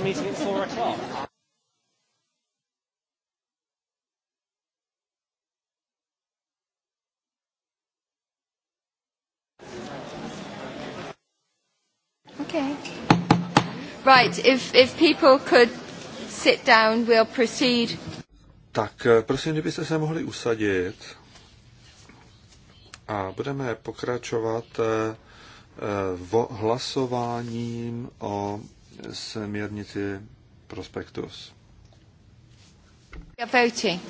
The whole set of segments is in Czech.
the meeting at four o'clock. Okay. Right, if, if people could sit down, we'll proceed. Tak, prosím, kdybyste se mohli usadit a budeme pokračovat eh, eh, v hlasováním o směrnici prospektus. Voting.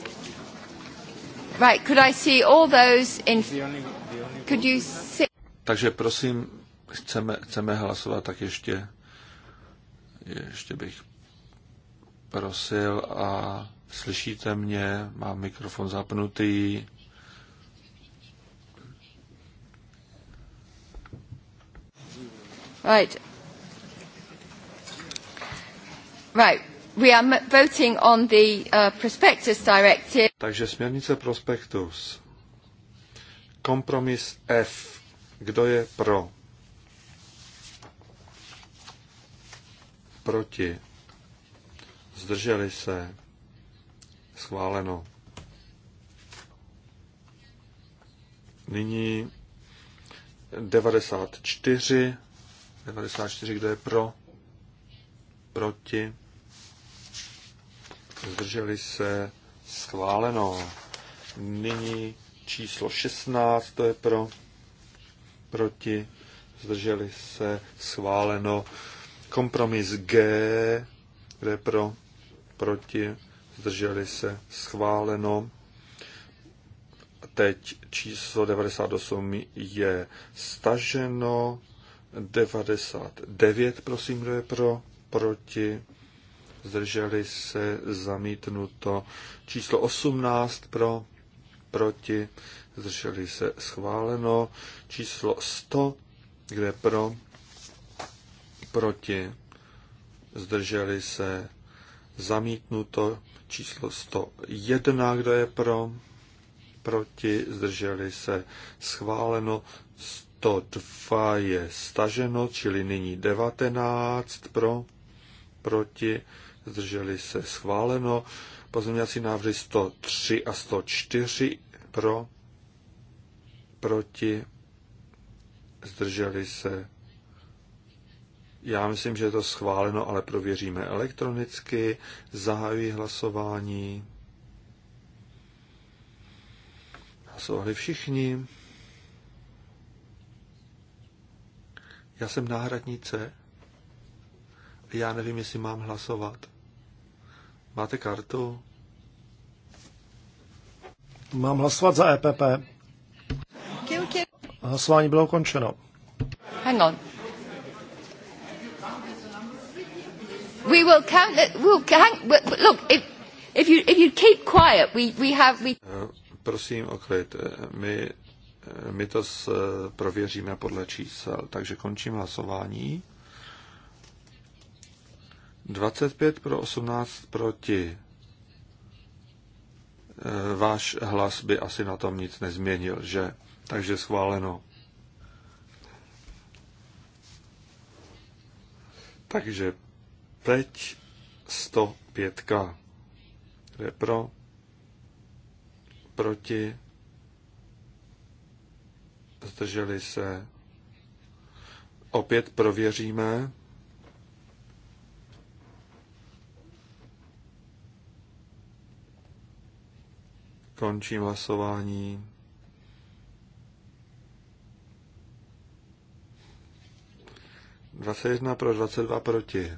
Right, could I see all those in... Could you see... Takže prosím, chceme, chceme hlasovat, tak ještě, ještě bych prosil a slyšíte mě, mám mikrofon zapnutý. Right, Right. We are voting on the uh, prospectus directive. Takže směrnice prospektus. Kompromis F. Kdo je pro? Proti. Zdrželi se. Schváleno. Nyní 94. 94, kdo je pro? Proti zdrželi se, schváleno. Nyní číslo 16, to je pro, proti, zdrželi se, schváleno. Kompromis G, kde je pro, proti, zdrželi se, schváleno. Teď číslo 98 je staženo, 99, prosím, kdo je pro, proti, zdrželi se zamítnuto. Číslo 18 pro, proti, zdrželi se schváleno. Číslo 100, kde pro, proti, zdrželi se zamítnuto. Číslo 101, kdo je pro, proti, zdrželi se schváleno. 102 je staženo, čili nyní 19 pro, proti, zdrželi se schváleno. Pozměňovací návrhy 103 a 104 pro, proti, zdrželi se. Já myslím, že je to schváleno, ale prověříme elektronicky. Zahajuji hlasování. Hlasovali všichni. Já jsem náhradnice. Já nevím, jestli mám hlasovat. Máte kartu? Mám hlasovat za EPP. Hlasování bylo ukončeno. Hang on. We will count we'll hang, look, if, if you, if you keep quiet, we, we have, we... Eh, prosím o klid. Eh, my, eh, my to s, prověříme podle čísel, takže končím hlasování. 25 pro 18 proti. E, váš hlas by asi na tom nic nezměnil, že? Takže schváleno. Takže teď 105. Kde je pro? Proti? Zdrželi se? Opět prověříme. Končím hlasování. Dvacet jedna pro, dvacet dva proti.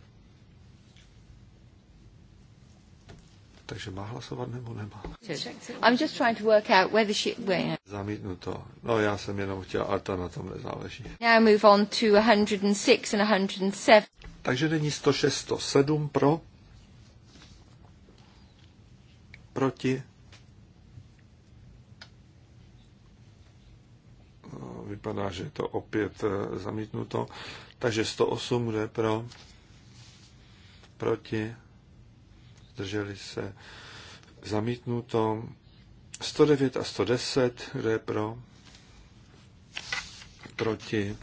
Takže má hlasovat nebo nemá? I'm just trying to work out whether she... Zamítnu to. No já jsem jenom chtěl, ale to na tom nezáleží. Now move on to 106 and 107. Takže není 106, 107 pro. Proti. vypadá, že je to opět eh, zamítnuto. Takže 108 bude pro, proti, zdrželi se zamítnuto. 109 a 110, kde pro, proti,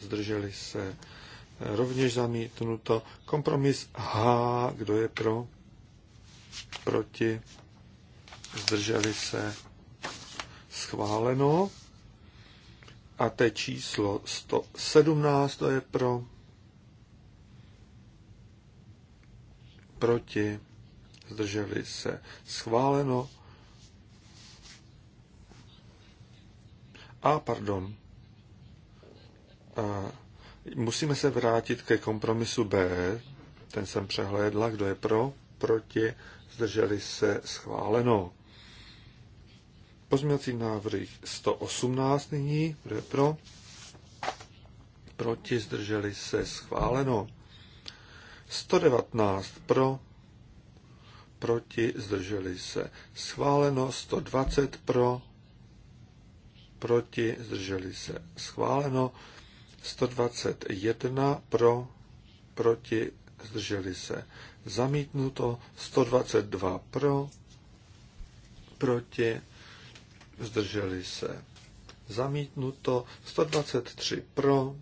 zdrželi se rovněž zamítnuto. Kompromis H, kdo je pro, proti, zdrželi se schváleno. A to je číslo 117, to je pro, proti, zdrželi se, schváleno. A, pardon, a, musíme se vrátit ke kompromisu B, ten jsem přehlédla, kdo je pro, proti, zdrželi se, schváleno. Pozměňovací návrh 118 nyní, kdo je pro? Proti, zdrželi se, schváleno. 119 pro, proti, zdrželi se. Schváleno 120 pro, proti, zdrželi se. Schváleno 121 pro, proti, zdrželi se. Zamítnuto 122 pro, proti, zdrželi se. Zamítnuto 123 pro,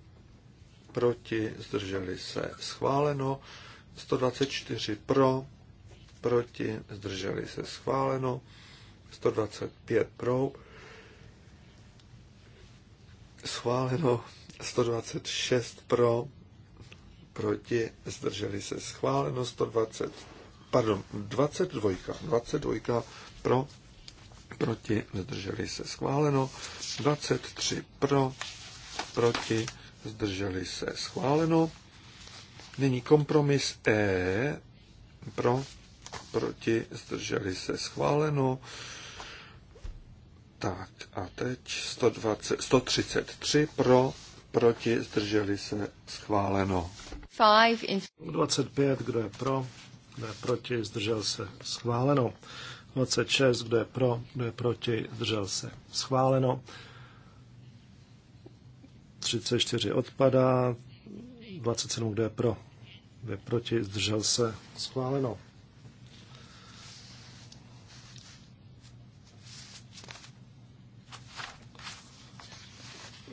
proti, zdrželi se. Schváleno 124 pro, proti, zdrželi se. Schváleno 125 pro, schváleno 126 pro, proti, zdrželi se. Schváleno 120, pardon, 22, 22 pro, proti, zdrželi se schváleno, 23 pro, proti, zdrželi se schváleno. Nyní kompromis E, pro, proti, zdrželi se schváleno. Tak a teď 120, 133 pro, proti, zdrželi se schváleno. 25, kdo je pro, kdo je proti, zdržel se schváleno. 26, kdo je pro, kdo je proti, zdržel se. Schváleno. 34 odpadá, 27, kdo je pro, kdo je proti, zdržel se. Schváleno.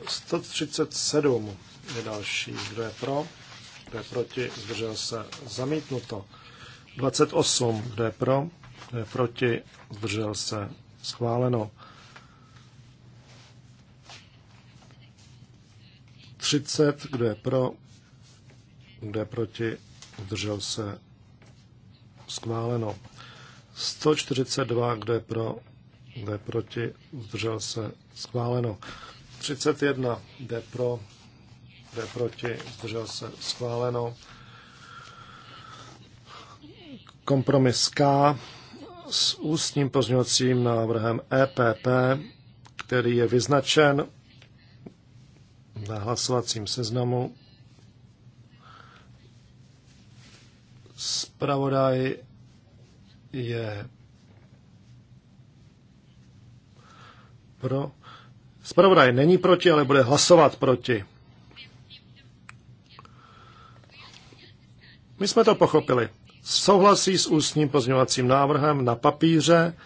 Sto třicet sedm je další. Kdo je pro? Kdo je proti? Zdržel se. Zamítnuto. 28. Kdo je pro? Kdo je proti? Zdržel se. Schváleno. 30. Kdo je pro? Kdo je proti? Zdržel se. Schváleno. 142. Kdo je pro? Kdo je proti? Zdržel se. Schváleno. 31. Kdo je pro? Kdo je proti? Zdržel se. Schváleno kompromis K s ústním pozměňovacím návrhem EPP, který je vyznačen na hlasovacím seznamu. Spravodaj je pro. Spravodaj není proti, ale bude hlasovat proti. My jsme to pochopili souhlasí s ústním pozměňovacím návrhem na papíře,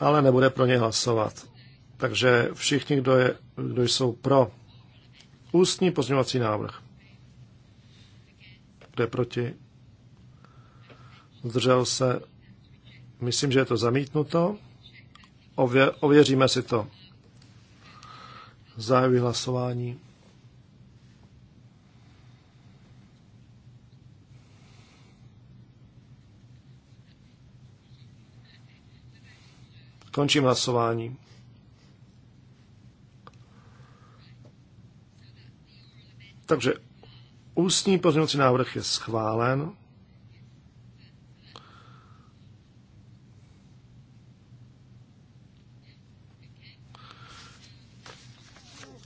ale nebude pro ně hlasovat. Takže všichni, kdo, je, kdo jsou pro ústní pozměňovací návrh. Kdo je proti? Zdržel se. Myslím, že je to zamítnuto. Ově, ověříme si to. zájevy hlasování. Končím hlasování. Takže ústní pozměňovací návrh je schválen.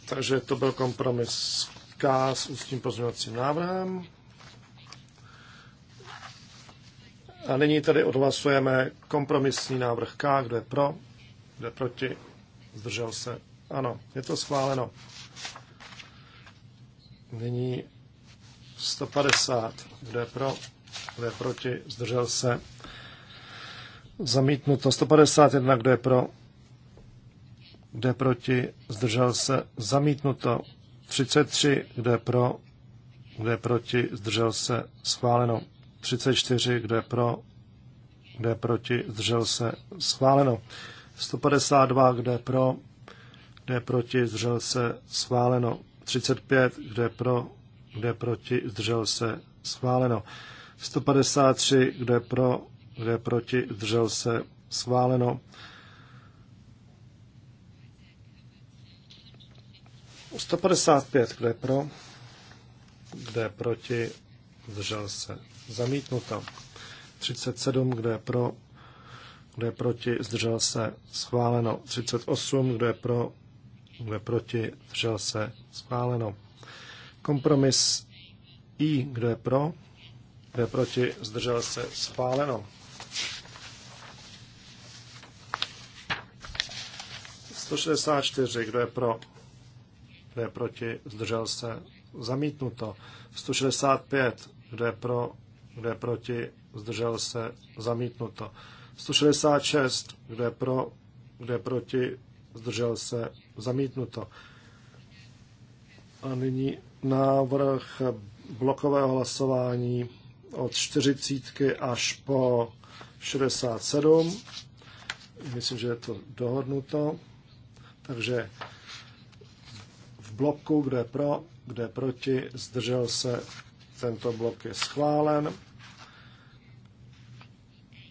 Takže to byl kompromis K s ústním pozměňovacím návrhem. A nyní tedy odhlasujeme kompromisní návrh K, kdo je pro, kdo je proti, zdržel se. Ano, je to schváleno. Nyní 150, kdo je pro, kdo je proti, zdržel se. Zamítnuto 151, kdo je pro, kdo je proti, zdržel se. Zamítnuto 33, kdo je pro, kdo je proti, zdržel se. Schváleno 34, kdo je pro, kdo je proti, zdržel se, schváleno. 152, kdo je pro, kdo je proti, zdržel se, schváleno. 35, kdo je pro, kdo je proti, zdržel se, schváleno. 153, kdo je pro, kdo je proti, zdržel se, schváleno. 155, kdo je pro, kdo je proti, zdržel se, zamítnuta. 37, kdo je pro, kdo je proti, zdržel se, schváleno. 38, kdo je pro, kdo je proti, zdržel se, schváleno. Kompromis I, kdo je pro, kdo je proti, zdržel se, schváleno. 164, kdo je pro, kdo je proti, zdržel se, zamítnuto. 165, kdo je pro, kdo je proti, zdržel se, zamítnuto. 166, kdo je pro, kdo je proti, zdržel se, zamítnuto. A nyní návrh blokového hlasování od 40 až po 67. Myslím, že je to dohodnuto. Takže v bloku, kde je pro, kde je proti, zdržel se, tento blok je schválen.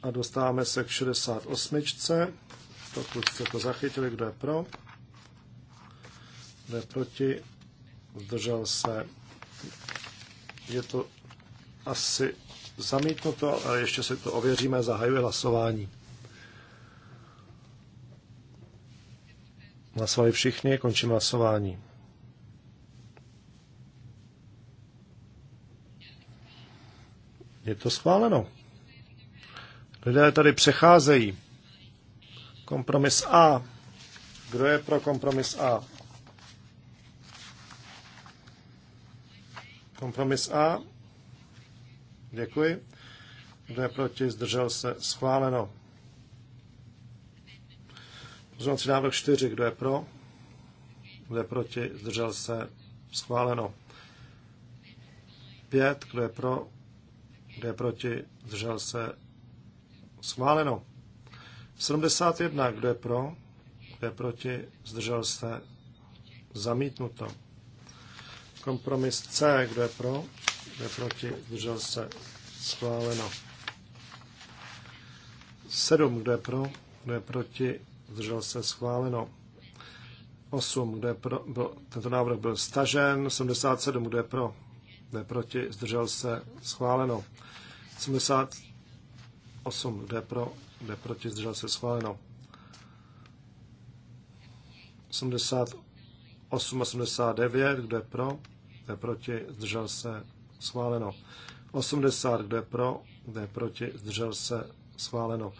A dostáváme se k 68. Pokud jste to zachytili, kdo je pro? Kdo je proti? Zdržel se. Je to asi zamítnuto, ale ještě si to ověříme. Zahajuje hlasování. Hlasovali všichni, končím hlasování. Je to schváleno. Lidé tady přecházejí. Kompromis A. Kdo je pro kompromis A? Kompromis A. Děkuji. Kdo je proti? Zdržel se. Schváleno. Pozornací návrh 4. Kdo je pro? Kdo je proti? Zdržel se. Schváleno. 5. Kdo je pro? Kdo je proti? Zdržel se. Schváleno. 71. Kdo je pro? Kdo je proti? Zdržel se? Zamítnuto. Kompromis C. Kdo je pro? Kdo je proti? Zdržel se? Schváleno. 7. Kdo je pro? Kdo je proti? Zdržel se? Schváleno. 8. Kdo je pro? Byl, tento návrh byl stažen. 77. Kdo je pro? Kdo je proti? Zdržel se? Schváleno. 70 8, kde pro, kde proti, zdržel se schváleno. 88, 89, kde pro, kde proti, zdržel se schváleno. 80, kde pro, kde proti, zdržel se schváleno.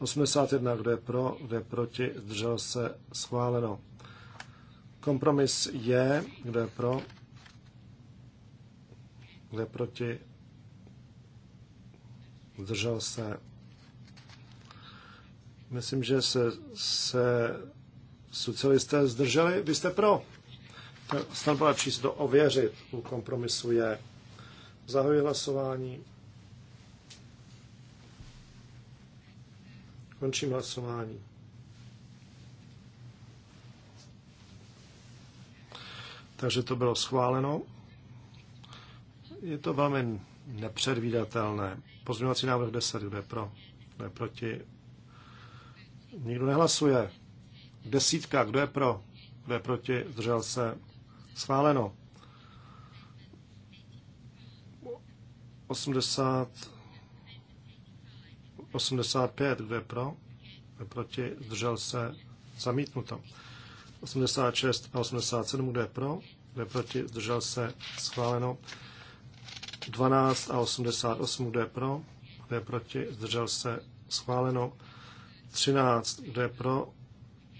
81, kdo je pro, kdo proti, zdržel se, schváleno. Kompromis je, kdo je pro, kde proti, zdržel se. Myslím, že se, se socialisté zdrželi. Vy jste pro. Snad bude do ověřit u kompromisu je. Zahajuji hlasování. Končím hlasování. Takže to bylo schváleno. Je to velmi nepředvídatelné. Pozměňovací návrh 10, kdo je pro, kdo je proti. Nikdo nehlasuje. Desítka, kdo je pro, kdo je proti, zdržel se. Schváleno. 80, 85, kdo je pro, kdo je proti, zdržel se. Zamítnuto. 86 a 87, kdo je pro, kdo je proti, zdržel se. Schváleno. 12 a 88, kdo je pro, kdo je proti, zdržel se, schváleno. 13, kdo je pro,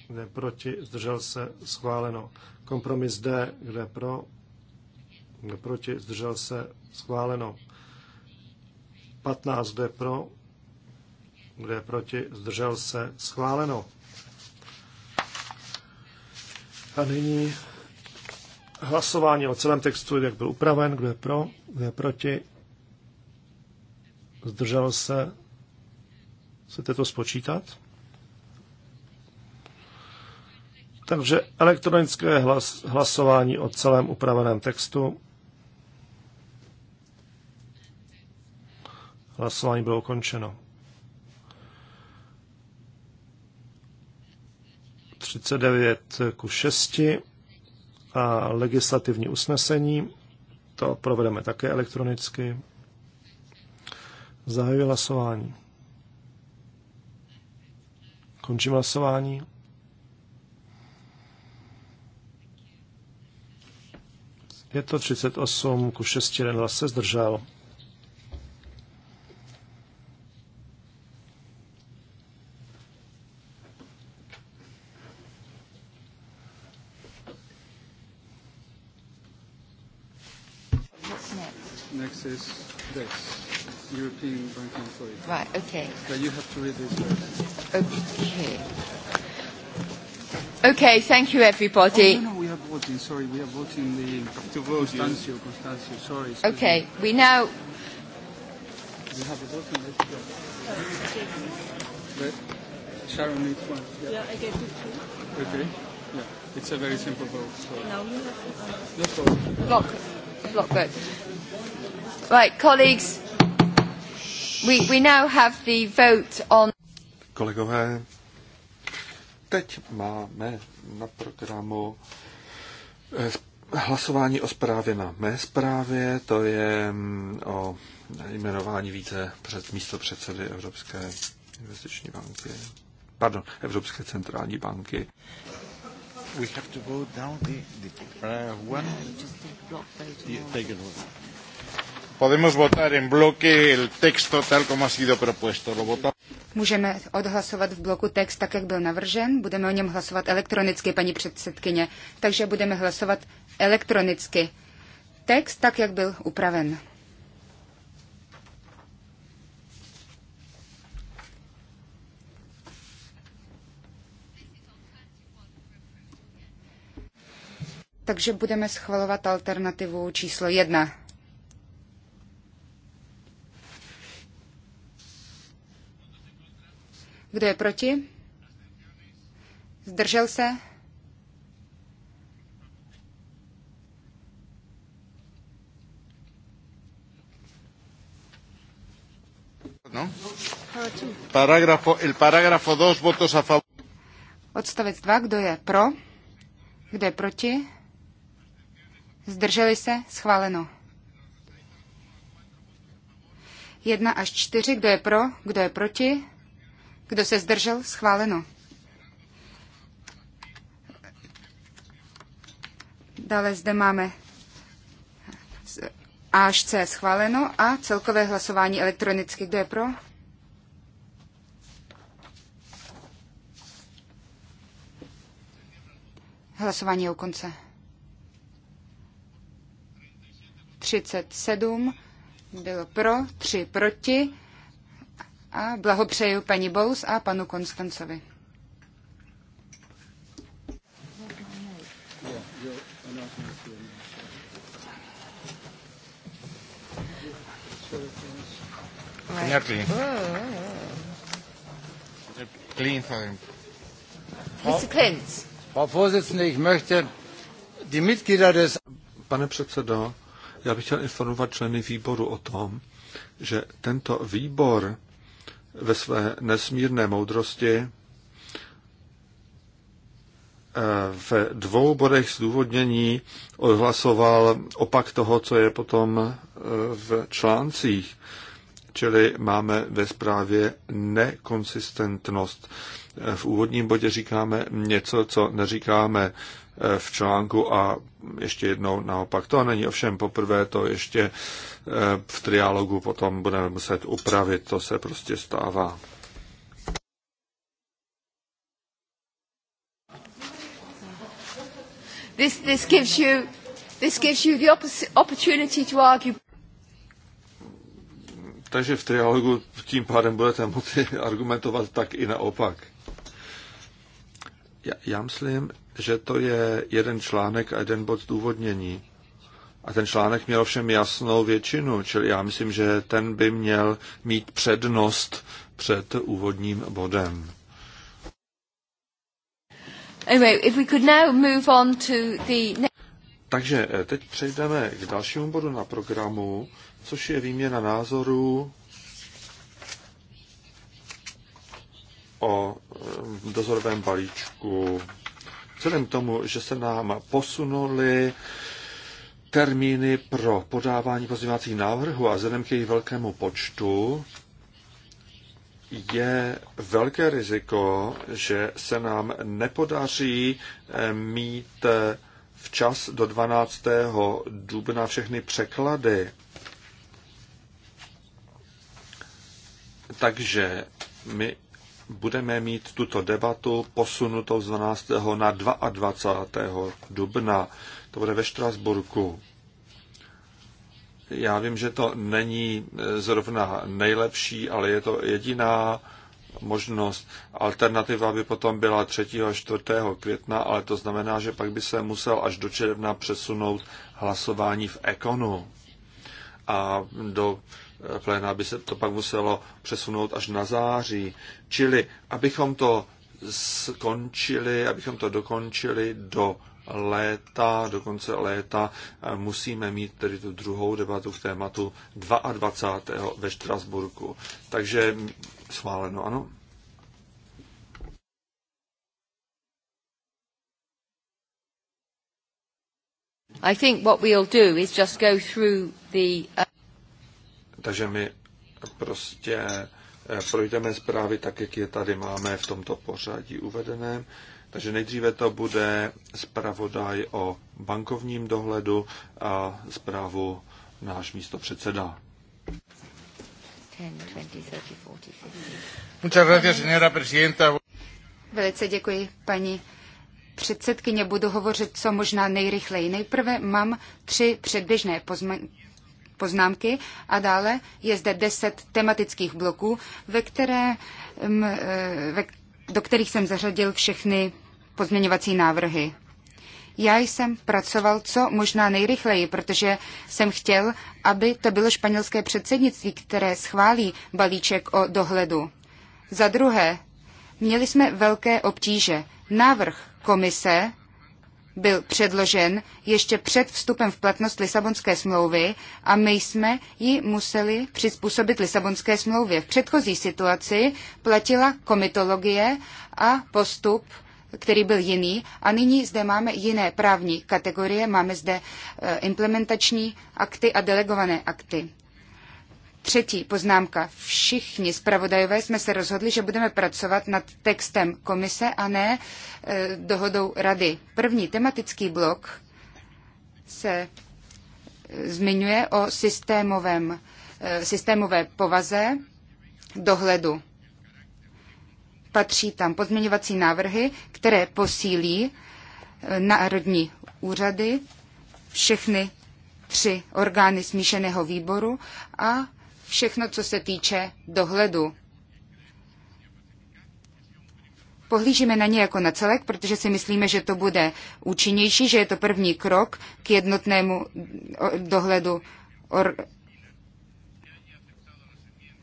kdo je proti, zdržel se, schváleno. Kompromis D, kdo je pro, kdo je proti, zdržel se, schváleno. 15, kdo je pro, kdo je proti, zdržel se, schváleno. A nyní Hlasování o celém textu, jak byl upraven, kdo je pro, kdo je proti. Zdržel se. Chcete to spočítat? Takže elektronické hlas, hlasování o celém upraveném textu. Hlasování bylo ukončeno. 39 ku 6 a legislativní usnesení. To provedeme také elektronicky. Zahajuji hlasování. Končím hlasování. Je to 38 ku 6, jeden hlas se zdržel. Okay. So you have to read this Okay. Okay, thank you everybody. Oh, no, no, we are voting, sorry, we are voting the... To vote, Constancio, Constancio, sorry. Okay, me. we now... We have a voting list. But Sharon needs one. Yeah, yeah I gave you two. Okay, yeah. It's a very simple vote, so... you have to... No block, block vote. Right, colleagues. We, we now have the vote on... Kolegové, teď máme na programu eh, hlasování o zprávě na mé zprávě, to je mm, o jmenování více před místo předsedy Evropské investiční banky, pardon, Evropské centrální banky. We have to go down the, the uh, one. Just a block Podemos votar en bloque el texto tal como ha sido propuesto. Lo votamos. Můžeme odhlasovat v bloku text tak, jak byl navržen. Budeme o něm hlasovat elektronicky, paní předsedkyně. Takže budeme hlasovat elektronicky. Text tak, jak byl upraven. Takže budeme schvalovat alternativu číslo jedna. Kdo je proti? Zdržel se? No. Paragrafo, el paragrafo 2, votos a favor. Odstavec 2, kdo je pro? Kdo je proti? Zdrželi se? Schváleno. 1 až 4, kdo je pro? Kdo je proti? Kdo se zdržel? Schváleno. Dále zde máme A až C schváleno a celkové hlasování elektronicky. Kdo je pro? Hlasování je u konce. 37 bylo pro, 3 proti. A blahopřeju paní Bous a panu Konstancovi. Pane předsedo, já bych chtěl informovat členy výboru o tom, že tento výbor ve své nesmírné moudrosti eh, v dvou bodech zdůvodnění odhlasoval opak toho, co je potom eh, v článcích. Čili máme ve zprávě nekonsistentnost. V úvodním bodě říkáme něco, co neříkáme v článku a ještě jednou naopak. To není ovšem poprvé, to ještě eh, v triálogu potom budeme muset upravit, to se prostě stává. This, this gives you this gives you the opportunity to argue. Takže v trialogu tím pádem budete moci argumentovat tak i naopak. Já, já myslím, že to je jeden článek a jeden bod zdůvodnění. A ten článek měl všem jasnou většinu, čili já myslím, že ten by měl mít přednost před úvodním bodem. Anyway, if we could now move on to the... Takže eh, teď přejdeme k dalšímu bodu na programu, což je výměna názorů o eh, dozorovém balíčku Vzhledem tomu, že se nám posunuli termíny pro podávání pozměňovacích návrhů a vzhledem k jejich velkému počtu, je velké riziko, že se nám nepodaří eh, mít eh, včas do 12. dubna všechny překlady. Takže my budeme mít tuto debatu posunutou z 12. na 22. dubna. To bude ve Štrasburku. Já vím, že to není e, zrovna nejlepší, ale je to jediná možnost. Alternativa by potom byla 3. a 4. května, ale to znamená, že pak by se musel až do června přesunout hlasování v ekonu a do pléna by se to pak muselo přesunout až na září. Čili abychom to skončili, abychom to dokončili do léta, do konce léta eh, musíme mít tedy tu druhou debatu k tématu 22. ve Štrasburku. Takže schváleno, ano? I think what we'll do is just go through the... Uh, Takže my prostě eh, projdeme zprávy tak, jak je tady máme v tomto pořadí uvedené. Takže nejdříve to bude zpravodaj o bankovním dohledu a zprávu náš místo předseda. Velice děkuji, paní předsedkyně, budu hovořit co možná nejrychleji. Nejprve mám tři předběžné poznámky a dále je zde deset tematických bloků, ve které, e, ve, do kterých jsem zařadil všechny pozměňovací návrhy. Já jsem pracoval co možná nejrychleji, protože jsem chtěl, aby to bylo španělské předsednictví, které schválí balíček o dohledu. Za druhé, měli jsme velké obtíže. Návrh komise byl předložen ještě před vstupem v platnost Lisabonské smlouvy a my jsme ji museli přizpůsobit Lisabonské smlouvě. V předchozí situaci platila komitologie a postup který byl jiný a nyní zde máme jiné právní kategorie, máme zde eh, implementační akty a delegované akty. Třetí poznámka. Všichni zpravodajové jsme se rozhodli, že budeme pracovat nad textem komise a ne e, dohodou rady. První tematický blok se e, zmiňuje o systémovém, e, systémové povaze dohledu. Patří tam pozměňovací návrhy, které posílí e, národní úřady, všechny tři orgány smíšeného výboru a všechno, co se týče dohledu. Pohlížíme na ně jako na celek, protože si myslíme, že to bude účinnější, že je to první krok k jednotnému dohledu.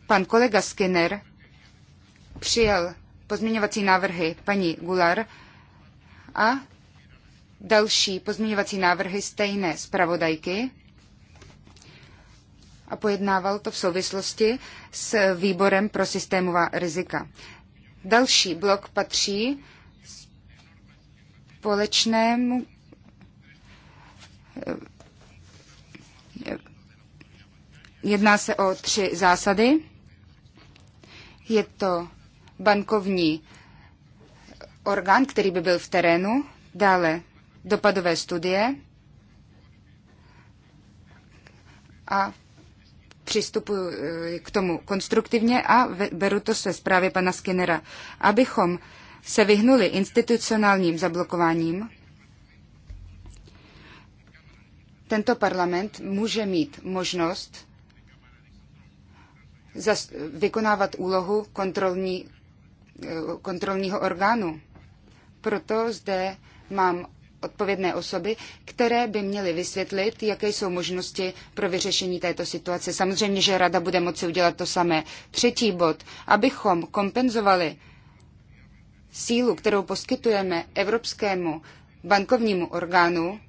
Pan kolega Skinner přijal pozměňovací návrhy paní Gular a další pozměňovací návrhy stejné zpravodajky a pojednával to v souvislosti s výborem pro systémová rizika. Další blok patří společnému Jedná se o tři zásady. Je to bankovní orgán, který by byl v terénu, dále dopadové studie a přistupuji eh, k tomu konstruktivně a beru to se zprávy pana Skinnera, abychom se vyhnuli institucionálním zablokováním. Tento parlament může mít možnost vykonávat úlohu kontrolní, eh, kontrolního orgánu. Proto zde mám odpovědné osoby, které by měly vysvětlit, jaké jsou možnosti pro vyřešení této situace. Samozřejmě, že rada bude moci udělat to samé. Třetí bod, abychom kompenzovali sílu, kterou poskytujeme Evropskému bankovnímu orgánu,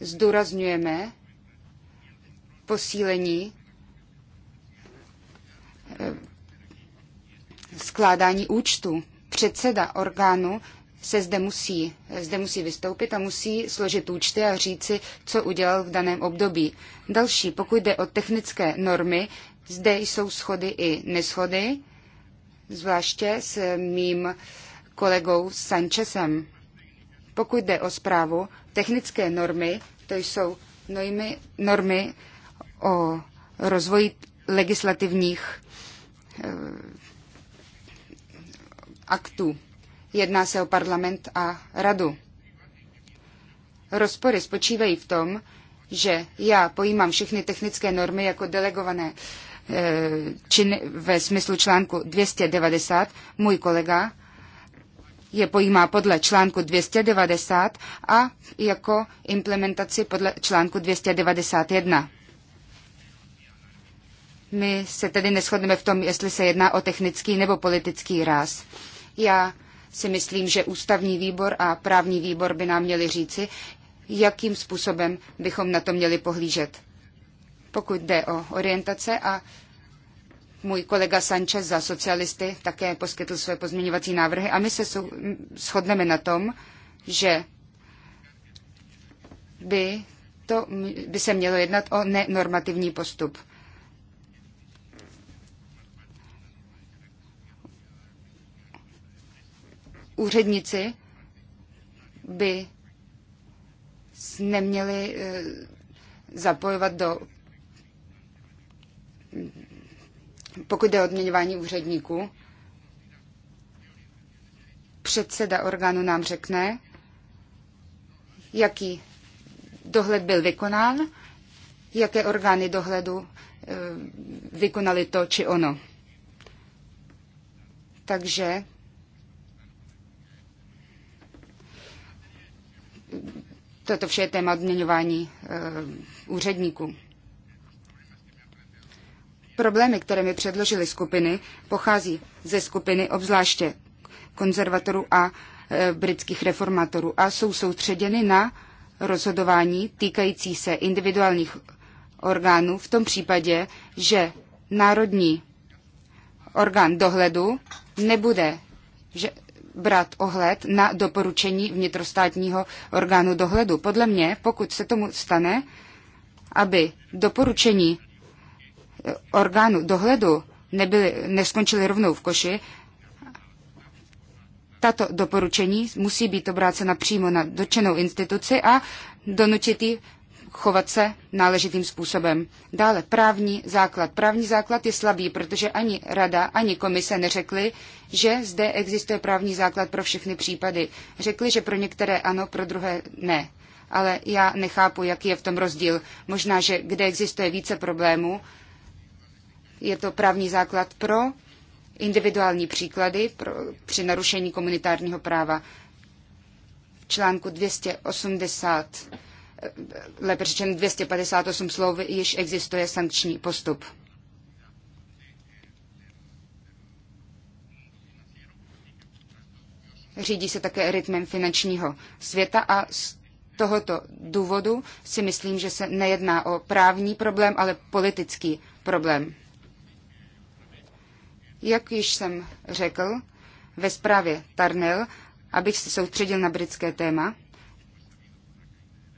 zdůrazňujeme posílení eh, skládání účtu. Předseda orgánu se zde musí, zde musí vystoupit a musí složit účty a říci, co udělal v daném období. Další, pokud jde o technické normy, zde jsou schody i neschody, zvláště s mým kolegou Sanchezem. Pokud jde o zprávu, technické normy, to jsou normy, normy o rozvoji legislativních e, aktů. Jedná se o parlament a radu. Rozpory spočívají v tom, že já pojímám všechny technické normy jako delegované eh, čin ve smyslu článku 290, můj kolega je pojímá podle článku 290 a jako implementaci podle článku 291. My se tedy neschodneme v tom, jestli se jedná o technický nebo politický ráz. Já si myslím, že ústavní výbor a právní výbor by nám měli říci, jakým způsobem bychom na to měli pohlížet. Pokud jde o orientace a můj kolega Sanchez za socialisty také poskytl své pozměňovací návrhy a my se sou, shodneme na tom, že by, to, by se mělo jednat o nenormativní postup. úředníci by neměli eh, zapojovat do pokud jde o odměňování úředníků, předseda orgánu nám řekne, jaký dohled byl vykonán, jaké orgány dohledu eh, vykonali to či ono. Takže Toto vše je téma odměňování uh, úředníků. Problémy, které mi předložily skupiny, pochází ze skupiny obzvláště konzervatorů a e, britských reformátorů a jsou soustředěny na rozhodování týkající se individuálních orgánů v tom případě, že národní orgán dohledu nebude že brát ohled na doporučení vnitrostátního orgánu dohledu. Podle mě, pokud se tomu stane, aby doporučení eh, orgánu dohledu nebyly, neskončily rovnou v koši, tato doporučení musí být obrácena přímo na dotčenou instituci a donutit ji chovat se náležitým způsobem. Dále právní základ. Právní základ je slabý, protože ani rada, ani komise neřekly, že zde existuje právní základ pro všechny případy. Řekli, že pro některé ano, pro druhé ne. Ale já nechápu, jaký je v tom rozdíl. Možná, že kde existuje více problémů, je to právní základ pro individuální příklady pro, při narušení komunitárního práva. V článku 280 lépe řečeno 258 slov, již existuje sankční postup. Řídí se také rytmem finančního světa a z tohoto důvodu si myslím, že se nejedná o právní problém, ale politický problém. Jak již jsem řekl ve zprávě Tarnell, abych se soustředil na britské téma,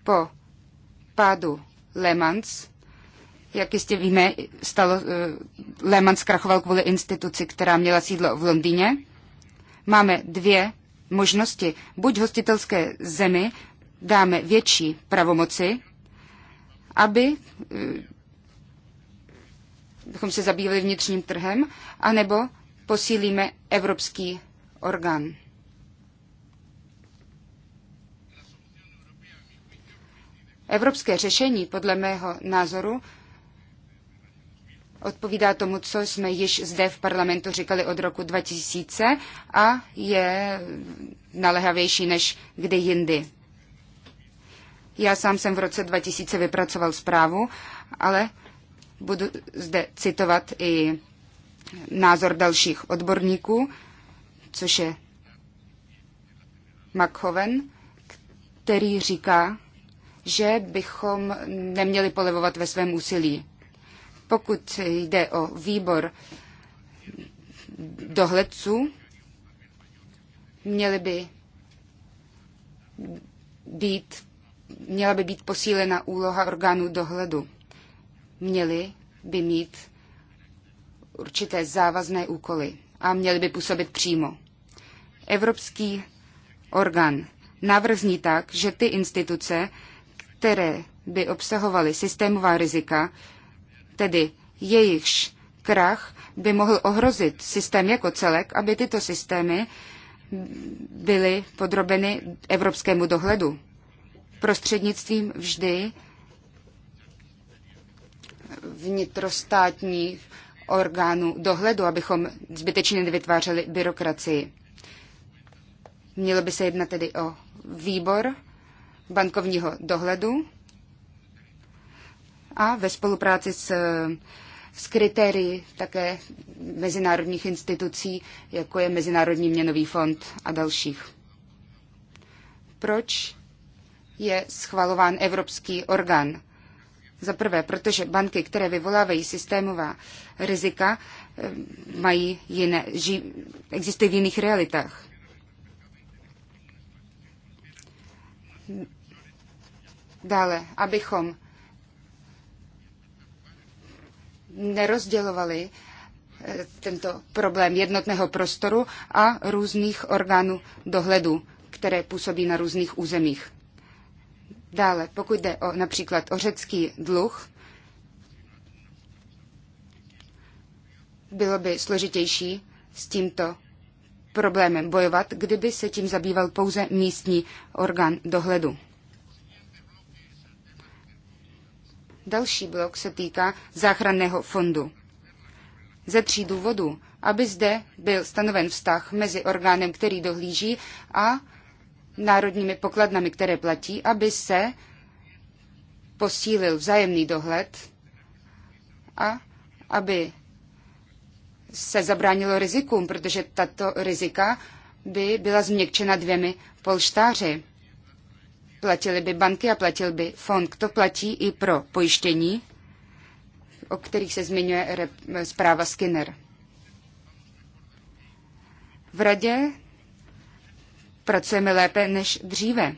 po pádu Lemans, jak jistě víme, stalo, eh, Lehman zkrachoval kvůli instituci, která měla sídlo v Londýně. Máme dvě možnosti. Buď hostitelské zemi dáme větší pravomoci, aby eh, bychom se zabývali vnitřním trhem, anebo posílíme evropský orgán. Evropské řešení, podle mého názoru, odpovídá tomu, co jsme již zde v parlamentu říkali od roku 2000 a je naléhavější než kdy jindy. Já sám jsem v roce 2000 vypracoval zprávu, ale budu zde citovat i názor dalších odborníků, což je McHoven, který říká, že bychom neměli polevovat ve svém úsilí. Pokud jde o výbor dohledců, měly by být, měla by být posílena úloha orgánů dohledu. Měli by mít určité závazné úkoly a měli by působit přímo. Evropský orgán. navrzní tak, že ty instituce, které by obsahovaly systémová rizika, tedy jejichž krach by mohl ohrozit systém jako celek, aby tyto systémy byly podrobeny evropskému dohledu. Prostřednictvím vždy vnitrostátních orgánů dohledu, abychom zbytečně nevytvářeli byrokracii. Mělo by se jednat tedy o výbor, bankovního dohledu a ve spolupráci s, s kritérii také mezinárodních institucí, jako je Mezinárodní měnový fond a dalších. Proč je schvalován evropský orgán? Za prvé, protože banky, které vyvolávají systémová rizika, eh, mají jiné, ži, existují v jiných realitách. Dále, abychom nerozdělovali eh, tento problém jednotného prostoru a různých orgánů dohledu, které působí na různých územích. Dále, pokud jde o, například o řecký dluh, bylo by složitější s tímto problémem bojovat, kdyby se tím zabýval pouze místní orgán dohledu. Další blok se týká záchranného fondu. Ze tří důvodů, aby zde byl stanoven vztah mezi orgánem, který dohlíží, a národními pokladnami, které platí, aby se posílil vzájemný dohled a aby se zabránilo rizikům, protože tato rizika by byla změkčena dvěmi polštáři. Platily by banky a platil by fond. To platí i pro pojištění, o kterých se zmiňuje zpráva Skinner. V radě pracujeme lépe než dříve.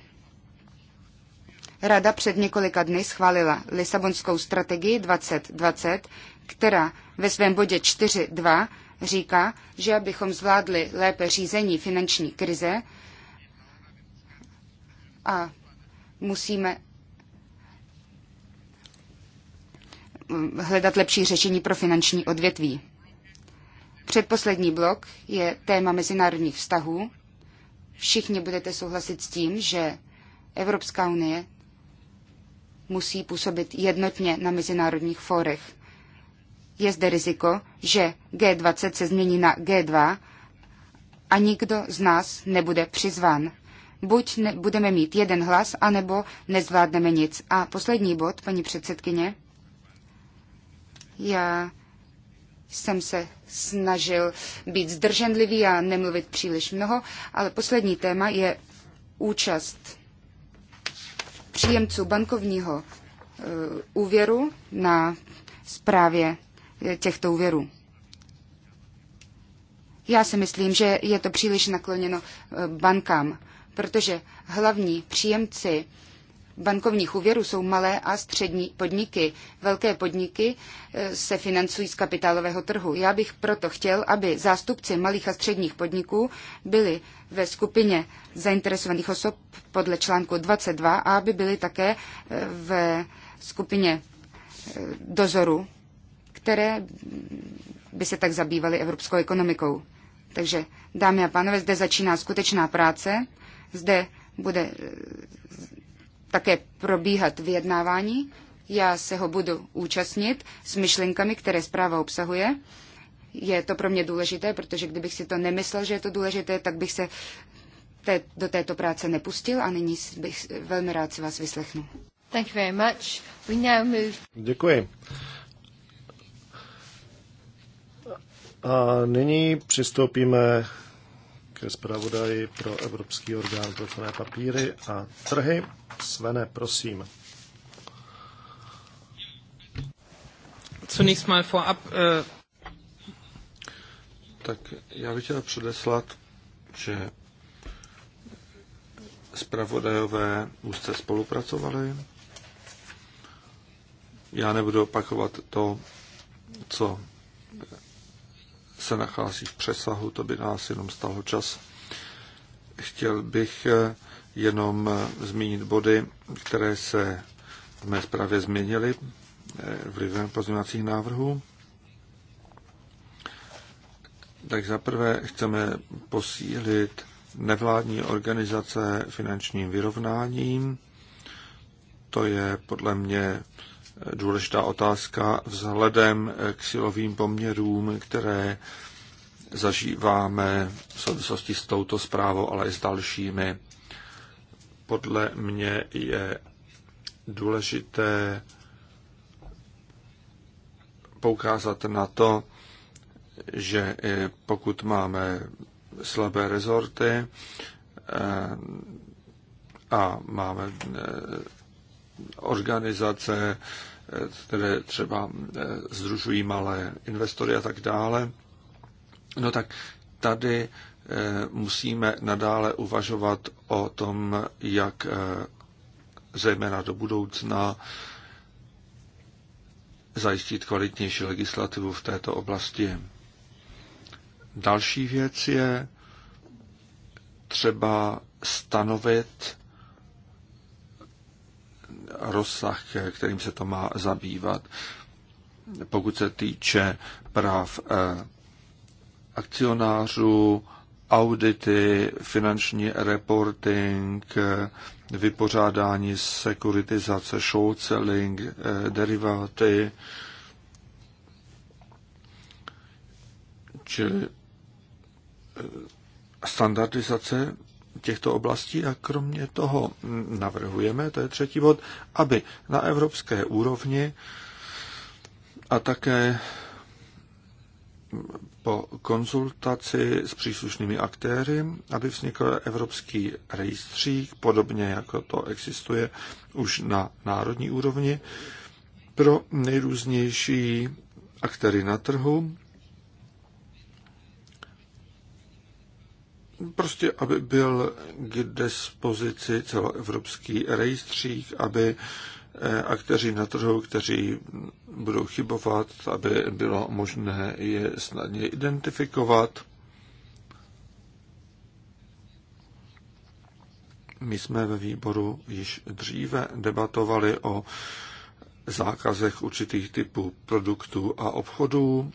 Rada před několika dny schválila Lisabonskou strategii 2020, která ve svém bodě 4.2 říká, že abychom zvládli lépe řízení finanční krize a musíme hledat lepší řešení pro finanční odvětví. Předposlední blok je téma mezinárodních vztahů. Všichni budete souhlasit s tím, že Evropská unie musí působit jednotně na mezinárodních fórech. Je zde riziko, že G20 se změní na G2 a nikdo z nás nebude přizván buď ne, budeme mít jeden hlas, anebo nezvládneme nic. A poslední bod, paní předsedkyně. Já jsem se snažil být zdrženlivý a nemluvit příliš mnoho, ale poslední téma je účast příjemců bankovního uh, úvěru na zprávě e, těchto úvěrů. Já si myslím, že je to příliš nakloněno e, bankám protože hlavní příjemci bankovních úvěrů jsou malé a střední podniky. Velké podniky eh, se financují z kapitálového trhu. Já bych proto chtěl, aby zástupci malých a středních podniků byli ve skupině zainteresovaných osob podle článku 22 a aby byli také eh, v skupině eh, dozoru, které by se tak zabývaly evropskou ekonomikou. Takže, dámy a pánové, zde začíná skutečná práce zde bude eh, také probíhat vyjednávání. Já se ho budu účastnit s myšlenkami, které zpráva obsahuje. Je to pro mě důležité, protože kdybych si to nemyslel, že je to důležité, tak bych se te, do této práce nepustil a nyní bych velmi rád si vás vyslechnu. Thank you very much. We now move... Děkuji. A nyní přistoupíme k zpravodaji pro Evropský orgán pro cené papíry a trhy. Svene, prosím. Zunächst mal vorab. Äh, tak já bych chtěl předeslat, že zpravodajové úzce spolupracovali. Já nebudu opakovat to, co se nachází v přesahu, to by nás jenom stalo čas. Chtěl bych eh, jenom eh, zmínit body, které se v mé zprávě změnily eh, vlivem pozměňovacích návrhů. Tak zaprvé chceme posílit nevládní organizace finančním vyrovnáním. To je podle mě důležitá otázka vzhledem k silovým poměrům, které zažíváme v souvislosti s touto zprávou, ale i s dalšími. Podle mě je důležité poukázat na to, že pokud máme slabé rezorty eh, a máme eh, organizace, které třeba eh, združují malé investory a tak dále, no tak tady eh, musíme nadále uvažovat o tom, jak eh, zejména do budoucna zajistit kvalitnější legislativu v této oblasti. Další věc je třeba stanovit rozsah, kterým se to má zabývat, pokud se týče práv eh, akcionářů, audity, finanční reporting, eh, vypořádání sekuritizace, short selling, eh, deriváty, čili standardizace těchto oblastí a kromě toho navrhujeme, to je třetí bod, aby na evropské úrovni a také po konzultaci s příslušnými aktéry, aby vznikl evropský rejstřík, podobně jako to existuje už na národní úrovni, pro nejrůznější aktéry na trhu, prostě, aby byl k dispozici celoevropský rejstřík, aby eh, a kteří na trhu, kteří budou chybovat, aby bylo možné je snadně identifikovat. My jsme ve výboru již dříve debatovali o zákazech určitých typů produktů a obchodů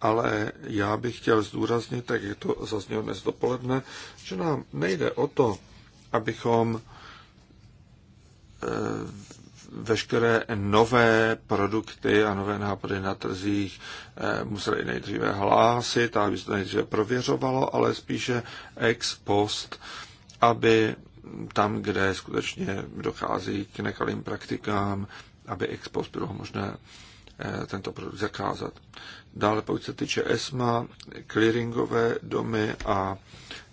ale já bych chtěl zdůraznit, tak je to zaznělo dnes dopoledne, že nám nejde o to, abychom eh, veškeré nové produkty a nové nápady na trzích eh, museli nejdříve hlásit, a aby se to nejdříve prověřovalo, ale spíše ex post, aby tam, kde skutečně dochází k nekalým praktikám, aby ex post bylo možné Eh, tento produkt zakázat. Dále pokud se týče ESMA, clearingové domy a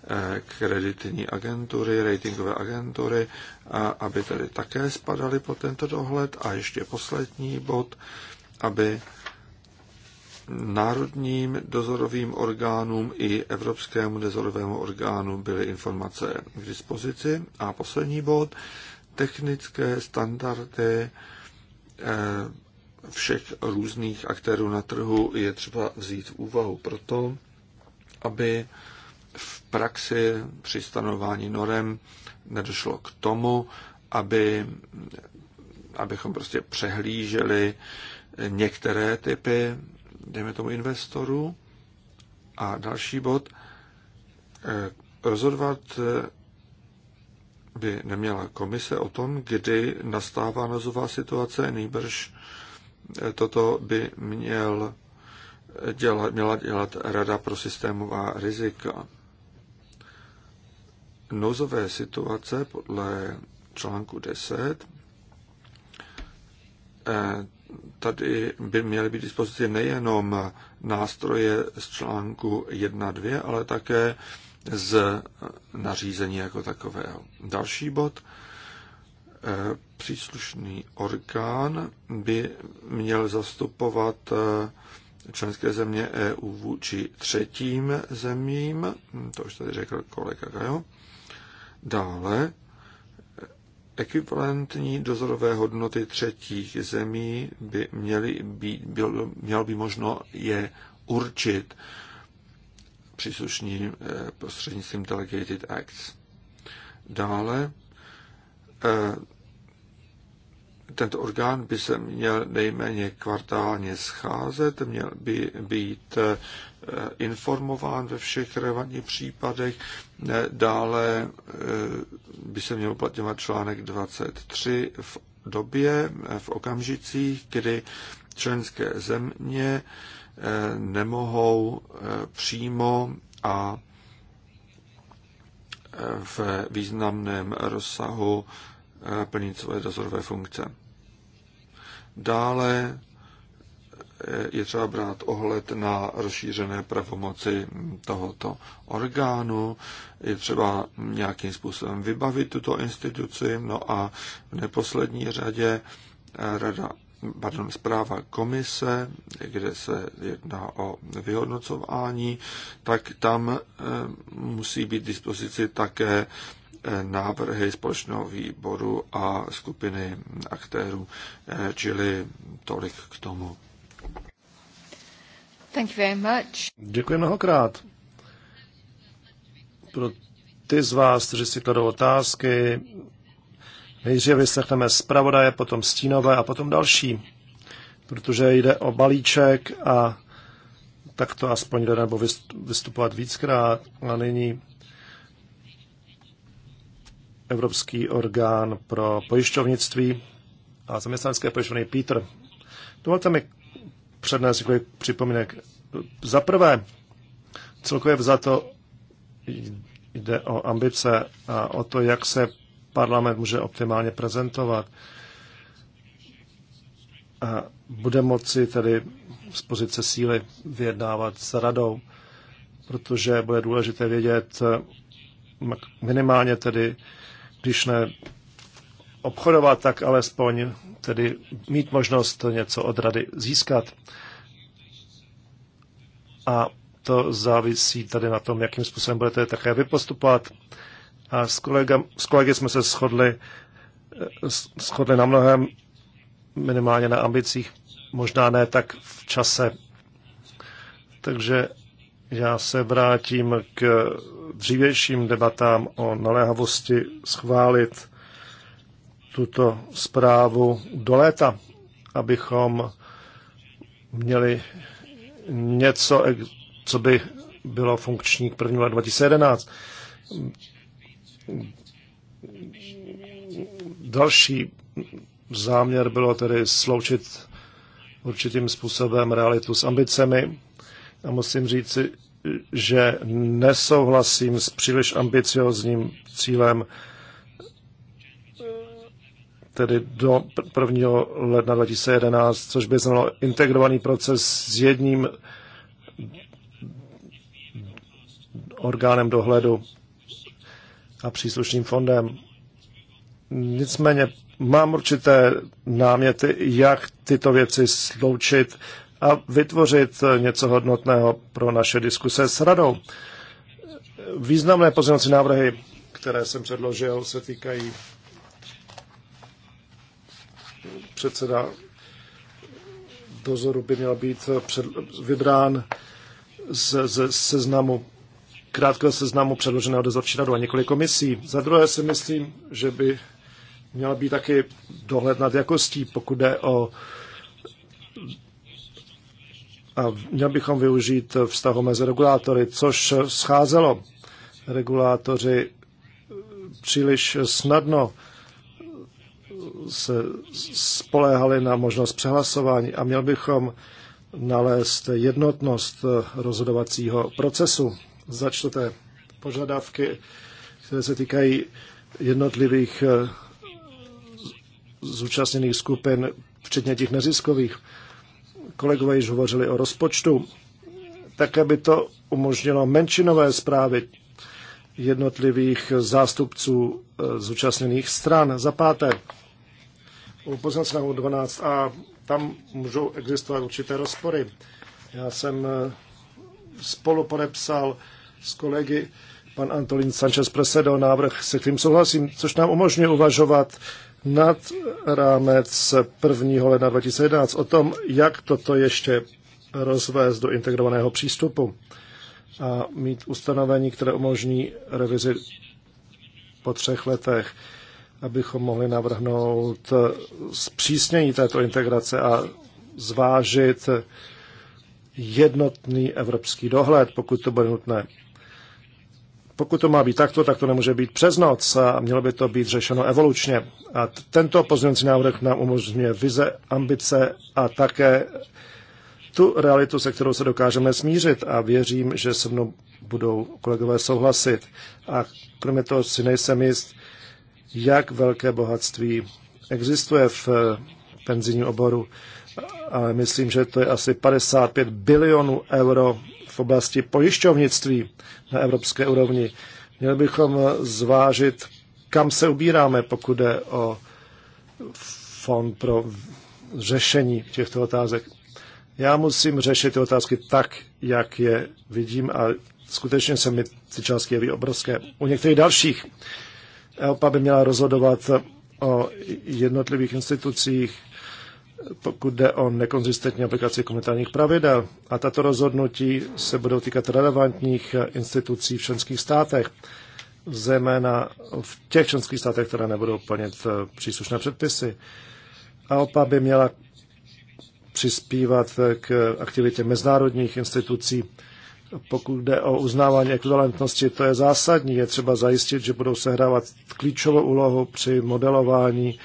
eh, kreditní agentury, ratingové agentury, aby tedy také spadaly pod tento dohled. A ještě poslední bod, aby národním dozorovým orgánům i evropskému dozorovému orgánu byly informace k dispozici. A poslední bod, technické standardy eh, všech různých aktérů na trhu je třeba vzít v úvahu proto, aby v praxi při stanování norem nedošlo k tomu, aby, abychom prostě přehlíželi některé typy, dejme tomu, investorů. A další bod, eh, rozhodovat eh, by neměla komise o tom, kdy nastává nozová situace, nejbrž toto by měl dělat, měla dělat Rada pro systémová rizika. Nouzové situace podle článku 10 eh, tady by měly být dispozici nejenom nástroje z článku 1.2, ale také z nařízení jako takového. Další bod Příslušný orgán by měl zastupovat eh, členské země EU vůči třetím zemím, to už tady řekl kolega Gajo. Dále ekvivalentní dozorové hodnoty třetích zemí by měly být, bylo, mělo by možno je určit příslušným eh, prostřednictvím Delegated Acts. Dále eh, tento orgán by se měl nejméně kvartálně scházet, měl by být eh, informován ve všech relevantních případech. Eh, dále eh, by se měl uplatňovat článek 23 v době, v okamžicích, kdy členské země nemohou přímo a v významném rozsahu plnit svoje dozorové funkce. Dále e, je třeba brát ohled na rozšířené pravomoci tohoto orgánu, je třeba nějakým způsobem vybavit tuto instituci, no a v neposlední řadě e, rada, pardon, zpráva komise, kde se jedná o vyhodnocování, tak tam e, musí být dispozici také návrhy společného výboru a skupiny aktérů, eh, čili tolik k tomu. Thank you very much. Děkuji mnohokrát. Pro ty z vás, kteří si kladou otázky, nejdříve vyslechneme zpravodaje, potom stínové a potom další, protože jde o balíček a tak to aspoň jde nebo vystupovat víckrát. A nyní Evropský orgán pro pojišťovnictví a zaměstnanecké pojišťovny Peter. Dovolte mi přednést několik připomínek. Za prvé, celkově vzato jde o ambice a o to, jak se parlament může optimálně prezentovat. A bude moci tedy z pozice síly vyjednávat s radou, protože bude důležité vědět eh, minimálně tedy, když ne obchodovat, tak alespoň tedy mít možnost něco od rady získat. A to závisí tady na tom, jakým způsobem budete také vypostupovat. A s, kolega, s kolegy jsme se shodli, eh, shodli na mnohem, minimálně na ambicích, možná ne tak v čase. Takže já se vrátím k dřívějším debatám o naléhavosti schválit tuto zprávu do léta, abychom měli něco, co by bylo funkční k 1. 2011. Další záměr bylo tedy sloučit určitým způsobem realitu s ambicemi. A musím říci, že nesouhlasím s příliš ambiciozním cílem, tedy do 1. ledna 2011, což by znamenalo integrovaný proces s jedním orgánem dohledu a příslušným fondem. Nicméně mám určité náměty, jak tyto věci sloučit a vytvořit něco hodnotného pro naše diskuse s radou. Významné pozornosti návrhy, které jsem předložil, se týkají předseda dozoru by měl být před, vybrán ze, z seznamu krátkého seznamu předloženého dozorčí radu a několik komisí. Za druhé si myslím, že by měl být taky dohled nad jakostí, pokud jde o uh, a měl bychom využít vztahu mezi regulátory, což scházelo. Regulátoři příliš snadno se spoléhali na možnost přehlasování a měl bychom nalézt jednotnost rozhodovacího procesu. Za požadavky, které se týkají jednotlivých zúčastněných skupin, včetně těch neziskových kolegové již hovořili o rozpočtu, tak aby to umožnilo menšinové zprávy jednotlivých zástupců eh, zúčastněných stran. Za páté, u poznaceného 12 a tam můžou existovat určité rozpory. Já jsem eh, spolu podepsal s kolegy pan Antolín Sanchez Presedo návrh, se kterým souhlasím, což nám umožňuje uvažovat nad rámec 1. ledna 2011 o tom, jak toto ještě rozvést do integrovaného přístupu a mít ustanovení, které umožní revizi po třech letech, abychom mohli navrhnout zpřísnění této integrace a zvážit jednotný evropský dohled, pokud to bude nutné. Pokud to má být takto, tak to nemůže být přes noc a mělo by to být řešeno evolučně. A tento pozměňovací návrh nám umožňuje vize, ambice a také tu realitu, se kterou se dokážeme smířit a věřím, že se mnou budou kolegové souhlasit. A kromě toho si nejsem jist, jak velké bohatství existuje v eh, penzijním oboru, ale myslím, že to je asi 55 bilionů euro v oblasti pojišťovnictví na evropské úrovni. Měli bychom zvážit, kam se ubíráme, pokud jde o fond pro řešení těchto otázek. Já musím řešit ty otázky tak, jak je vidím a skutečně se mi ty částky jeví obrovské. U některých dalších EOPA by měla rozhodovat o jednotlivých institucích, pokud jde o nekonzistentní aplikaci komunitárních pravidel. A tato rozhodnutí se budou týkat relevantních institucí v členských státech, zejména v těch členských státech, které nebudou plnit eh, příslušné předpisy. a opa by měla přispívat eh, k aktivitě mezinárodních institucí. Pokud jde o uznávání ekvivalentnosti, to je zásadní. Je třeba zajistit, že budou sehrávat klíčovou úlohu při modelování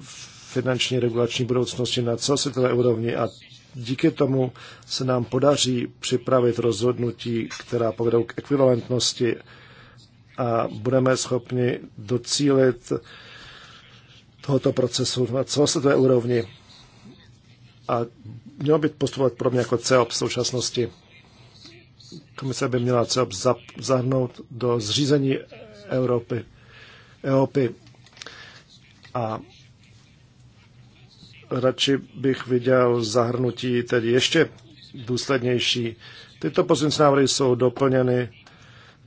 v finanční regulační budoucnosti na celosvětové úrovni a díky tomu se nám podaří připravit rozhodnutí, která povedou k ekvivalentnosti a budeme schopni docílit tohoto procesu na celosvětové úrovni. A mělo by postupovat pro mě jako CEOP v současnosti. Komise by měla CEOP zahrnout do zřízení Evropy, Evropy a radši bych viděl zahrnutí tedy ještě důslednější. Tyto pozměňovací návrhy jsou doplněny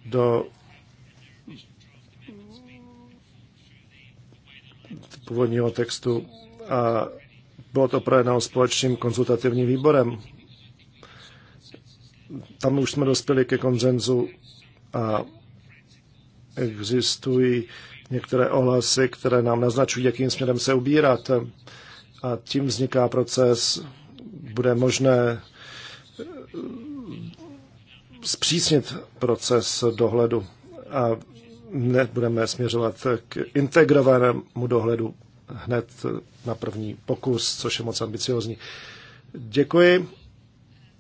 do původního textu a bylo to projednáno společným konzultativním výborem. Tam už jsme dospěli ke konzenzu a existují některé ohlasy, které nám naznačují, jakým směrem se ubírat a tím vzniká proces, bude možné eh, zpřísnit proces dohledu a nebudeme směřovat k integrovanému dohledu hned na první pokus, což je moc ambiciozní. Děkuji.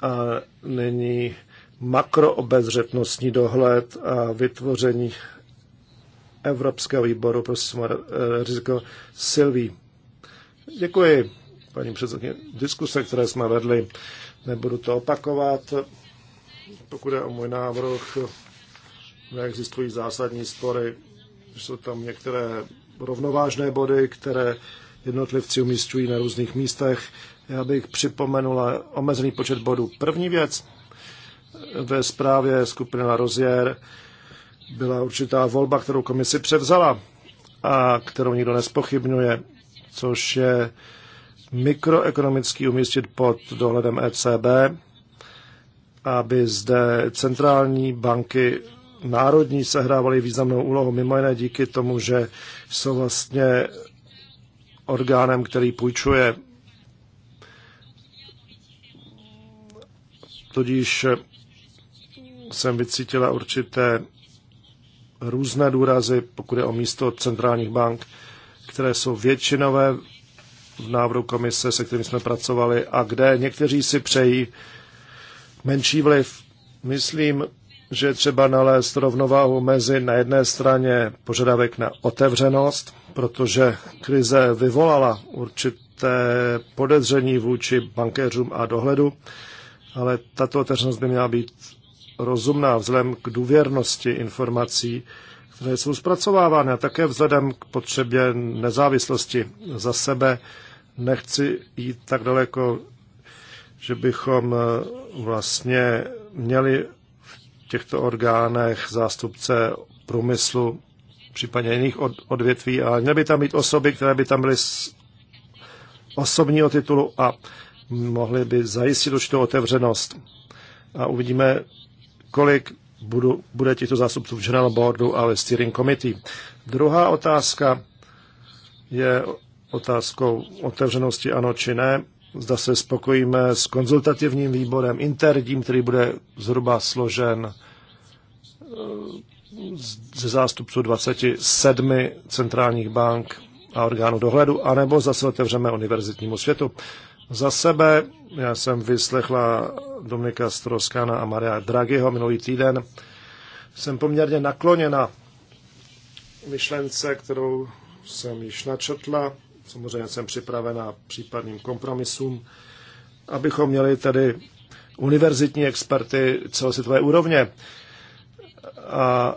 A nyní makroobezřetnostní dohled a vytvoření Evropského výboru pro riziko Sylvie. Děkuji, paní předsedkyně. Diskuse, které jsme vedli, nebudu to opakovat. Pokud je o můj návrh, neexistují zásadní spory. Jsou tam některé rovnovážné body, které jednotlivci umístují na různých místech. Já bych připomenula omezený počet bodů. První věc, ve zprávě skupiny La Rozier byla určitá volba, kterou komisi převzala a kterou nikdo nespochybňuje což je mikroekonomický umístit pod dohledem ECB, aby zde centrální banky národní sehrávaly významnou úlohu, mimo jiné díky tomu, že jsou vlastně orgánem, který půjčuje. Tudíž jsem vycítila určité různé důrazy, pokud je o místo centrálních bank které jsou většinové v návrhu komise, se kterými jsme pracovali, a kde někteří si přejí menší vliv. Myslím, že je třeba nalézt rovnováhu mezi na jedné straně požadavek na otevřenost, protože krize vyvolala určité podezření vůči bankéřům a dohledu, ale tato otevřenost by měla být rozumná vzhledem k důvěrnosti informací, které jsou zpracovávány a také vzhledem k potřebě nezávislosti za sebe nechci jít tak daleko, že bychom eh, vlastně měli v těchto orgánech zástupce průmyslu, případně jiných od, odvětví, ale měly by tam být osoby, které by tam byly osobního titulu a mohly by zajistit určitou otevřenost. A uvidíme, kolik budu, bude těchto zástupců v General Boardu a ve Steering Committee. Druhá otázka je otázkou otevřenosti ano či ne. Zda se spokojíme s konzultativním výborem interdím, který bude zhruba složen eh, ze zástupců 27 centrálních bank a orgánů dohledu, anebo zase otevřeme univerzitnímu světu. Za sebe já jsem vyslechla Dominika Stroskana a Maria Draghiho minulý týden, jsem poměrně nakloněna myšlence, kterou jsem již načetla. Samozřejmě jsem připravena případným kompromisům, abychom měli tedy univerzitní experty celosvětové úrovně. A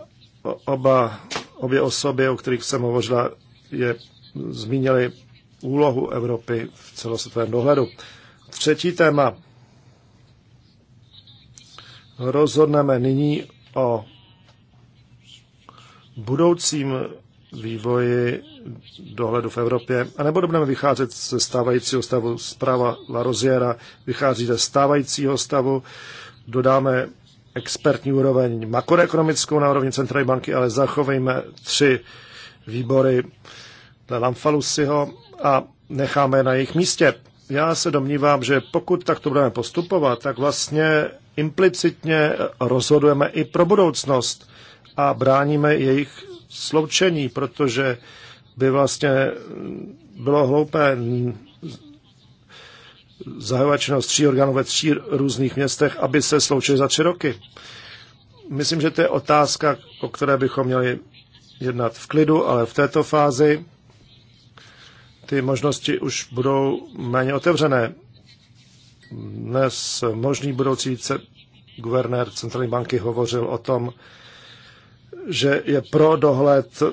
oba, obě osoby, o kterých jsem hovořila, je, zmínili úlohu Evropy v celosvětovém dohledu. Třetí téma Rozhodneme nyní o budoucím vývoji dohledu v Evropě, anebo budeme vycházet ze stávajícího stavu. zprava La Rosiera, vychází ze stávajícího stavu, dodáme expertní úroveň makroekonomickou na úrovni centrální banky, ale zachovejme tři výbory na Lamfalusiho a necháme na jejich místě. Já se domnívám, že pokud takto budeme postupovat, tak vlastně implicitně rozhodujeme i pro budoucnost a bráníme jejich sloučení, protože by vlastně bylo hloupé zahajovat činnost tří orgánů ve tří různých městech, aby se sloučili za tři roky. Myslím, že to je otázka, o které bychom měli jednat v klidu, ale v této fázi ty možnosti už budou méně otevřené. Dnes možný budoucí guvernér centrální banky hovořil o tom, že je pro dohled,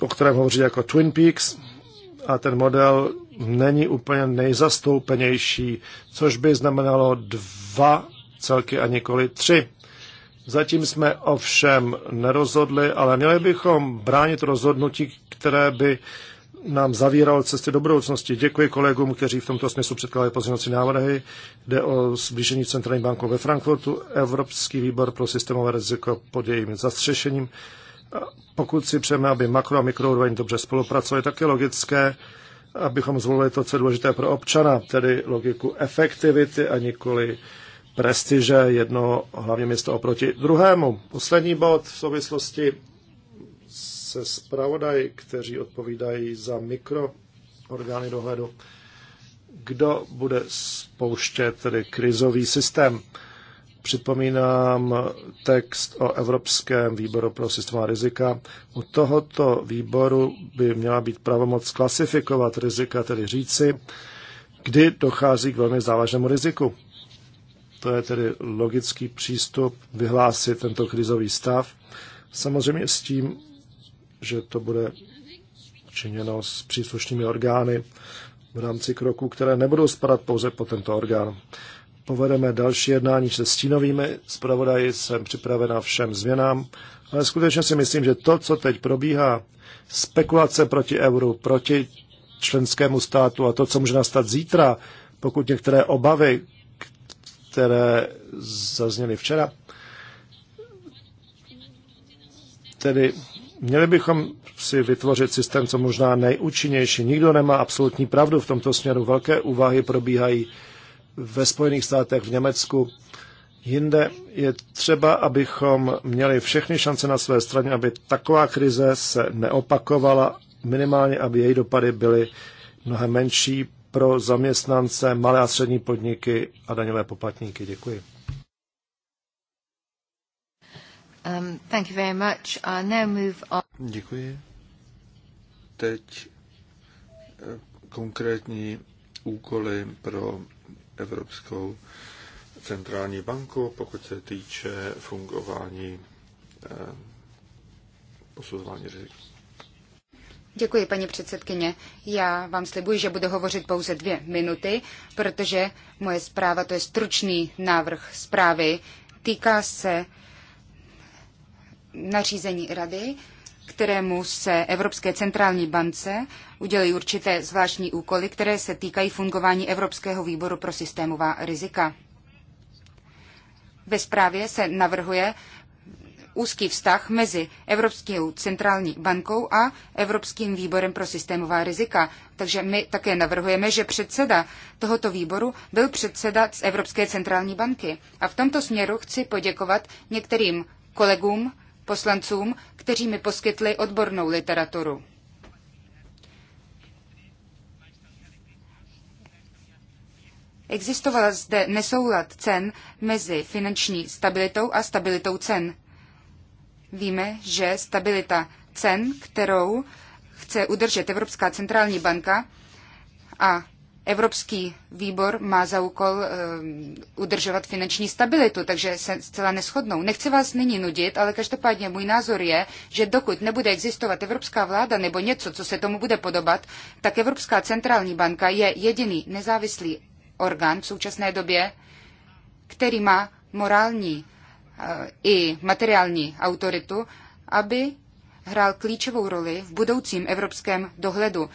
o kterém hovoří jako Twin Peaks, a ten model není úplně nejzastoupenější, což by znamenalo dva celky a nikoli tři. Zatím jsme ovšem nerozhodli, ale měli bychom bránit rozhodnutí, které by nám zavíral cesty do budoucnosti. Děkuji kolegům, kteří v tomto smyslu předkládali pozměňovací návrhy. Jde o zblížení Centrální bankou ve Frankfurtu, Evropský výbor pro systémové riziko pod jejím zastřešením. Pokud si přejeme, aby makro a mikroúroveň dobře spolupracovali, tak je logické, abychom zvolili to, co je důležité pro občana, tedy logiku efektivity a nikoli prestiže Jedno hlavně město oproti druhému. Poslední bod v souvislosti se zpravodaj, kteří odpovídají za mikroorgány dohledu, kdo bude spouštět tedy krizový systém. Připomínám text o Evropském výboru pro systém rizika. U tohoto výboru by měla být pravomoc klasifikovat rizika, tedy říci, kdy dochází k velmi závažnému riziku. To je tedy logický přístup vyhlásit tento krizový stav. Samozřejmě s tím, že to bude činěno s příslušnými orgány v rámci kroků, které nebudou spadat pouze po tento orgán. Povedeme další jednání se stínovými zpravodaji, jsem připravena všem změnám, ale skutečně si myslím, že to, co teď probíhá, spekulace proti euru, proti členskému státu a to, co může nastat zítra, pokud některé obavy, které zazněly včera, tedy Měli bychom si vytvořit systém, co možná nejúčinnější. Nikdo nemá absolutní pravdu v tomto směru. Velké úvahy probíhají ve Spojených státech, v Německu, jinde. Je třeba, abychom měli všechny šance na své straně, aby taková krize se neopakovala, minimálně, aby její dopady byly mnohem menší pro zaměstnance, malé a střední podniky a daňové poplatníky. Děkuji. Um, thank you very much. I'll now move on. Děkuji. Teď eh, konkrétní úkoly pro Evropskou centrální banku, pokud se týče fungování eh, posuzování rizik. Děkuji, paní předsedkyně. Já vám slibuji, že budu hovořit pouze dvě minuty, protože moje zpráva, to je stručný návrh zprávy, týká se nařízení rady, kterému se Evropské centrální bance udělí určité zvláštní úkoly, které se týkají fungování Evropského výboru pro systémová rizika. Ve zprávě se navrhuje úzký vztah mezi Evropskou centrální bankou a Evropským výborem pro systémová rizika. Takže my také navrhujeme, že předseda tohoto výboru byl předseda z Evropské centrální banky. A v tomto směru chci poděkovat některým kolegům poslancům, kteří mi poskytli odbornou literaturu. Existoval zde nesoulad cen mezi finanční stabilitou a stabilitou cen. Víme, že stabilita cen, kterou chce udržet Evropská centrální banka a Evropský výbor má za úkol um, udržovat finanční stabilitu, takže se zcela neschodnou. Nechci vás nyní nudit, ale každopádně můj názor je, že dokud nebude existovat evropská vláda nebo něco, co se tomu bude podobat, tak Evropská centrální banka je jediný nezávislý orgán v současné době, který má morální uh, i materiální autoritu, aby hrál klíčovou roli v budoucím evropském dohledu.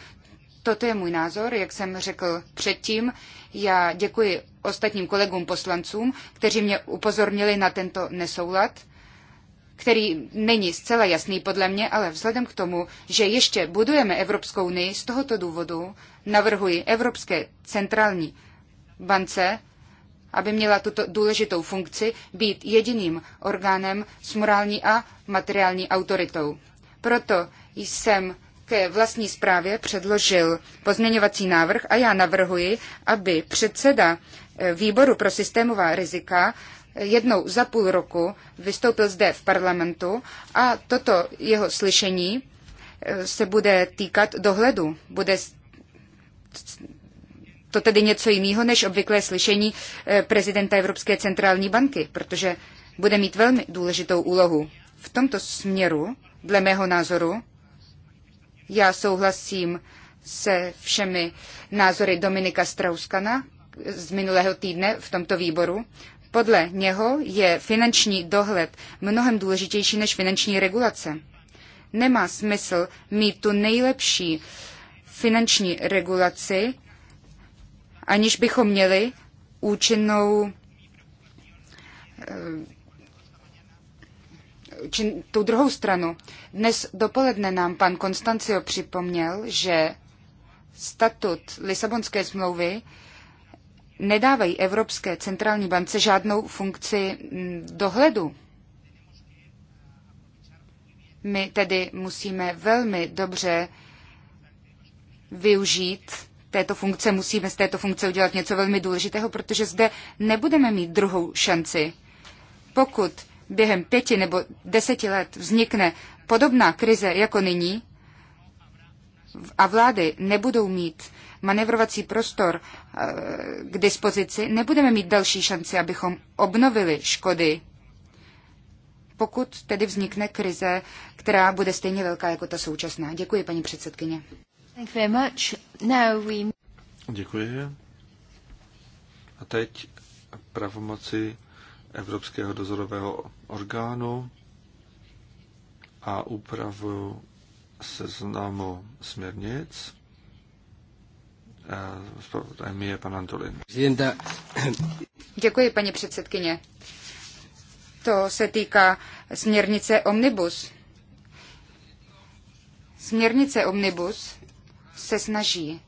Toto je můj názor, jak jsem řekl předtím. Já děkuji ostatním kolegům poslancům, kteří mě upozornili na tento nesoulad, který není zcela jasný podle mě, ale vzhledem k tomu, že ještě budujeme Evropskou unii, z tohoto důvodu navrhuji Evropské centrální bance, aby měla tuto důležitou funkci být jediným orgánem s morální a materiální autoritou. Proto jsem ke vlastní zprávě předložil pozměňovací návrh a já navrhuji, aby předseda eh, výboru pro systémová rizika jednou za půl roku vystoupil zde v parlamentu a toto jeho slyšení eh, se bude týkat dohledu. Bude to tedy něco jiného než obvyklé slyšení eh, prezidenta Evropské centrální banky, protože bude mít velmi důležitou úlohu. V tomto směru, dle mého názoru, já souhlasím se všemi názory Dominika Strauskana z minulého týdne v tomto výboru. Podle něho je finanční dohled mnohem důležitější než finanční regulace. Nemá smysl mít tu nejlepší finanční regulaci, aniž bychom měli účinnou eh, či tu druhou stranu. Dnes dopoledne nám pan Konstancio připomněl, že statut Lisabonské smlouvy nedávají Evropské centrální bance žádnou funkci mm, dohledu. My tedy musíme velmi dobře využít této funkce, musíme z této funkce udělat něco velmi důležitého, protože zde nebudeme mít druhou šanci. Pokud během pěti nebo deseti let vznikne podobná krize jako nyní a vlády nebudou mít manevrovací prostor eh, k dispozici, nebudeme mít další šanci, abychom obnovili škody, pokud tedy vznikne krize, která bude stejně velká jako ta současná. Děkuji, paní předsedkyně. Thank you very much. Now we... Děkuji. A teď pravomoci Evropského dozorového orgánu a úpravu seznamu směrnic. Spravodajem je pan Antolin. Děkuji, paní předsedkyně. To se týká směrnice Omnibus. Směrnice Omnibus se snaží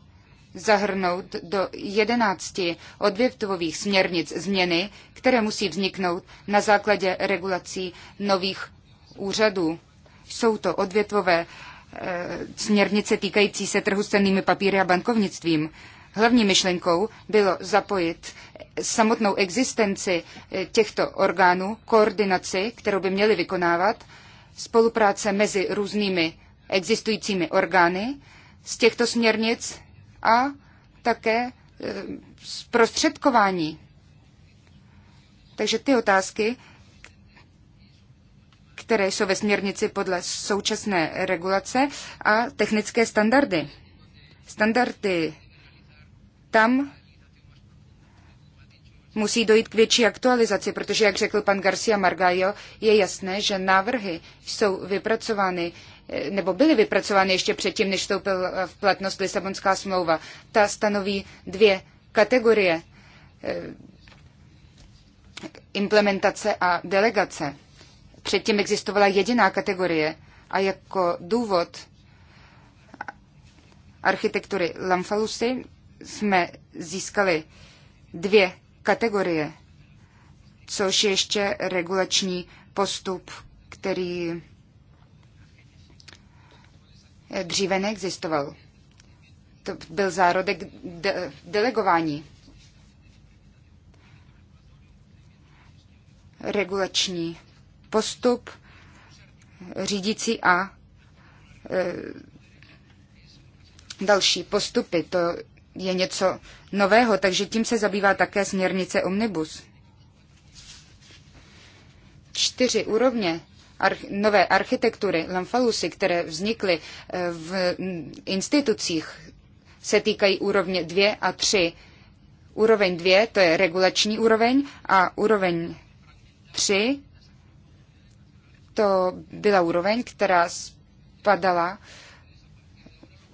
zahrnout do jedenácti odvětvových směrnic změny, které musí vzniknout na základě regulací nových úřadů. Jsou to odvětvové e, směrnice týkající se trhu s cennými papíry a bankovnictvím. Hlavní myšlenkou bylo zapojit samotnou existenci eh, těchto orgánů, koordinaci, kterou by měli vykonávat, spolupráce mezi různými existujícími orgány z těchto směrnic a také eh, zprostředkování. Takže ty otázky, které jsou ve směrnici podle současné regulace a technické standardy. Standardy tam musí dojít k větší aktualizaci, protože, jak řekl pan Garcia Margallo, je jasné, že návrhy jsou vypracovány nebo byly vypracovány ještě předtím, než vstoupil v platnost Lisabonská smlouva. Ta stanoví dvě kategorie eh, implementace a delegace. Předtím existovala jediná kategorie a jako důvod architektury Lamfalusy jsme získali dvě kategorie, což je ještě regulační postup, který dříve neexistoval. To byl zárodek de- delegování. Regulační postup, řídící a e, další postupy. To je něco nového, takže tím se zabývá také směrnice Omnibus. Čtyři úrovně arch- nové architektury Lamfalusy, které vznikly eh, v institucích, se týkají úrovně 2 a 3. Úroveň 2 to je regulační úroveň a úroveň 3 to byla úroveň, která spadala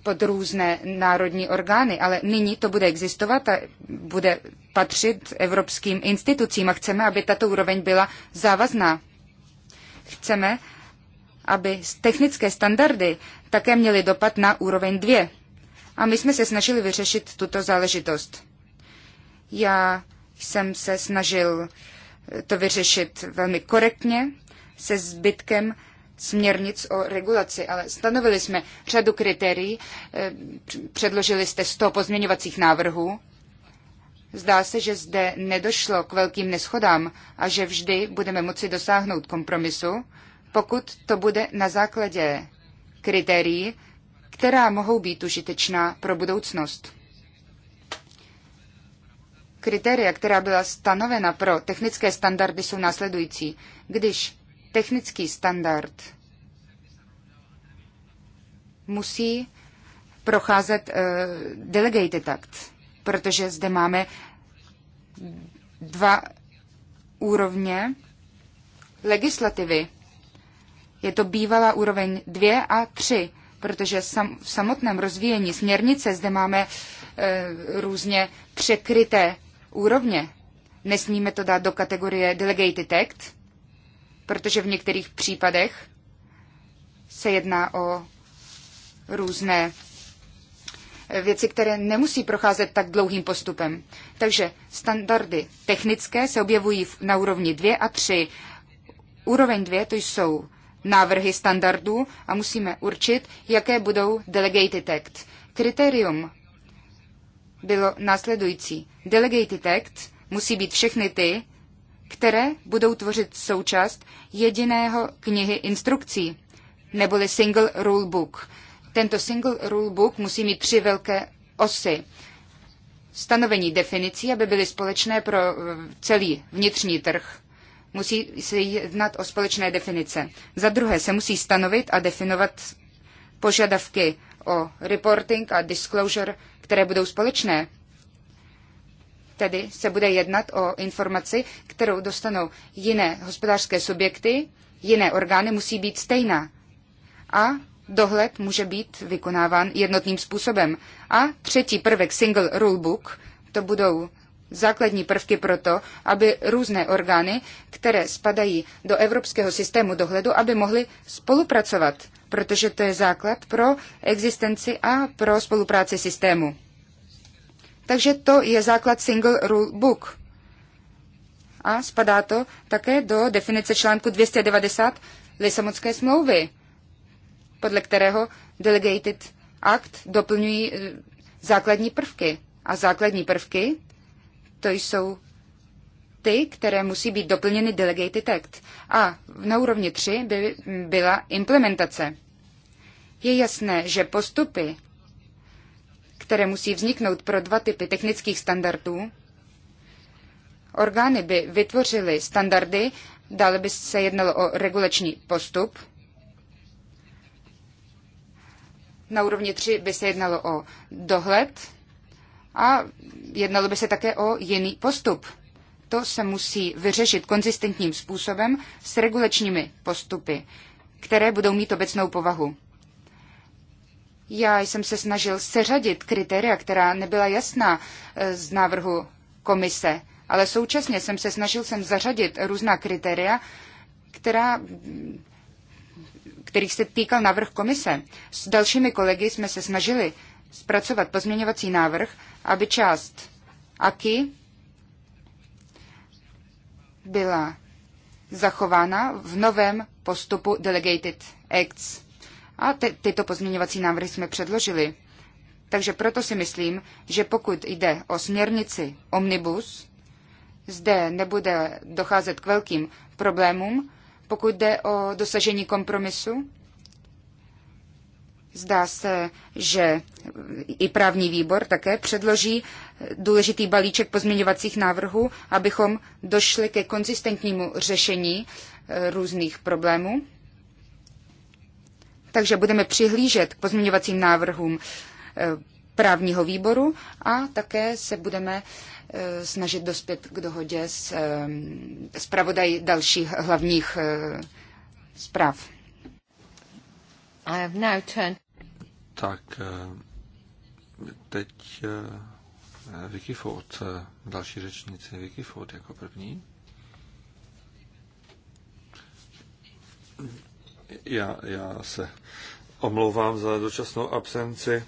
pod různé národní orgány, ale nyní to bude existovat a bude patřit evropským institucím a chceme, aby tato úroveň byla závazná chceme, aby technické standardy také měly dopad na úroveň 2. A my jsme se snažili vyřešit tuto záležitost. Já jsem se snažil eh, to vyřešit velmi korektně se zbytkem směrnic o regulaci, ale stanovili jsme řadu kritérií, eh, předložili jste 100 pozměňovacích návrhů Zdá se, že zde nedošlo k velkým neschodám a že vždy budeme moci dosáhnout kompromisu, pokud to bude na základě kritérií, která mohou být užitečná pro budoucnost. Kritéria, která byla stanovena pro technické standardy, jsou následující. Když technický standard musí procházet uh, delegated act protože zde máme dva úrovně legislativy. Je to bývalá úroveň 2 a 3, protože sam, v samotném rozvíjení směrnice zde máme e, různě překryté úrovně. Nesmíme to dát do kategorie delegated act, protože v některých případech se jedná o různé věci, které nemusí procházet tak dlouhým postupem. Takže standardy technické se objevují na úrovni 2 a 3. Úroveň 2 to jsou návrhy standardů a musíme určit, jaké budou delegated act. Kritérium bylo následující. Delegated act musí být všechny ty, které budou tvořit součást jediného knihy instrukcí, neboli single rule book. Tento single rulebook musí mít tři velké osy. Stanovení definicí, aby byly společné pro e, celý vnitřní trh. Musí se jednat o společné definice. Za druhé se musí stanovit a definovat požadavky o reporting a disclosure, které budou společné. Tedy se bude jednat o informaci, kterou dostanou jiné hospodářské subjekty, jiné orgány musí být stejná. A dohled může být vykonáván jednotným způsobem. A třetí prvek Single Rulebook, to budou základní prvky pro to, aby různé orgány, které spadají do evropského systému dohledu, aby mohly spolupracovat, protože to je základ pro existenci a pro spolupráci systému. Takže to je základ Single Rule Book. A spadá to také do definice článku 290 Lisabonské smlouvy podle kterého Delegated Act doplňují eh, základní prvky. A základní prvky to jsou ty, které musí být doplněny Delegated Act. A na úrovni 3 by mm, byla implementace. Je jasné, že postupy, které musí vzniknout pro dva typy technických standardů, orgány by vytvořily standardy, dále by se jednalo o regulační postup Na úrovni 3 by se jednalo o dohled a jednalo by se také o jiný postup. To se musí vyřešit konzistentním způsobem s regulačními postupy, které budou mít obecnou povahu. Já jsem se snažil seřadit kritéria, která nebyla jasná eh, z návrhu komise, ale současně jsem se snažil sem zařadit různá kritéria, která který se týkal návrh komise. S dalšími kolegy jsme se snažili zpracovat pozměňovací návrh, aby část AKI byla zachována v novém postupu Delegated Acts. A ty, tyto pozměňovací návrhy jsme předložili. Takže proto si myslím, že pokud jde o směrnici Omnibus, zde nebude docházet k velkým problémům, pokud jde o dosažení kompromisu? Zdá se, že i právní výbor také předloží důležitý balíček pozměňovacích návrhů, abychom došli ke konzistentnímu řešení eh, různých problémů. Takže budeme přihlížet k pozměňovacím návrhům eh, právního výboru a také se budeme eh, snažit dospět k dohodě s zpravodají eh, dalších hlavních eh, zpráv. I have now turned... Tak teď Vicky Ford, další řečnice Vicky Ford jako první. Já, já se omlouvám za dočasnou absenci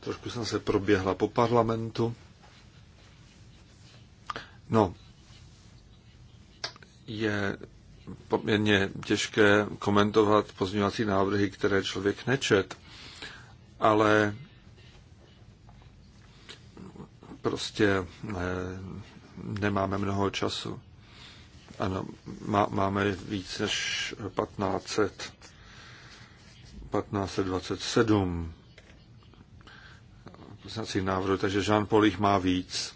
Trošku jsem se proběhla po parlamentu. No, je poměrně těžké komentovat pozměňovací návrhy, které člověk nečet, ale prostě ne eh, nemáme mnoho času. Ano, má, máme víc než 1527 poznacích návrhů, takže Jean Paul jich má víc.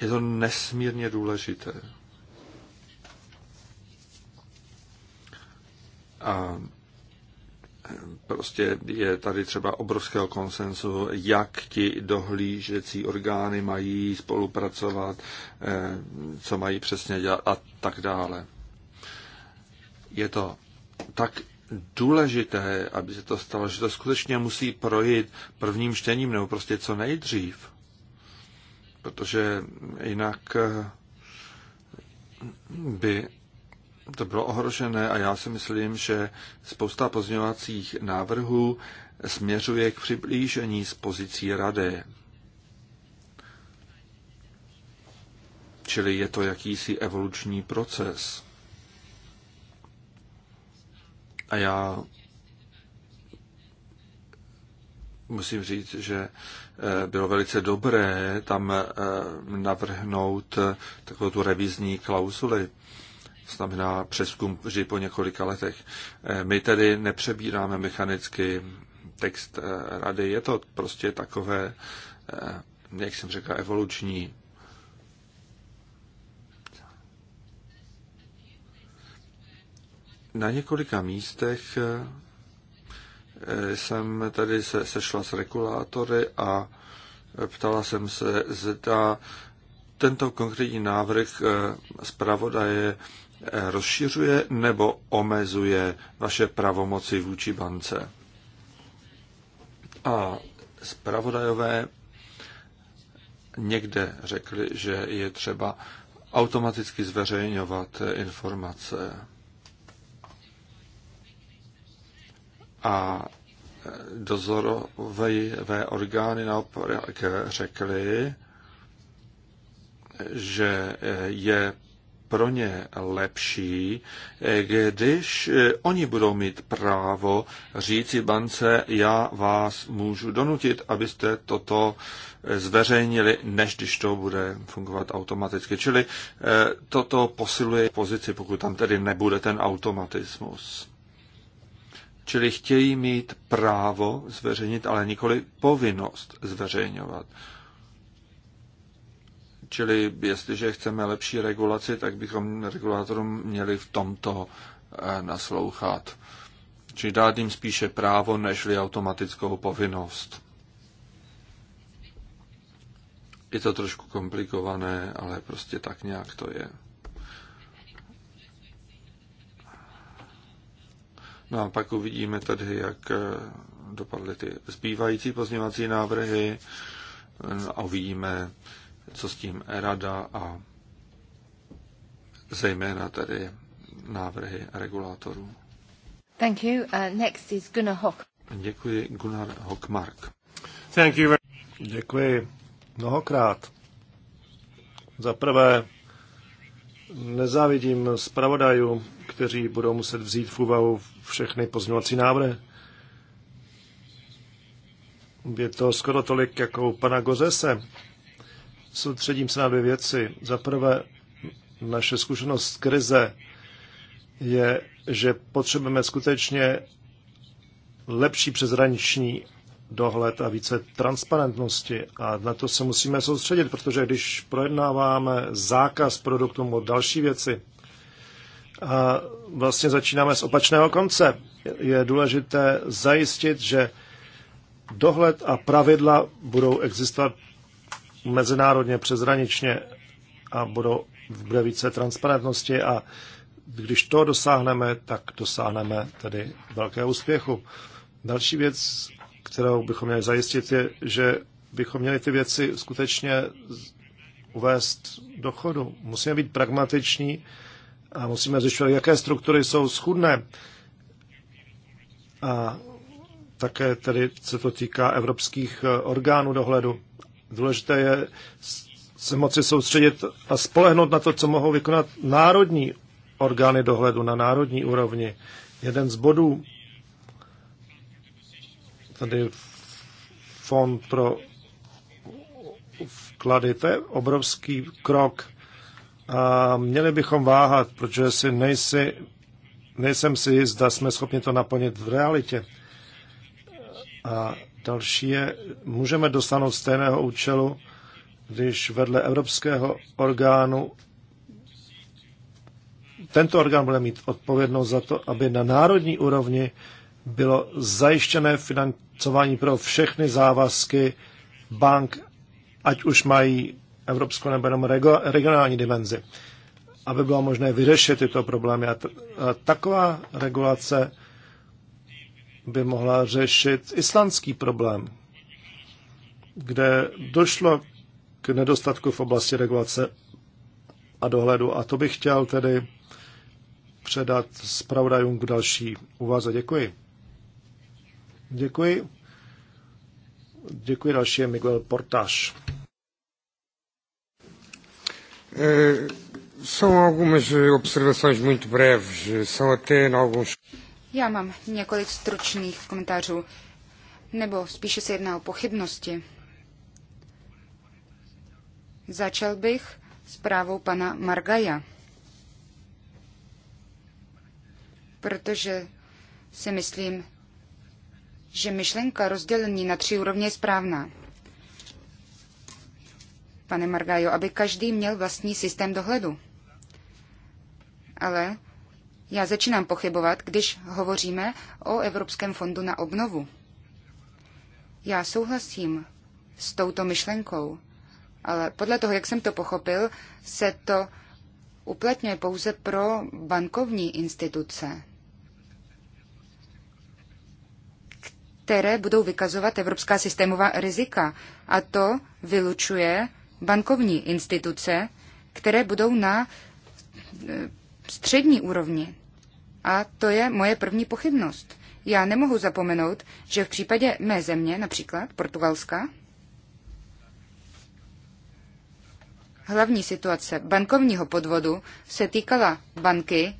Je to nesmírně důležité. A prostě je tady třeba obrovského konsenzu, jak ti dohlížecí orgány mají spolupracovat, eh, co mají přesně dělat a tak dále je to tak důležité, aby se to stalo, že to skutečně musí projít prvním čtením nebo prostě co nejdřív. Protože jinak eh, by to bylo ohrožené a já si myslím, že spousta pozměňovacích návrhů směřuje k přiblížení z pozicí rady. Čili je to jakýsi evoluční proces. A já musím říct, že eh, bylo velice dobré tam eh, navrhnout eh, takovou tu revizní klauzuli, znamená přeskum vždy po několika letech. My tedy nepřebíráme mechanicky text rady, je to prostě takové, jak jsem řekl, evoluční. Na několika místech eh, jsem tady se, sešla s regulátory a eh, ptala jsem se, zda tento konkrétní návrh eh, zpravodaje rozšiřuje nebo omezuje vaše pravomoci vůči bance. A zpravodajové někde řekli, že je třeba automaticky zveřejňovat informace. A dozorové orgány naopak řekly, že je pro ně lepší, když oni budou mít právo říci bance, já vás můžu donutit, abyste toto zveřejnili, než když to bude fungovat automaticky. Čili eh, toto posiluje pozici, pokud tam tedy nebude ten automatismus. Čili chtějí mít právo zveřejnit, ale nikoli povinnost zveřejňovat. Čili jestliže chceme lepší regulaci, tak bychom regulátorům měli v tomto eh, naslouchat. Čili dát jim spíše právo, nežli automatickou povinnost. Je to trošku komplikované, ale prostě tak nějak to je. No a pak uvidíme tady, jak eh, dopadly ty zbývající pozměňovací návrhy eh, a uvidíme, co s tím rada a zejména tady návrhy regulátorů. Thank you. Uh, next is Gunnar Hock. Děkuji, Gunnar Hockmark. Thank you. very Děkuji mnohokrát. Za prvé, nezávidím zpravodajům kteří budou muset vzít v úvahu všechny pozměňovací návrhy. Je to skoro tolik jako u pana Gozese. Soustředím se na dvě věci. Za prvé, naše zkušenost z krize je, že potřebujeme skutečně lepší přezraniční dohled a více transparentnosti. A na to se musíme soustředit, protože když projednáváme zákaz produktům od další věci, a vlastně začínáme z opačného konce. Je důležité zajistit, že dohled a pravidla budou existovat mezinárodně, přezraničně a budou, bude více transparentnosti a když to dosáhneme, tak dosáhneme tedy velkého úspěchu. Další věc, kterou bychom měli zajistit, je, že bychom měli ty věci skutečně uvést do chodu. Musíme být pragmatiční a musíme zjišťovat, jaké struktury jsou schudné. A také tedy se to týká evropských eh, orgánů dohledu. Důležité je se moci soustředit a spolehnout na to, co mohou vykonat národní orgány dohledu na národní úrovni. Jeden z bodů, tady fond pro vklady, to je obrovský krok a měli bychom váhat, protože si nejsi, nejsem si jist, zda jsme schopni to naplnit v realitě. A další je, můžeme dosáhnout stejného účelu, když vedle evropského orgánu tento orgán bude mít odpovědnost za to, aby na národní úrovni bylo zajištěné financování pro všechny závazky bank, ať už mají evropskou nebo jenom regionální dimenzi, aby bylo možné vyřešit tyto problémy. A, taková regulace by mohla řešit islandský problém, kde došlo k nedostatku v oblasti regulace a dohledu. A to bych chtěl tedy předat zpravodajům k další úvaze. Děkuji. Děkuji. Děkuji další je Miguel Portáš. Eh, são algumas eh, observações muito breves, eh, são até em alguns. Já mám několik stručných komentářů, nebo spíše se jedná o pochybnosti. Začal bych zprávou pana Margaja, protože si myslím, že myšlenka rozdělení na tři úrovně je správná pane Margajo, aby každý měl vlastní systém dohledu. Ale já začínám pochybovat, když hovoříme o Evropském fondu na obnovu. Já souhlasím s touto myšlenkou, ale podle toho, jak jsem to pochopil, se to uplatňuje pouze pro bankovní instituce, které budou vykazovat evropská systémová rizika. A to vylučuje bankovní instituce, které budou na e, střední úrovni. A to je moje první pochybnost. Já nemohu zapomenout, že v případě mé země, například Portugalska, hlavní situace bankovního podvodu se týkala banky,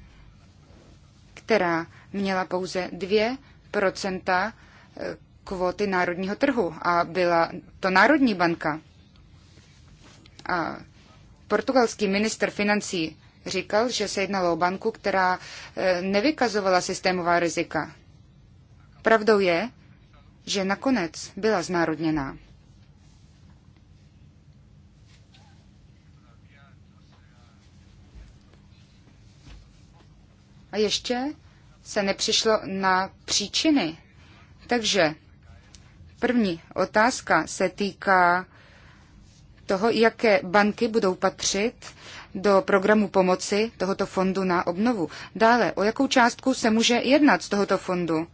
která měla pouze 2% e, kvóty národního trhu a byla to národní banka. A portugalský minister financí říkal, že se jednalo o banku, která e, nevykazovala systémová rizika. Pravdou je, že nakonec byla znárodněná. A ještě se nepřišlo na příčiny. Takže první otázka se týká toho, jaké banky budou patřit do programu pomoci tohoto fondu na obnovu. Dále, o jakou částku se může jednat z tohoto fondu.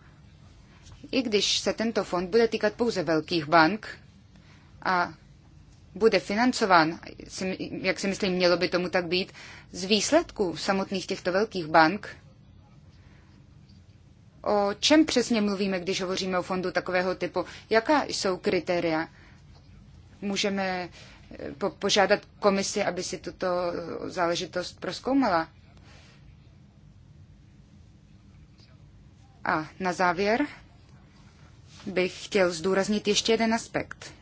I když se tento fond bude týkat pouze velkých bank a bude financován, jak si myslím, mělo by tomu tak být, z výsledků samotných těchto velkých bank, o čem přesně mluvíme, když hovoříme o fondu takového typu? Jaká jsou kritéria? Můžeme po, požádat komisi, aby si tuto záležitost proskoumala. A na závěr bych chtěl zdůraznit ještě jeden aspekt.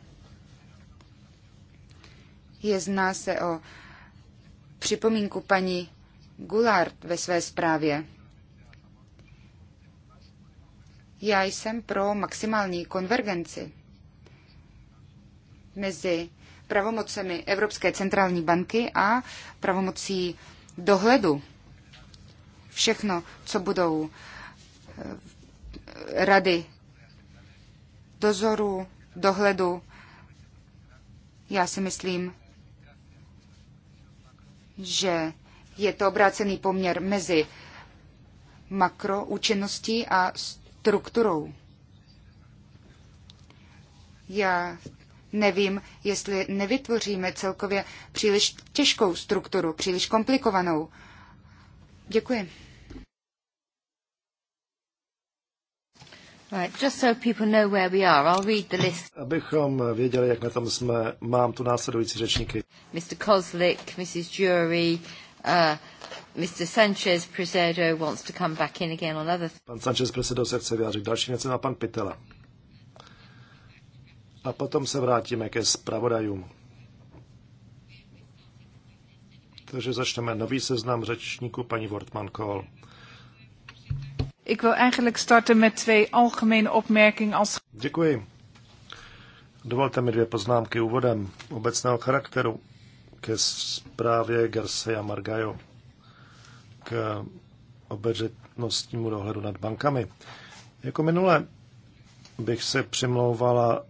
Jezná se o připomínku paní Gulard ve své zprávě. Já jsem pro maximální konvergenci mezi pravomocemi Evropské centrální banky a pravomocí dohledu. Všechno, co budou eh, rady dozoru, dohledu, já si myslím, že je to obrácený poměr mezi makroúčinností a strukturou. Já Nevím, jestli nevytvoříme celkově příliš těžkou strukturu, příliš komplikovanou. Děkuji. Abychom věděli, jak na tom jsme, mám tu následující řečníky. Mr. Kozlik, Mrs. Jury, uh, Mr. Sanchez Presedo wants to come back in again on other... Pan Sanchez Presedo se chce vyjádřit další věci na pan Pitela a potom se vrátíme ke zpravodajům. Takže začneme nový seznam řečníků paní Wortmann Kohl. Ik wil eigenlijk starten met twee algemene opmerkingen als... Děkuji. Dovolte mi dvě poznámky úvodem obecného charakteru ke zprávě Garcia Margajo k obeřetnostnímu dohledu nad bankami. Jako minule bych se přimlouvala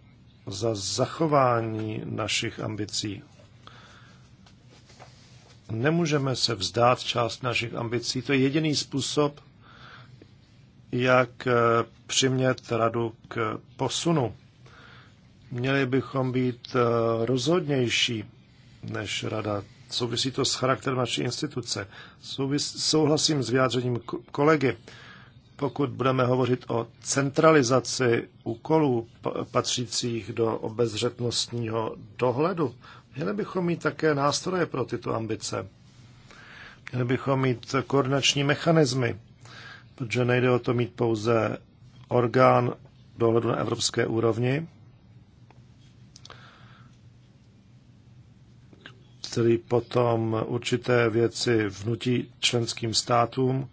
za zachování našich ambicí. Nemůžeme se vzdát část našich ambicí. To je jediný způsob, jak eh, přimět radu k posunu. Měli bychom být eh, rozhodnější než rada. Souvisí to s charakterem naší instituce. Souvis- souhlasím s vyjádřením kolegy pokud budeme hovořit o centralizaci úkolů patřících do obezřetnostního dohledu, měli bychom mít také nástroje pro tyto ambice. Měli bychom mít koordinační mechanismy, protože nejde o to mít pouze orgán dohledu na evropské úrovni, který potom určité věci vnutí členským státům,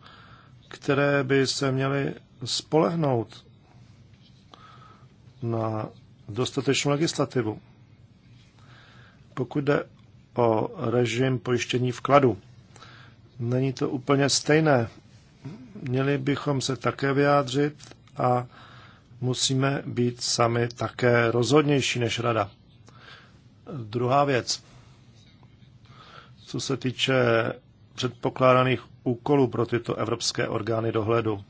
které by se měly spolehnout na dostatečnou legislativu. Pokud jde o režim pojištění vkladu, není to úplně stejné. Měli bychom se také vyjádřit a musíme být sami také rozhodnější než rada. Druhá věc, co se týče předpokládaných úkolů pro tyto evropské orgány dohledu.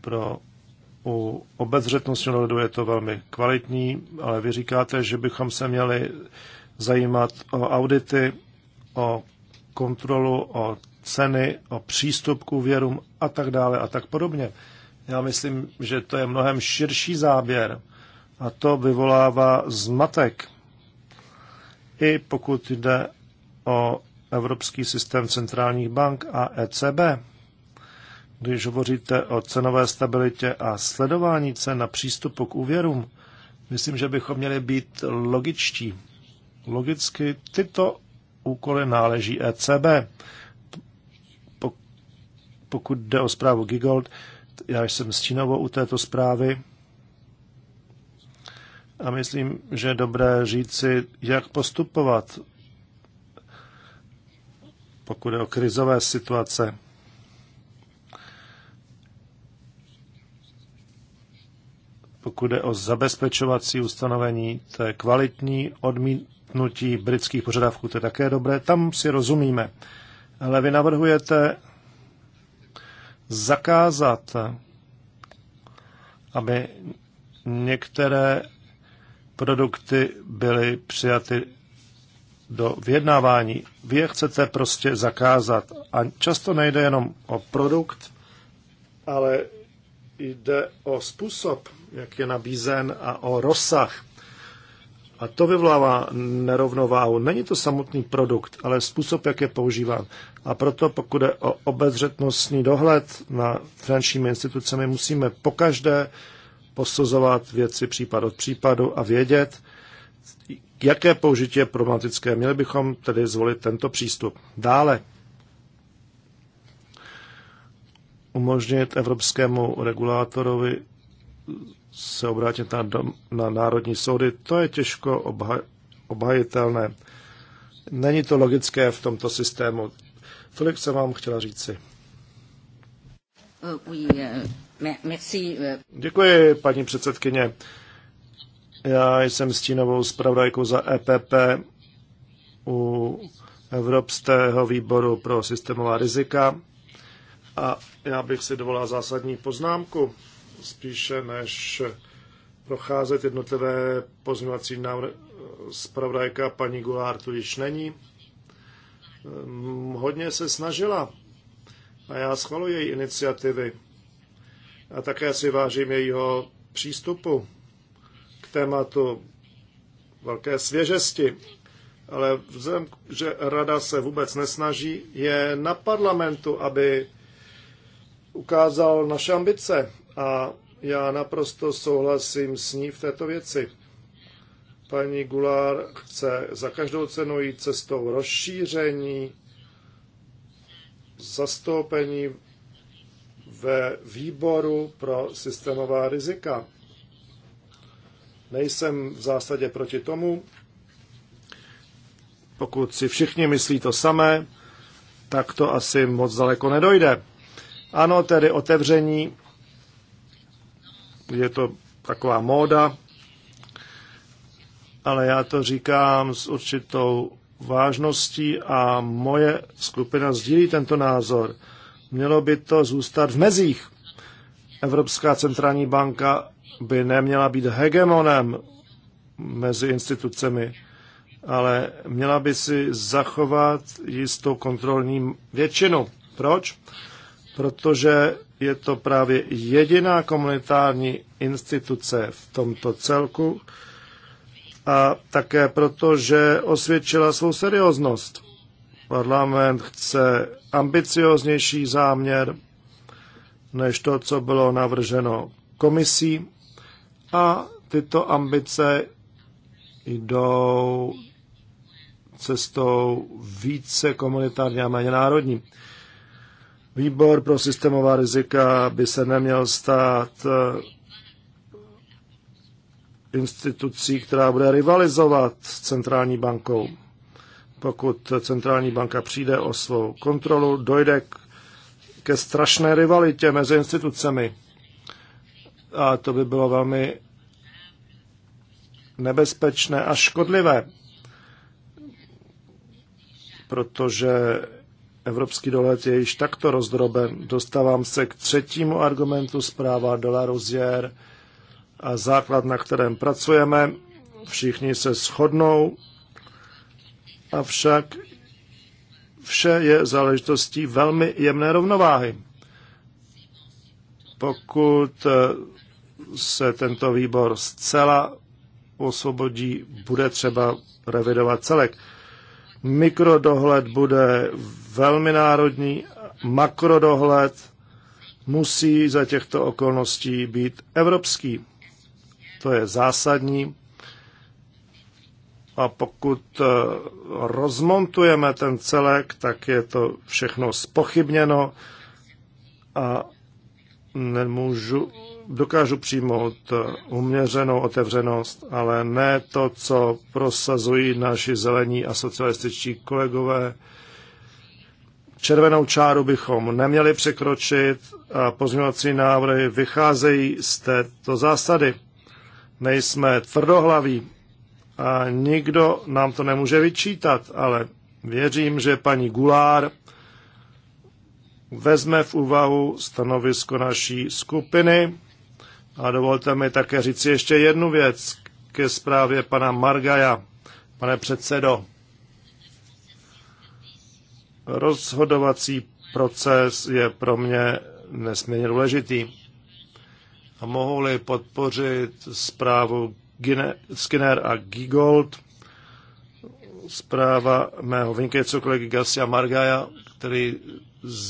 Pro u obezřetnostního dohledu je to velmi kvalitní, ale vy říkáte, že bychom se měli zajímat o audity, o kontrolu, o ceny, o přístup k úvěrům a tak dále a tak podobně. Já myslím, že to je mnohem širší záběr a to vyvolává zmatek. I pokud jde o Evropský systém centrálních bank a ECB. Když hovoříte o cenové stabilitě a sledování cen na přístupu k úvěrům, myslím, že bychom měli být logičtí. Logicky tyto úkoly náleží ECB. Pokud jde o zprávu Gigold, já jsem s Čínovou u této zprávy a myslím, že je dobré říci, jak postupovat pokud je o krizové situace. Pokud je o zabezpečovací ustanovení, to je kvalitní odmítnutí britských požadavků, to je také dobré, tam si rozumíme. Ale vy navrhujete zakázat, aby některé produkty byly přijaty do vyjednávání. Vy je chcete prostě zakázat. A často nejde jenom o produkt, ale jde o způsob, jak je nabízen a o rozsah. A to vyvolává nerovnováhu. Není to samotný produkt, ale způsob, jak je používán. A proto, pokud je o obezřetnostní dohled na finančními institucemi, musíme pokaždé posuzovat věci případ od případu a vědět, jaké použití je problematické. Měli bychom tedy zvolit tento přístup. Dále umožnit evropskému regulátorovi se obrátit na, dom, na národní soudy, to je těžko obha, obhajitelné. Není to logické v tomto systému. Tolik jsem vám chtěla říci. Uh, uh, uh. Děkuji, paní předsedkyně. Já jsem stínovou zpravodajkou za EPP u Evropského výboru pro systémová rizika a já bych si dovolal zásadní poznámku, spíše než procházet jednotlivé pozměňovací návrhy. Spravodajka paní Gulár tu již není. Hm, hodně se snažila a já schvaluji její iniciativy a také si vážím jejího přístupu tématu velké svěžesti, ale vzhledem, že rada se vůbec nesnaží, je na parlamentu, aby ukázal naše ambice a já naprosto souhlasím s ní v této věci. Paní Gulár chce za každou cenu jít cestou rozšíření zastoupení ve výboru pro systémová rizika. Nejsem v zásadě proti tomu. Pokud si všichni myslí to samé, tak to asi moc daleko nedojde. Ano, tedy otevření, je to taková móda, ale já to říkám s určitou vážností a moje skupina sdílí tento názor. Mělo by to zůstat v mezích. Evropská centrální banka by neměla být hegemonem mezi institucemi, ale měla by si zachovat jistou kontrolní většinu. Proč? Protože je to právě jediná komunitární instituce v tomto celku a také proto, že osvědčila svou serióznost. Parlament chce ambicioznější záměr než to, co bylo navrženo komisí a tyto ambice jdou cestou více komunitární a méně národní. Výbor pro systémová rizika by se neměl stát eh, institucí, která bude rivalizovat s centrální bankou. Pokud centrální banka přijde o svou kontrolu, dojde ke strašné rivalitě mezi institucemi a to by bylo velmi nebezpečné a škodlivé, protože evropský dolet je již takto rozdroben. Dostávám se k třetímu argumentu zpráva la Rozier a základ, na kterém pracujeme. Všichni se shodnou, avšak vše je záležitostí velmi jemné rovnováhy. Pokud eh, se tento výbor zcela osvobodí, bude třeba revidovat celek. Mikrodohled bude velmi národní, makrodohled musí za těchto okolností být evropský. To je zásadní. A pokud eh, rozmontujeme ten celek, tak je to všechno spochybněno a nemůžu dokážu přijmout uměřenou otevřenost, ale ne to, co prosazují naši zelení a socialističtí kolegové. Červenou čáru bychom neměli překročit a pozměňovací návrhy vycházejí z této zásady. Nejsme tvrdohlaví a nikdo nám to nemůže vyčítat, ale věřím, že paní Gulár vezme v úvahu stanovisko naší skupiny a dovolte mi také říci ještě jednu věc ke zprávě pana Margaja. Pane předsedo, rozhodovací proces je pro mě nesmírně důležitý. A mohou-li podpořit zprávu Skinner a Gigold, zpráva mého vynikajícího kolegy Garcia Margaja, který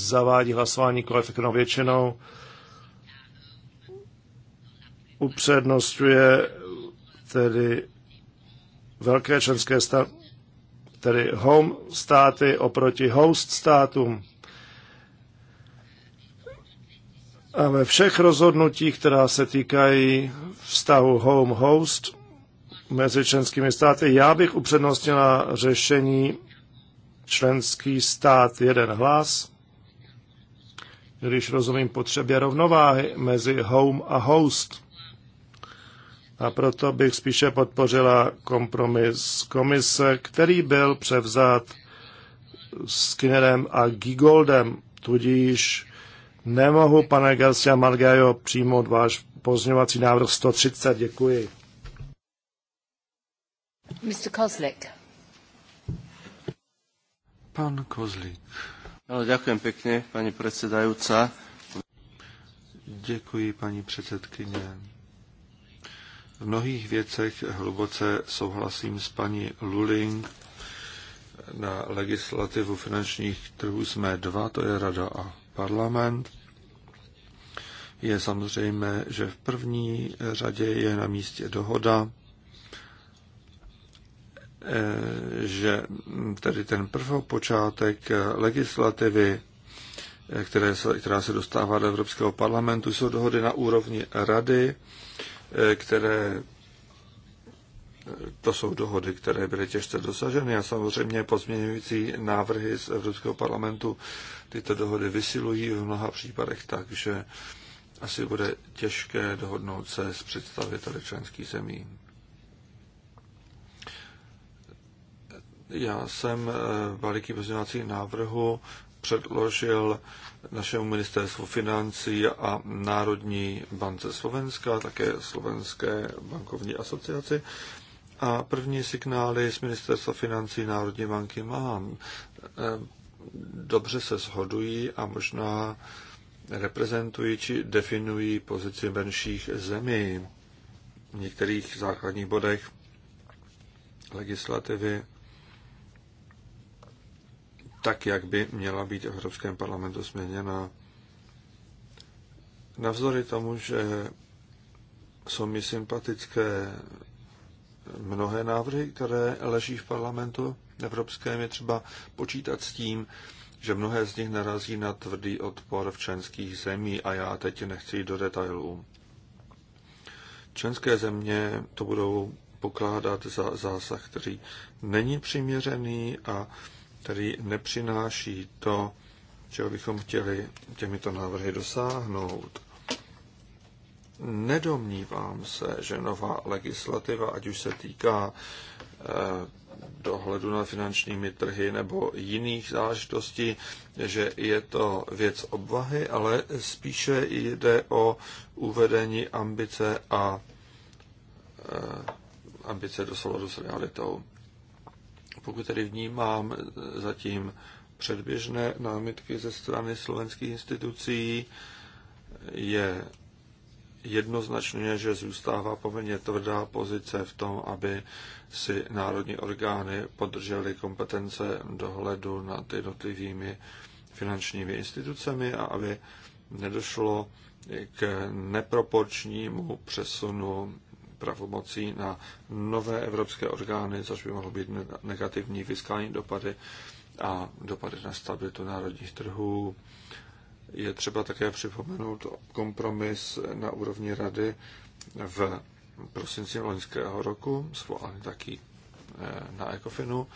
zavádí hlasování kolektivnou většinou, upřednostňuje tedy velké členské státy, tedy home státy oproti host státům. A ve všech rozhodnutích, která se týkají vztahu home-host mezi členskými státy, já bych upřednostnila řešení členský stát jeden hlas, když rozumím potřebě rovnováhy mezi home a host a proto bych spíše podpořila kompromis komise, který byl převzat Skinnerem a Gigoldem, tudíž nemohu, pane Garcia Margajo, přijmout váš pozměňovací návrh 130. Děkuji. Mr. Kozlik. Pan Kozlik. No, Ale děkuji pěkně, paní předsedající. Děkuji, paní předsedkyně. V mnohých věcech hluboce souhlasím s paní Luling. Na legislativu finančních trhů jsme dva, to je Rada a parlament. Je samozřejmé, že v první řadě je na místě dohoda, e, že tedy ten prvopočátek legislativy, e, které se, která se dostává do Evropského parlamentu, jsou dohody na úrovni rady Eh, které to jsou dohody, které byly těžce dosaženy a samozřejmě pozměňující návrhy z Evropského parlamentu tyto dohody vysilují v mnoha případech tak, že asi bude těžké dohodnout se s představiteli členských zemí. Já jsem eh, veliký pozměňovací návrhu předložil našemu ministerstvu financí a Národní bance Slovenska, také Slovenské bankovní asociaci. A první signály z ministerstva financí Národní banky mám. Eh, dobře se shodují a možná reprezentují či definují pozici menších zemí v některých základních bodech legislativy tak, jak by měla být v Evropském parlamentu změněna. Navzory tomu, že jsou mi sympatické mnohé návrhy, které leží v parlamentu evropském, je třeba počítat s tím, že mnohé z nich narazí na tvrdý odpor v členských zemí a já teď nechci jít do detailů. Členské země to budou pokládat za zásah, který není přiměřený a který nepřináší to, čeho bychom chtěli těmito návrhy dosáhnout. Nedomnívám se, že nová legislativa, ať už se týká eh, dohledu na finančními trhy nebo jiných záležitostí, že je to věc obvahy, ale spíše jde o uvedení ambice a eh, ambice do souladu s realitou pokud tedy vnímám zatím předběžné námitky ze strany slovenských institucí, je jednoznačně, že zůstává poměrně tvrdá pozice v tom, aby si národní orgány podržely kompetence dohledu nad jednotlivými finančními institucemi a aby nedošlo k neproporčnímu přesunu pravomocí na nové evropské orgány, což by mohlo být negativní fiskální dopady a dopady na stabilitu národních trhů. Je třeba také připomenout kompromis na úrovni rady v prosinci loňského roku, svolaný taky eh, na Ecofinu,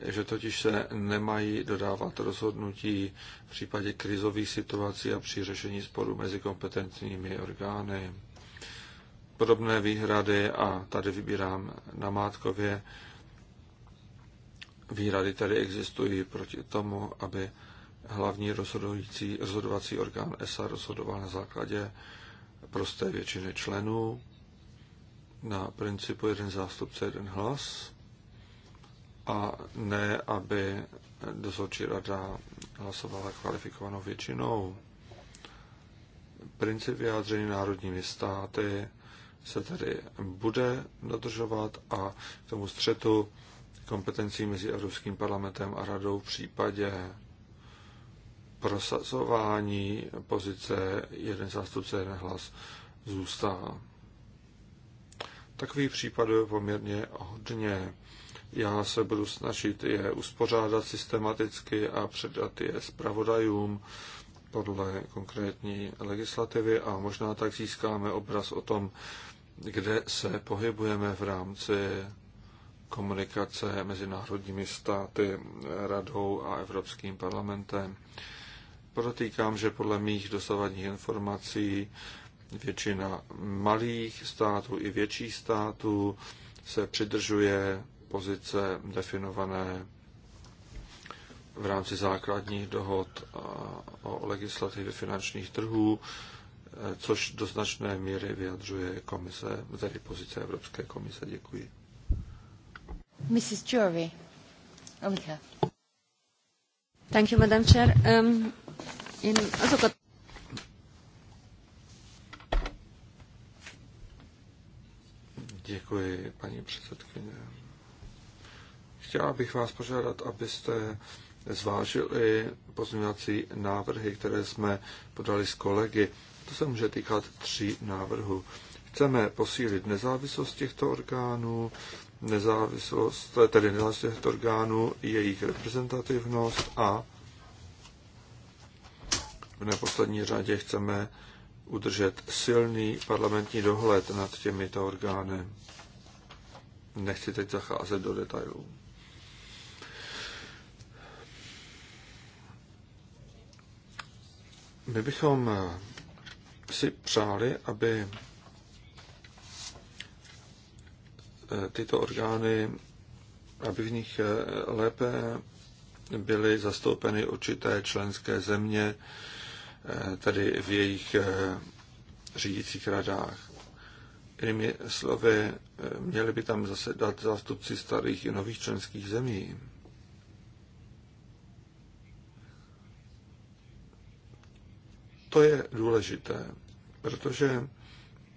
že totiž se nemají dodávat rozhodnutí v případě krizových situací a při řešení sporů mezi kompetentními orgány podobné výhrady a tady vybírám na Mátkově. Výhrady tady existují proti tomu, aby hlavní rozhodující, rozhodovací orgán ESA rozhodoval na základě prosté většiny členů na principu jeden zástupce, jeden hlas a ne, aby dozorčí rada hlasovala kvalifikovanou většinou. Princip vyjádření národními státy se tedy bude dodržovat a k tomu střetu kompetencí mezi Evropským parlamentem a radou v případě prosazování pozice jeden zástupce, jeden hlas zůstává. Takových případů je poměrně hodně. Já se budu snažit je uspořádat systematicky a předat je zpravodajům podle konkrétní legislativy a možná tak získáme obraz o tom, kde se pohybujeme v rámci komunikace mezi národními státy, radou a Evropským parlamentem. Podotýkám, že podle mých dosavadních informací většina malých států i větších států se přidržuje pozice definované v rámci základních dohod o legislativě finančních trhů, což do značné míry vyjadřuje komise, tedy pozice Evropské komise. Děkuji. Mrs. Jury. Olika. Thank you, Madam Chair. Um, in, Děkuji, paní předsedkyně. Chtěla bych vás požádat, abyste zvážili pozměňovací návrhy, které jsme podali s kolegy. To se může týkat tří návrhů. Chceme posílit nezávislost těchto orgánů, nezávislost, tedy nezávislost těchto orgánů, jejich reprezentativnost a v neposlední řadě chceme udržet silný parlamentní dohled nad těmito orgány. Nechci teď zacházet do detailů. My bychom si přáli, aby eh, tyto orgány, aby v nich eh, lépe byly zastoupeny určité členské země, eh, tedy v jejich řídících radách. Jinými slovy, měli by tam zasedat zástupci starých i nových členských zemí. to je důležité, protože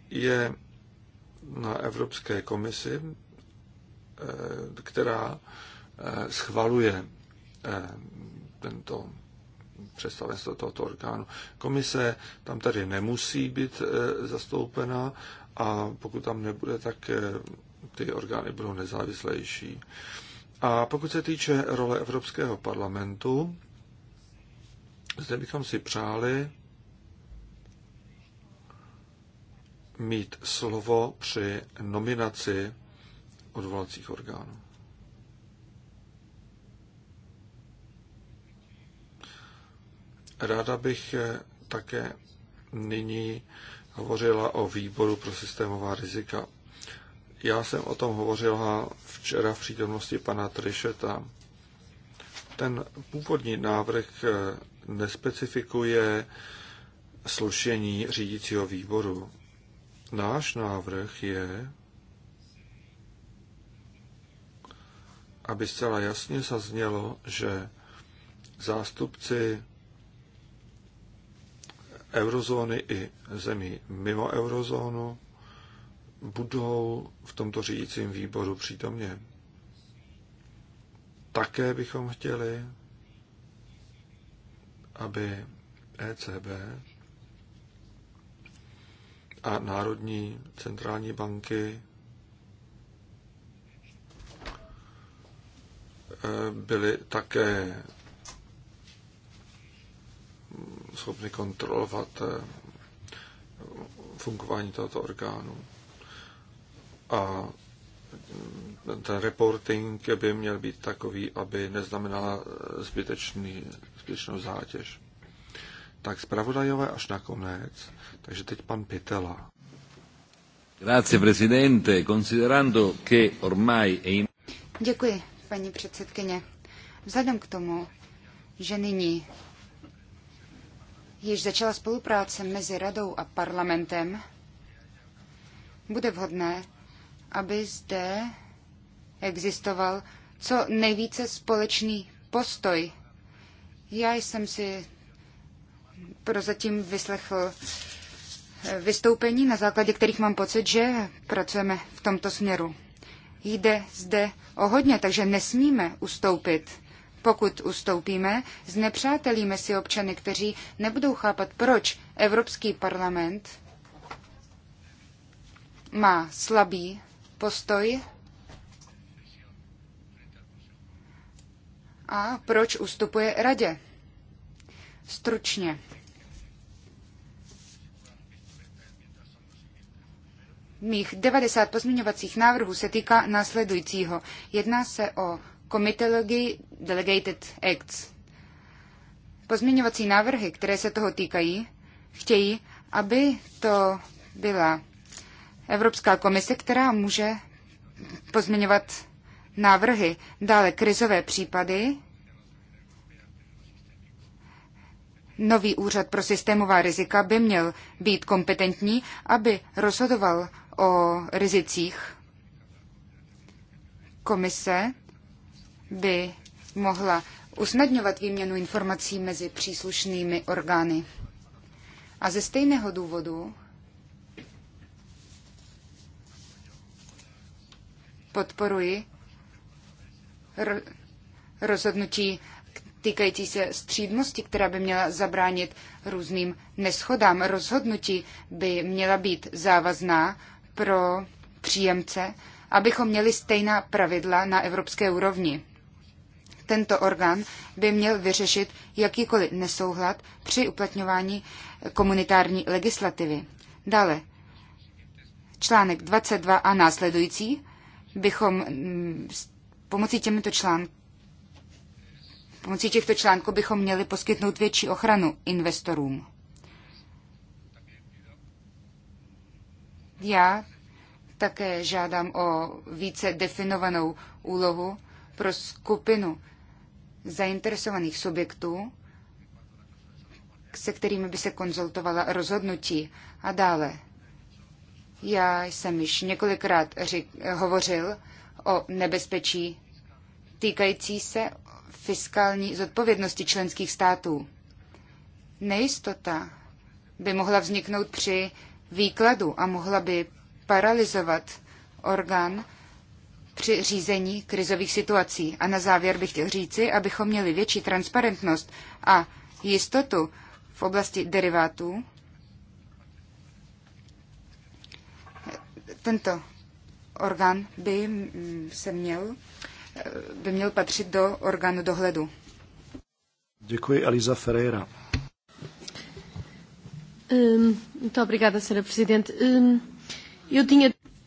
je na Evropské komisi, eh, která eh, schvaluje eh, tento představenstvo tohoto orgánu. Komise tam tady nemusí být zastoupena a pokud tam nebude, tak ty orgány budou nezávislejší. A pokud se týče role Evropského parlamentu, zde bychom si přáli, mít slovo při nominaci odvolacích orgánů. Ráda bych eh, také nyní hovořila o výboru pro systémová rizika. Já jsem o tom hovořila včera v přítomnosti pana Trišeta. Ten původní návrh eh, nespecifikuje slušení řídícího výboru. Náš návrh je, aby zcela jasně zaznělo, že zástupci eurozóny i zemí mimo eurozónu budou v tomto řídícím výboru přítomně. Také bychom chtěli, aby ECB a národní centrální banky eh, byly také schopny kontrolovat eh, fungování tohoto orgánu. A ten reporting by měl být takový, aby neznamenala eh, zbytečný, zbytečnou zátěž. Tak zpravodajové až nakonec takže teď pan Pitela. Grazie, presidente. Considerando che ormai è in... Děkuji, paní předsedkyně. Vzhledem k tomu, že nyní již začala spolupráce mezi radou a parlamentem, bude vhodné, aby zde existoval co nejvíce společný postoj. Já jsem si prozatím vyslechl vystoupení, na základě kterých mám pocit, že pracujeme v tomto směru. Jde zde o hodně, takže nesmíme ustoupit. Pokud ustoupíme, znepřátelíme si občany, kteří nebudou chápat, proč Evropský parlament má slabý postoj a proč ustupuje radě. Stručně. Mých 90 pozměňovacích návrhů se týká následujícího. Jedná se o komitologii Delegated Acts. Pozměňovací návrhy, které se toho týkají, chtějí, aby to byla Evropská komise, která může pozměňovat návrhy. Dále krizové případy, Nový úřad pro systémová rizika by měl být kompetentní, aby rozhodoval o rizicích komise by mohla usnadňovat výměnu informací mezi příslušnými orgány. A ze stejného důvodu podporuji rozhodnutí týkající se střídmosti, která by měla zabránit různým neschodám. Rozhodnutí by měla být závazná pro příjemce, abychom měli stejná pravidla na evropské úrovni. Tento orgán by měl vyřešit jakýkoliv nesouhlad při uplatňování komunitární legislativy. Dále, článek 22 a následující bychom mm, pomocí těmito článků Pomocí těchto článků bychom měli poskytnout větší ochranu investorům. Já také žádám o více definovanou úlohu pro skupinu zainteresovaných subjektů, se kterými by se konzultovala rozhodnutí. A dále, já jsem již několikrát řek, hovořil o nebezpečí týkající se fiskální zodpovědnosti členských států. Nejistota by mohla vzniknout při výkladu a mohla by paralizovat orgán při řízení krizových situací. A na závěr bych chtěl říci, abychom měli větší transparentnost a jistotu v oblasti derivátů. Tento orgán by se měl, by měl patřit do orgánu dohledu. Děkuji, Eliza Ferreira. Ehm, ehm,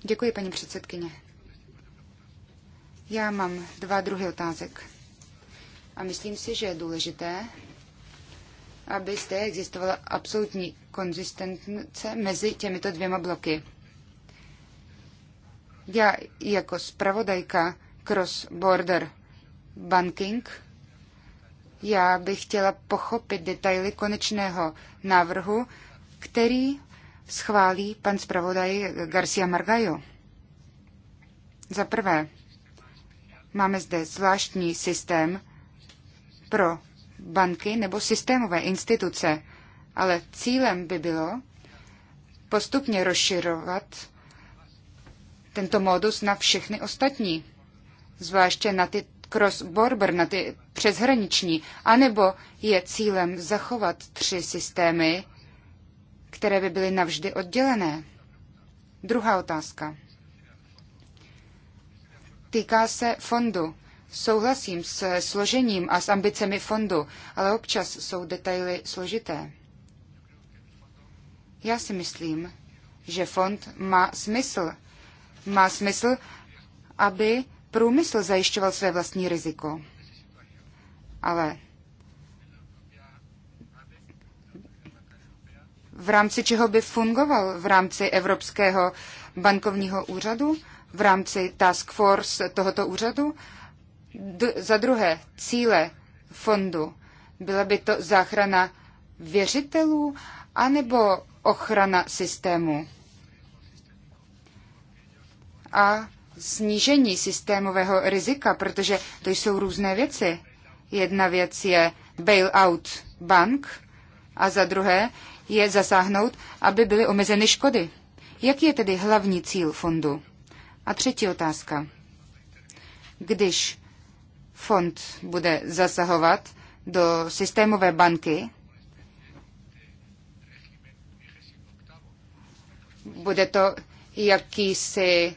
Děkuji, paní předsedkyně. Já mám dva druhy otázek. A myslím si, že je důležité, aby zde existovala absolutní konzistence mezi těmito dvěma bloky. Já jako zpravodajka cross-border banking, já bych chtěla pochopit detaily konečného návrhu který schválí pan zpravodaj Garcia Margallo. Za prvé, máme zde zvláštní systém pro banky nebo systémové instituce, ale cílem by bylo postupně rozširovat tento modus na všechny ostatní, zvláště na ty cross-border, na ty přeshraniční, anebo je cílem zachovat tři systémy, které by byly navždy oddělené. Druhá otázka. Týká se fondu. Souhlasím s složením a s ambicemi fondu, ale občas jsou detaily složité. Já si myslím, že fond má smysl. Má smysl, aby průmysl zajišťoval své vlastní riziko. Ale v rámci čeho by fungoval v rámci Evropského bankovního úřadu, v rámci task force tohoto úřadu. D- za druhé, cíle fondu. Byla by to záchrana věřitelů anebo ochrana systému a snížení systémového rizika, protože to jsou různé věci. Jedna věc je bailout bank a za druhé je zasáhnout, aby byly omezeny škody. Jaký je tedy hlavní cíl fondu? A třetí otázka. Když fond bude zasahovat do systémové banky, bude to jakýsi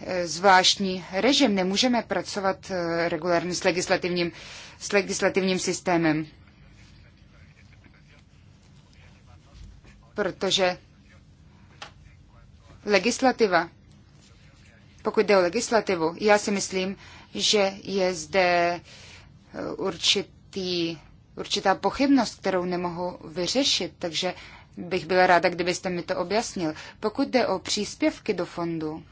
eh, zvláštní režim. Nemůžeme pracovat eh, regulárně s legislativním, s legislativním systémem. protože legislativa, pokud jde o legislativu, já si myslím, že je zde eh, určitý, určitá pochybnost, kterou nemohu vyřešit, takže bych byla ráda, kdybyste mi to objasnil. Pokud jde o příspěvky do fondu,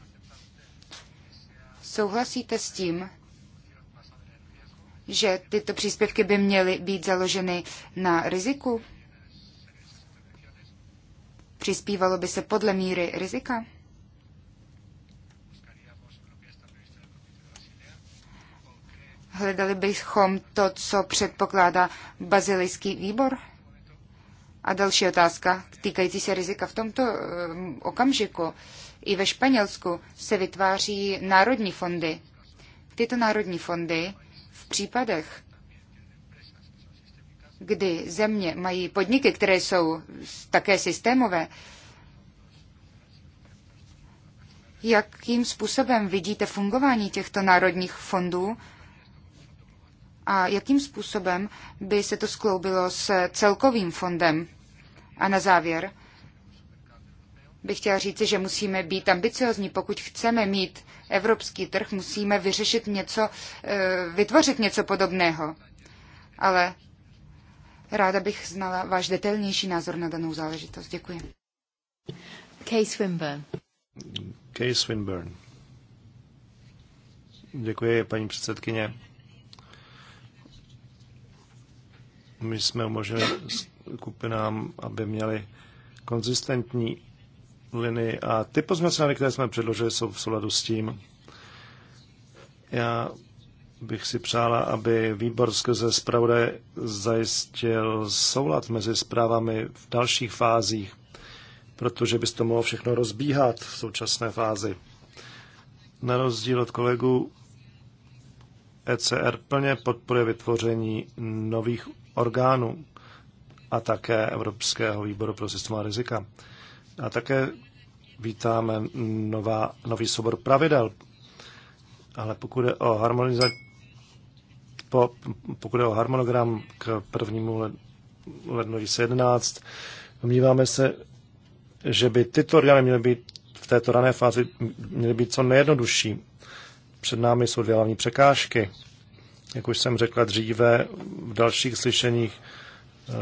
souhlasíte s tím, že tyto příspěvky by měly být založeny na riziku? Přispívalo by se podle míry rizika? Hledali bychom to, co předpokládá bazilejský výbor? A další otázka týkající se rizika. V tomto eh, okamžiku i ve Španělsku se vytváří národní fondy. Tyto národní fondy v případech, kdy země mají podniky, které jsou také systémové, jakým způsobem vidíte fungování těchto národních fondů a jakým způsobem by se to skloubilo s celkovým fondem. A na závěr bych chtěla říci, že musíme být ambiciozní. Pokud chceme mít evropský trh, musíme vyřešit něco, eh, vytvořit něco podobného. Ale Ráda bych znala váš detailnější názor na danou záležitost. Děkuji. Kay Swinburne. Kay Swinburne. Děkuji, paní předsedkyně. My jsme umožnili skupinám, aby měli konzistentní linii a ty pozměcené, které jsme předložili, jsou v souladu s tím. Já bych si přála, aby výbor skrze zpravodaje zajistil soulad mezi zprávami v dalších fázích, protože by to mohlo všechno rozbíhat v současné fázi. Na rozdíl od kolegů ECR plně podporuje vytvoření nových orgánů a také Evropského výboru pro systémová rizika. A také vítáme nová, nový soubor pravidel ale pokud je o harmonizaci po, pokud je o harmonogram k prvnímu lednu 2017, domníváme se, že by tyto orgány měly být v této rané fázi měly být co nejjednodušší. Před námi jsou dvě hlavní překážky. Jak už jsem řekla dříve, v dalších slyšeních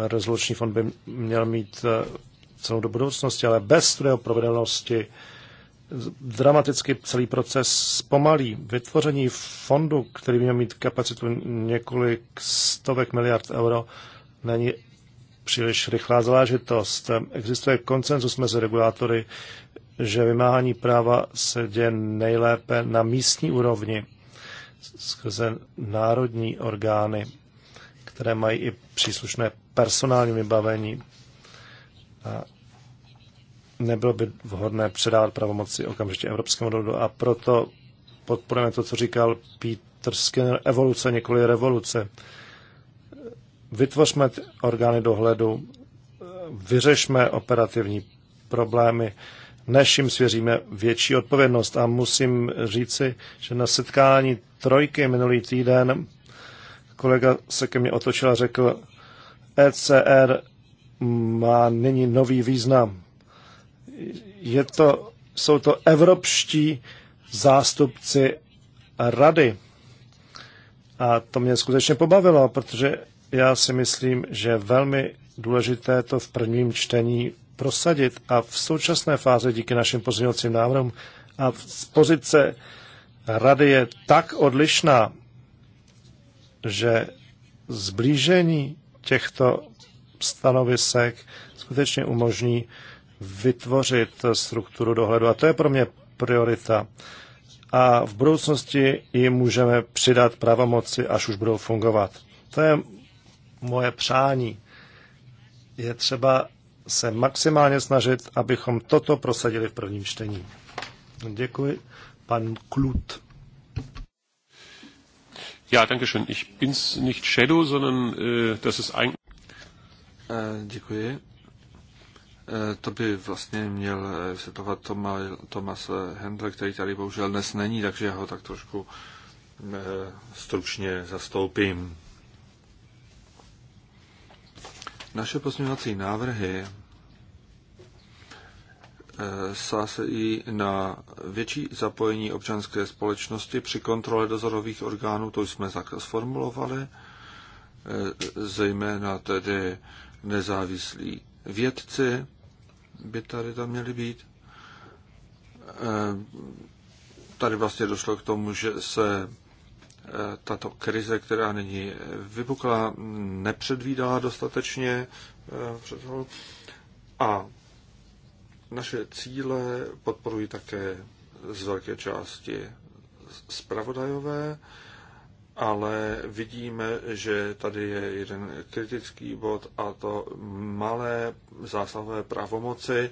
eh, rezoluční fond by měl mít eh, celou do budoucnosti, ale bez studie o provedenosti dramaticky celý proces zpomalí. Vytvoření fondu, který měl mít kapacitu několik stovek miliard euro, není příliš rychlá záležitost. Existuje koncenzus mezi regulátory, že vymáhání práva se děje nejlépe na místní úrovni skrze národní orgány, které mají i příslušné personální vybavení. A nebylo by vhodné předávat pravomoci okamžitě Evropskému dodu a proto podporujeme to, co říkal Peter Skinner, evoluce, několik revoluce. Vytvořme orgány dohledu, vyřešme operativní problémy, než jim svěříme větší odpovědnost. A musím říci, že na setkání trojky minulý týden kolega se ke mně otočil a řekl, ECR má nyní nový význam je to, jsou to evropští zástupci rady. A to mě skutečně pobavilo, protože já si myslím, že je velmi důležité to v prvním čtení prosadit a v současné fázi díky našim pozměňovacím návrhům a z pozice rady je tak odlišná, že zblížení těchto stanovisek skutečně umožní vytvořit strukturu dohledu a to je pro mě priorita. A v budoucnosti jim můžeme přidat pravomoci, až už budou fungovat. To je moje přání. Je třeba se maximálně snažit, abychom toto prosadili v prvním čtení. Děkuji. Pan Klut. Ja, danke schön. Ich bin's nicht Shadow, sondern äh, das ist eigentlich. Äh, děkuji. Eh, to by vlastně měl vysvětlovat eh, Tomas Hendl, který tady bohužel dnes není, takže já ho tak trošku eh, stručně zastoupím. Naše pozměňovací návrhy sásejí na větší zapojení občanské společnosti při kontrole dozorových orgánů, to jsme sformulovali, zejména tedy nezávislí vědci, by tady tam měly být. Eh, tady vlastně došlo k tomu, že se eh, tato krize, která nyní vypukla, nepředvídala dostatečně eh, a naše cíle podporují také z velké části spravodajové ale vidíme, že tady je jeden kritický bod a to malé zásahové pravomoci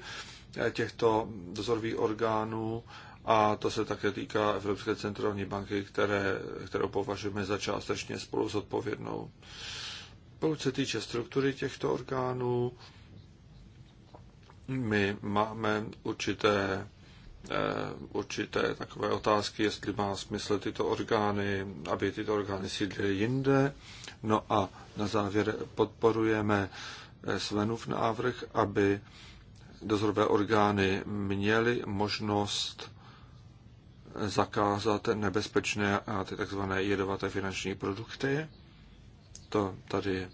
těchto dozorových orgánů a to se také týká Evropské centrální banky, které, kterou považujeme za částečně spolu zodpovědnou. Pokud se týče struktury těchto orgánů, my máme určité Eh, určité takové otázky, jestli má smysl tyto orgány, aby tyto orgány sídlily jinde. No a na závěr podporujeme eh, Svenův návrh, aby dozorové orgány měly možnost zakázat nebezpečné a ty takzvané jedovaté finanční produkty. To tady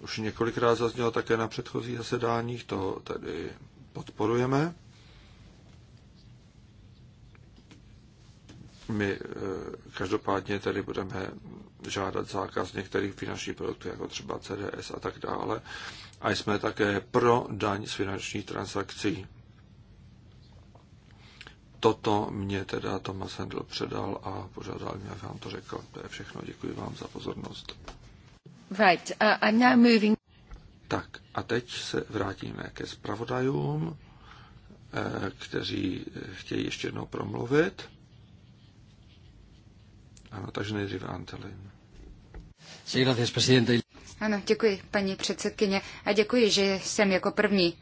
už několikrát zaznělo také na předchozích zasedáních, to tady podporujeme. My eh, každopádně tedy budeme žádat zákaz některých finančních produktů, jako třeba CDS a tak dále. A jsme také pro daň z finančních transakcí. Toto mě teda Thomas Handel předal a požádal mě, abych vám to řekl. To je všechno. Děkuji vám za pozornost. Right, uh, I'm now moving... Tak a teď se vrátíme ke zpravodajům, eh, kteří eh, chtějí ještě jednou promluvit. Ano, takže nejdříve Antelin. Ano, děkuji, paní předsedkyně, a děkuji, že jsem jako první.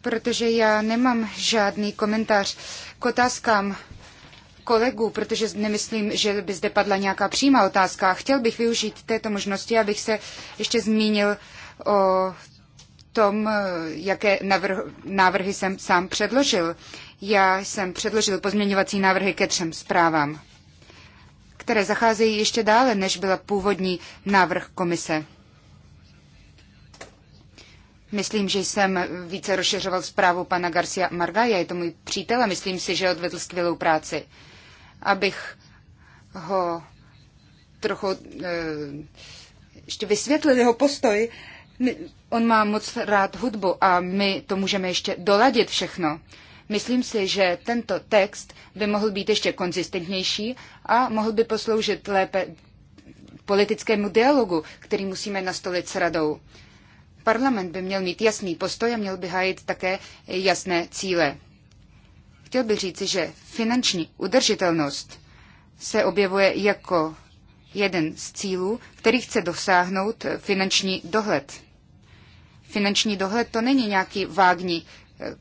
Protože já nemám žádný komentář k otázkám kolegů, protože nemyslím, že by zde padla nějaká přímá otázka. Chtěl bych využít této možnosti, abych se ještě zmínil o tom, jaké návrhy jsem sám předložil. Já jsem předložil pozměňovací návrhy ke třem zprávám, které zacházejí ještě dále, než byla původní návrh komise. Myslím, že jsem více rozšiřoval zprávu pana Garcia Margaja, je to můj přítel a myslím si, že odvedl skvělou práci. Abych ho trochu e, ještě vysvětlil jeho postoj, on má moc rád hudbu a my to můžeme ještě doladit všechno. Myslím si, že tento text by mohl být ještě konzistentnější a mohl by posloužit lépe politickému dialogu, který musíme nastolit s radou. Parlament by měl mít jasný postoj a měl by hájit také jasné cíle. Chtěl bych říci, že finanční udržitelnost se objevuje jako jeden z cílů, který chce dosáhnout finanční dohled. Finanční dohled to není nějaký vágní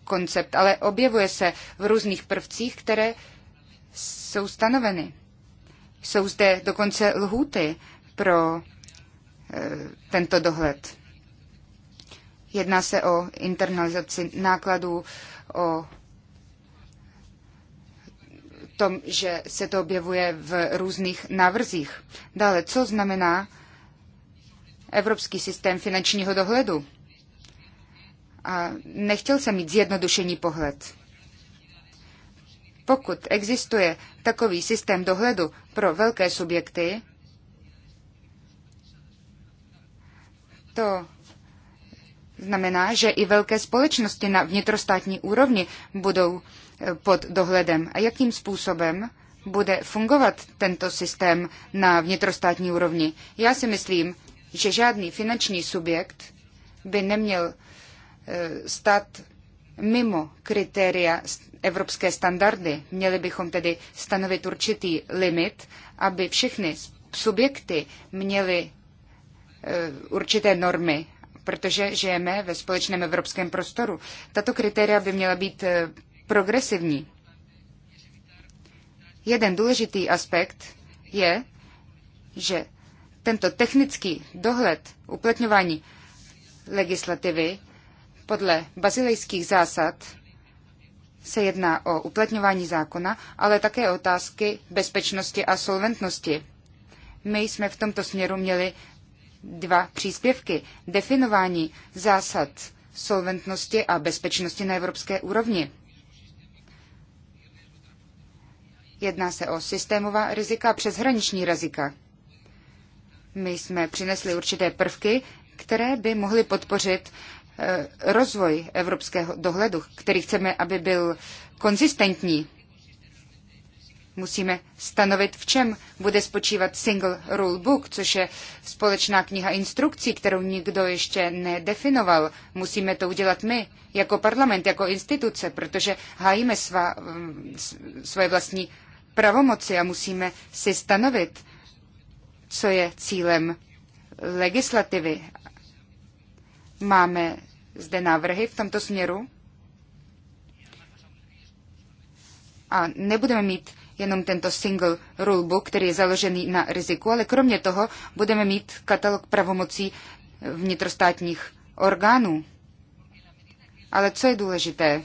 koncept, ale objevuje se v různých prvcích, které jsou stanoveny. Jsou zde dokonce lhůty pro e, tento dohled. Jedná se o internalizaci nákladů, o tom, že se to objevuje v různých návrzích. Dále, co znamená evropský systém finančního dohledu? A nechtěl jsem mít zjednodušený pohled. Pokud existuje takový systém dohledu pro velké subjekty, to znamená, že i velké společnosti na vnitrostátní úrovni budou eh, pod dohledem. A jakým způsobem bude fungovat tento systém na vnitrostátní úrovni? Já si myslím, že žádný finanční subjekt by neměl Eh, stát mimo kritéria evropské standardy. Měli bychom tedy stanovit určitý limit, aby všechny subjekty měly eh, určité normy, protože žijeme ve společném evropském prostoru. Tato kritéria by měla být eh, progresivní. Jeden důležitý aspekt je, že tento technický dohled uplatňování legislativy podle bazilejských zásad se jedná o uplatňování zákona, ale také o otázky bezpečnosti a solventnosti. My jsme v tomto směru měli dva příspěvky. Definování zásad solventnosti a bezpečnosti na evropské úrovni. Jedná se o systémová rizika a přeshraniční rizika. My jsme přinesli určité prvky, které by mohly podpořit Eh, rozvoj evropského dohledu, který chceme, aby byl konzistentní. Musíme stanovit, v čem bude spočívat Single Rule Book, což je společná kniha instrukcí, kterou nikdo ještě nedefinoval. Musíme to udělat my, jako parlament, jako instituce, protože hájíme svá, mm, svoje vlastní pravomoci a musíme si stanovit, co je cílem legislativy Máme zde návrhy v tomto směru a nebudeme mít jenom tento single rulebook, který je založený na riziku, ale kromě toho budeme mít katalog pravomocí vnitrostátních orgánů. Ale co je důležité?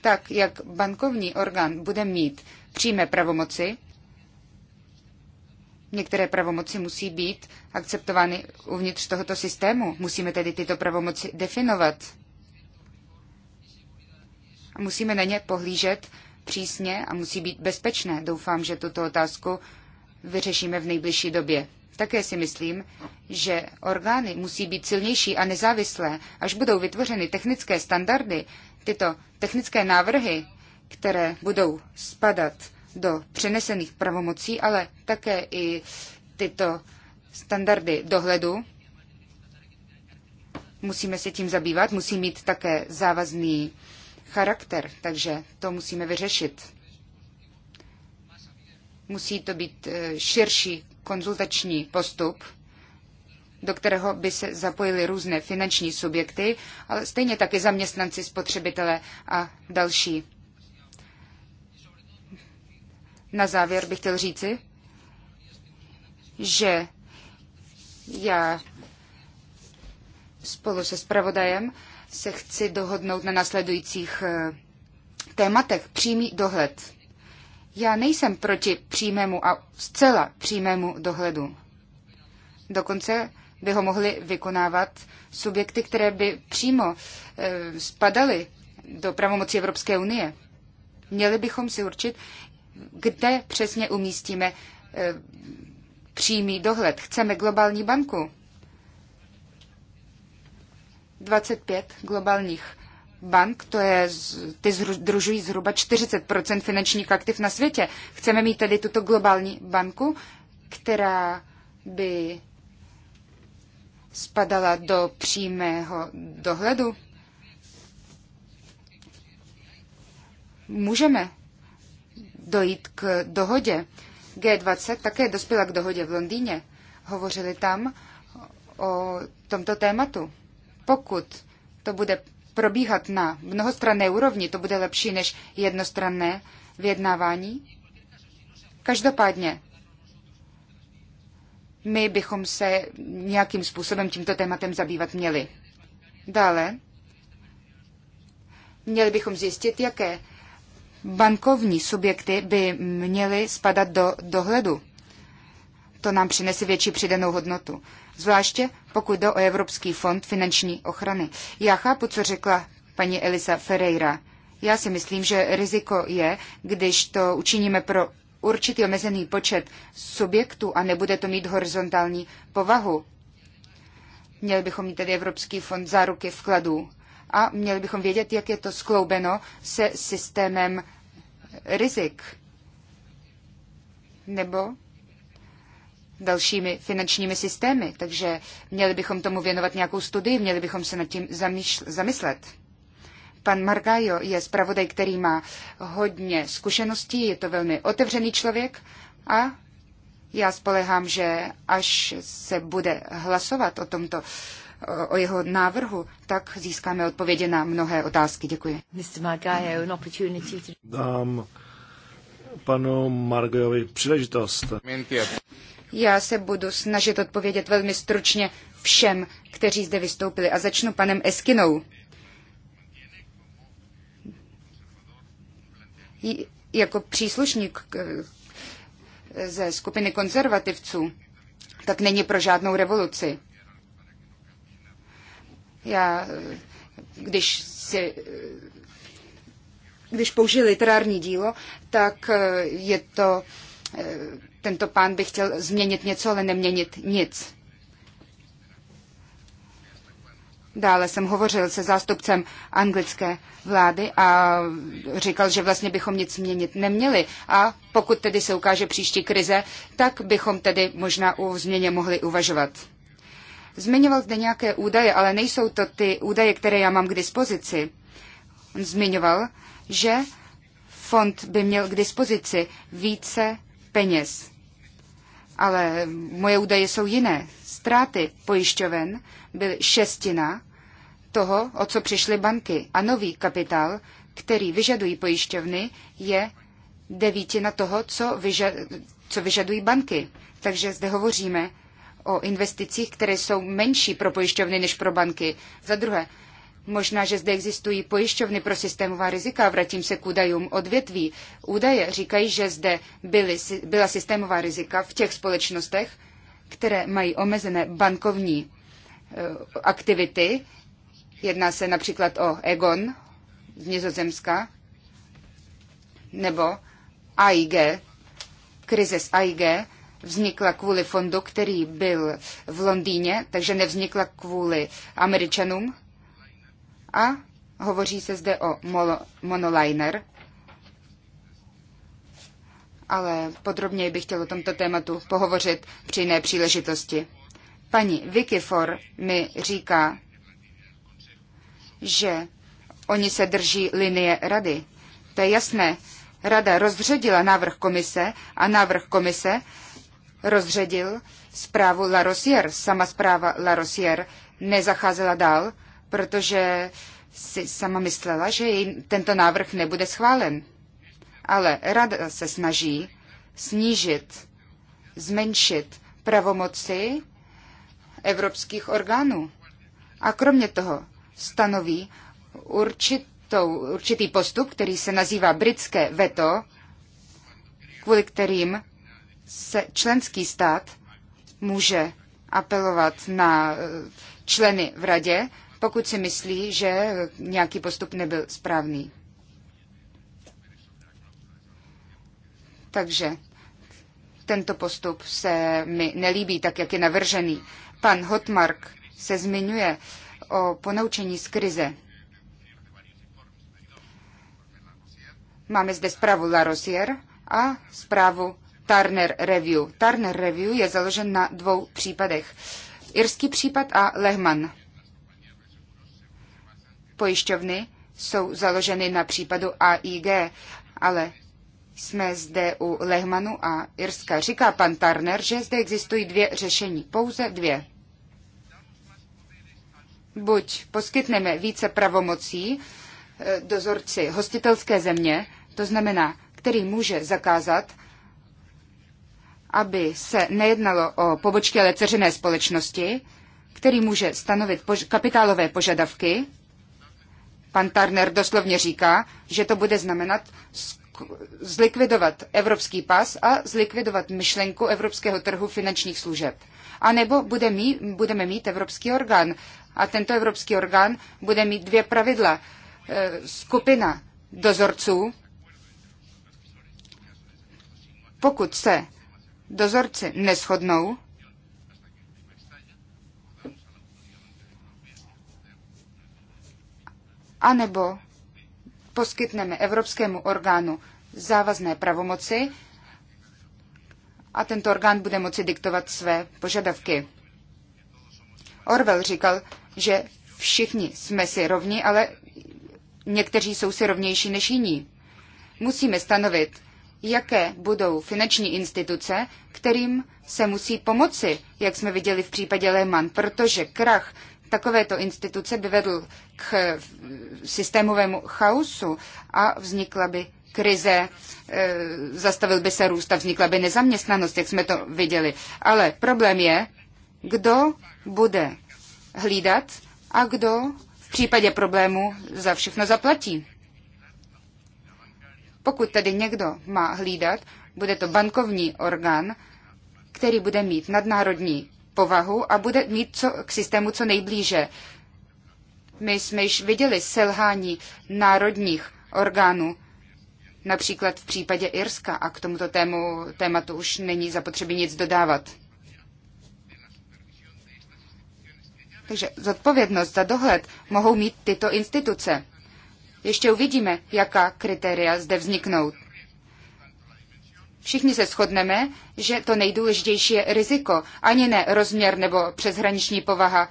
Tak, jak bankovní orgán bude mít přímé pravomoci, Některé pravomoci musí být akceptovány uvnitř tohoto systému. Musíme tedy tyto pravomoci definovat. A musíme na ně pohlížet přísně a musí být bezpečné. Doufám, že tuto otázku vyřešíme v nejbližší době. Také si myslím, že orgány musí být silnější a nezávislé. Až budou vytvořeny technické standardy, tyto technické návrhy, které budou spadat do přenesených pravomocí, ale také i tyto standardy dohledu. Musíme se tím zabývat, musí mít také závazný charakter, takže to musíme vyřešit. Musí to být eh, širší konzultační postup, do kterého by se zapojily různé finanční subjekty, ale stejně taky zaměstnanci, spotřebitele a další na závěr bych chtěl říci, že já spolu se spravodajem se chci dohodnout na následujících eh, tématech. Přímý dohled. Já nejsem proti přímému a zcela přímému dohledu. Dokonce by ho mohly vykonávat subjekty, které by přímo eh, spadaly do pravomoci Evropské unie. Měli bychom si určit, kde přesně umístíme eh, přímý dohled. Chceme globální banku. 25 globálních bank, to je, ty združují zhruba 40 finančních aktiv na světě. Chceme mít tedy tuto globální banku, která by spadala do přímého dohledu. Můžeme dojít k dohodě. G20 také dospěla k dohodě v Londýně. Hovořili tam o tomto tématu. Pokud to bude probíhat na mnohostranné úrovni, to bude lepší než jednostranné vyjednávání. Každopádně, my bychom se nějakým způsobem tímto tématem zabývat měli. Dále, měli bychom zjistit, jaké bankovní subjekty by měly spadat do dohledu. To nám přinese větší přidanou hodnotu. Zvláště pokud jde o Evropský fond finanční ochrany. Já chápu, co řekla paní Elisa Ferreira. Já si myslím, že riziko je, když to učiníme pro určitý omezený počet subjektů a nebude to mít horizontální povahu. Měli bychom mít tedy Evropský fond záruky vkladů a měli bychom vědět, jak je to skloubeno se systémem rizik nebo dalšími finančními systémy. Takže měli bychom tomu věnovat nějakou studii, měli bychom se nad tím zamyslet. Pan Margajo je zpravodaj, který má hodně zkušeností, je to velmi otevřený člověk a já spolehám, že až se bude hlasovat o tomto o jeho návrhu, tak získáme odpovědi na mnohé otázky. Děkuji. Dám panu Margojovi příležitost. Já se budu snažit odpovědět velmi stručně všem, kteří zde vystoupili a začnu panem Eskinou. Jako příslušník eh, ze skupiny konzervativců, tak není pro žádnou revoluci. Já, když si když použiju literární dílo, tak eh, je to, eh, tento pán by chtěl změnit něco, ale neměnit nic. Dále jsem hovořil se zástupcem anglické vlády a říkal, že vlastně bychom nic měnit neměli. A pokud tedy se ukáže příští krize, tak bychom tedy možná o změně mohli uvažovat. Zmiňoval zde nějaké údaje, ale nejsou to ty údaje, které já mám k dispozici. On zmiňoval, že fond by měl k dispozici více peněz. Ale moje údaje jsou jiné. Ztráty pojišťoven byly šestina toho, o co přišly banky. A nový kapitál, který vyžadují pojišťovny, je devítina toho, co, vyža- co vyžadují banky. Takže zde hovoříme o investicích, které jsou menší pro pojišťovny než pro banky. Za druhé, Možná, že zde existují pojišťovny pro systémová rizika. Vrátím se k údajům odvětví. Údaje říkají, že zde byly, byla systémová rizika v těch společnostech, které mají omezené bankovní uh, aktivity. Jedná se například o Egon z Nizozemska nebo AIG, krize z AIG, vznikla kvůli fondu, který byl v Londýně, takže nevznikla kvůli američanům. A hovoří se zde o monoliner, ale podrobněji bych chtěl o tomto tématu pohovořit při jiné příležitosti. Paní Vicky For mi říká, že oni se drží linie rady. To je jasné. Rada rozředila návrh komise a návrh komise rozředil zprávu La Rosière. Sama zpráva La Rosière nezacházela dál, protože si sama myslela, že jej tento návrh nebude schválen. Ale rada se snaží snížit, zmenšit pravomoci evropských orgánů. A kromě toho stanoví určitou, určitý postup, který se nazývá britské veto, kvůli kterým se členský stát může apelovat na eh, členy v radě, pokud si myslí, že nějaký postup nebyl správný. Takže tento postup se mi nelíbí, tak jak je navržený. Pan Hotmark se zmiňuje o ponaučení z krize. Máme zde zprávu La Rosier a zprávu Turner Review. Turner Review je založen na dvou případech. Irský případ a Lehman. Pojišťovny jsou založeny na případu AIG, ale jsme zde u Lehmanu a Irska. Říká pan Turner, že zde existují dvě řešení, pouze dvě. Buď poskytneme více pravomocí eh, dozorci hostitelské země, to znamená, který může zakázat aby se nejednalo o pobočky leceřené společnosti, který může stanovit pož- kapitálové požadavky. Pan Turner doslovně říká, že to bude znamenat zlikvidovat evropský pas a zlikvidovat myšlenku evropského trhu finančních služeb. A nebo bude mý, budeme mít evropský orgán. A tento evropský orgán bude mít dvě pravidla. E, skupina dozorců, pokud se dozorci neschodnou, anebo poskytneme evropskému orgánu závazné pravomoci a tento orgán bude moci diktovat své požadavky. Orwell říkal, že všichni jsme si rovni, ale někteří jsou si rovnější než jiní. Musíme stanovit jaké budou finanční instituce, kterým se musí pomoci, jak jsme viděli v případě Lehman, protože krach takovéto instituce by vedl k systémovému chaosu a vznikla by krize, e, zastavil by se růst a vznikla by nezaměstnanost, jak jsme to viděli. Ale problém je, kdo bude hlídat a kdo v případě problému za všechno zaplatí. Pokud tedy někdo má hlídat, bude to bankovní orgán, který bude mít nadnárodní povahu a bude mít co, k systému co nejblíže. My jsme již viděli selhání národních orgánů, například v případě Irska a k tomuto tému, tématu už není zapotřebí nic dodávat. Takže zodpovědnost za dohled mohou mít tyto instituce. Ještě uvidíme, jaká kritéria zde vzniknou. Všichni se shodneme, že to nejdůležitější je riziko, ani ne rozměr nebo přeshraniční povaha.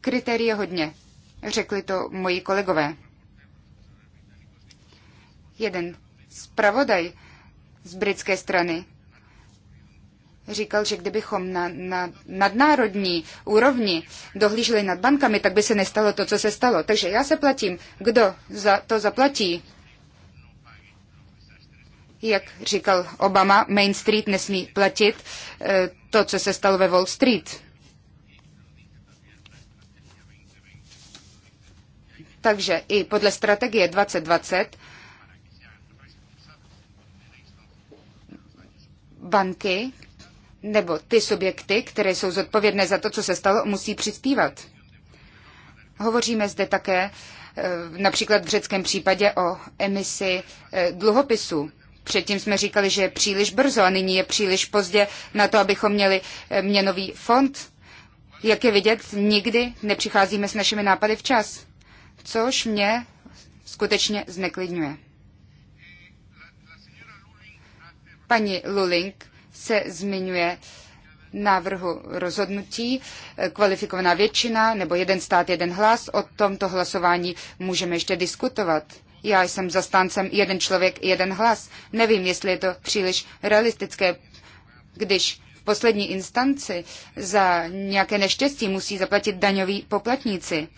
Kritérie hodně, řekli to moji kolegové. Jeden zpravodaj z britské strany říkal, že kdybychom na, na nadnárodní úrovni dohlíželi nad bankami, tak by se nestalo to, co se stalo. Takže já se platím. Kdo za to zaplatí? Jak říkal Obama, Main Street nesmí platit eh, to, co se stalo ve Wall Street. Takže i podle strategie 2020 banky nebo ty subjekty, které jsou zodpovědné za to, co se stalo, musí přispívat. Hovoříme zde také e, například v řeckém případě o emisi e, dluhopisů. Předtím jsme říkali, že je příliš brzo a nyní je příliš pozdě na to, abychom měli e, měnový fond. Jak je vidět, nikdy nepřicházíme s našimi nápady včas, což mě skutečně zneklidňuje. Paní Luling se zmiňuje návrhu rozhodnutí kvalifikovaná většina nebo jeden stát, jeden hlas. O tomto hlasování můžeme ještě diskutovat. Já jsem zastáncem jeden člověk, jeden hlas. Nevím, jestli je to příliš realistické, když v poslední instanci za nějaké neštěstí musí zaplatit daňoví poplatníci.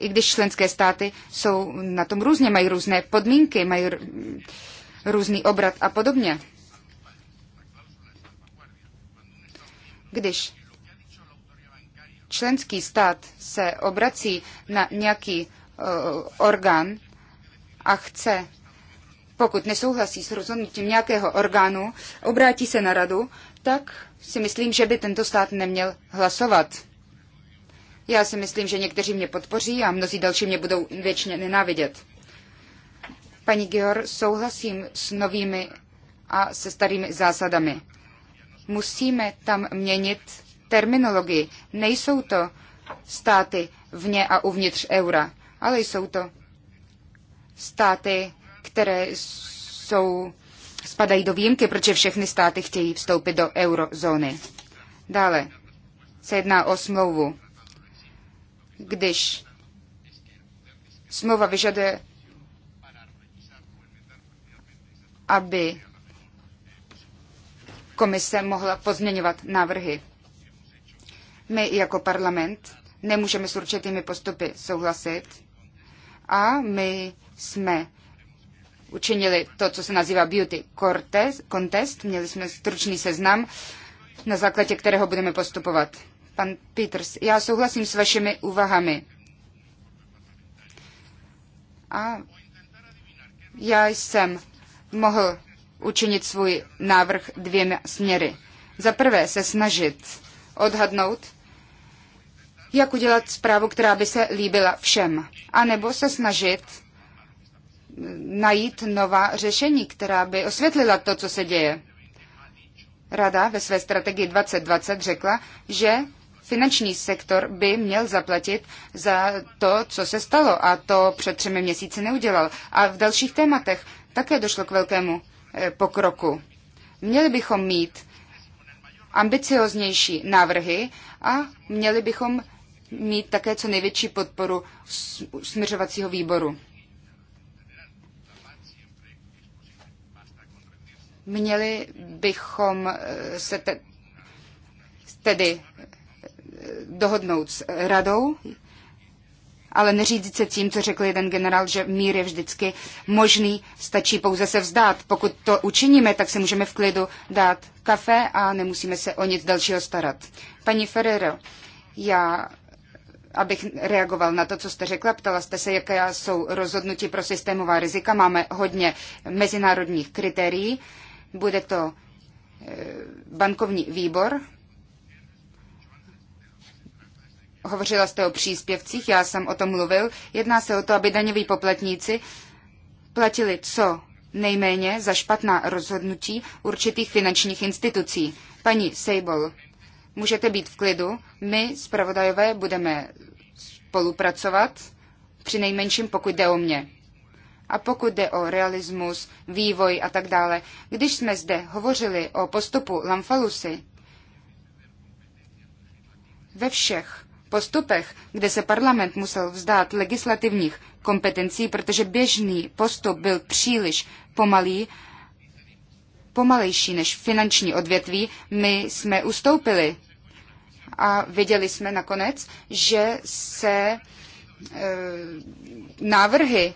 i když členské státy jsou na tom různě, mají různé podmínky, mají různý obrat a podobně. Když členský stát se obrací na nějaký uh, orgán a chce, pokud nesouhlasí s rozhodnutím nějakého orgánu, obrátí se na radu, tak si myslím, že by tento stát neměl hlasovat. Já si myslím, že někteří mě podpoří a mnozí další mě budou věčně nenávidět. Paní Georg, souhlasím s novými a se starými zásadami. Musíme tam měnit terminologii. Nejsou to státy vně a uvnitř eura, ale jsou to státy, které jsou, spadají do výjimky, protože všechny státy chtějí vstoupit do eurozóny. Dále se jedná o smlouvu když smlouva vyžaduje, aby komise mohla pozměňovat návrhy. My jako parlament nemůžeme s určitými postupy souhlasit a my jsme učinili to, co se nazývá beauty contest. Měli jsme stručný seznam, na základě kterého budeme postupovat. Pan Peters, já souhlasím s vašimi úvahami. A já jsem mohl učinit svůj návrh dvěma směry. Za prvé se snažit odhadnout, jak udělat zprávu, která by se líbila všem. A nebo se snažit najít nová řešení, která by osvětlila to, co se děje. Rada ve své strategii 2020 řekla, že finanční sektor by měl zaplatit za to, co se stalo a to před třemi měsíci neudělal. A v dalších tématech také došlo k velkému eh, pokroku. Měli bychom mít ambicioznější návrhy a měli bychom mít také co největší podporu směřovacího výboru. Měli bychom eh, se te, tedy dohodnout s radou, ale neřídit se tím, co řekl jeden generál, že mír je vždycky možný, stačí pouze se vzdát. Pokud to učiníme, tak se můžeme v klidu dát kafe a nemusíme se o nic dalšího starat. Paní Ferrero, já abych reagoval na to, co jste řekla. Ptala jste se, jaké jsou rozhodnutí pro systémová rizika. Máme hodně mezinárodních kritérií. Bude to eh, bankovní výbor, hovořila jste o příspěvcích, já jsem o tom mluvil. Jedná se o to, aby daňoví poplatníci platili co nejméně za špatná rozhodnutí určitých finančních institucí. Paní Sejbol, můžete být v klidu, my, zpravodajové, budeme spolupracovat, při nejmenším pokud jde o mě. A pokud jde o realismus, vývoj a tak dále, když jsme zde hovořili o postupu Lamfalusy, ve všech postupech, kde se parlament musel vzdát legislativních kompetencí, protože běžný postup byl příliš pomalý, pomalejší než finanční odvětví, my jsme ustoupili. A viděli jsme nakonec, že se e, návrhy,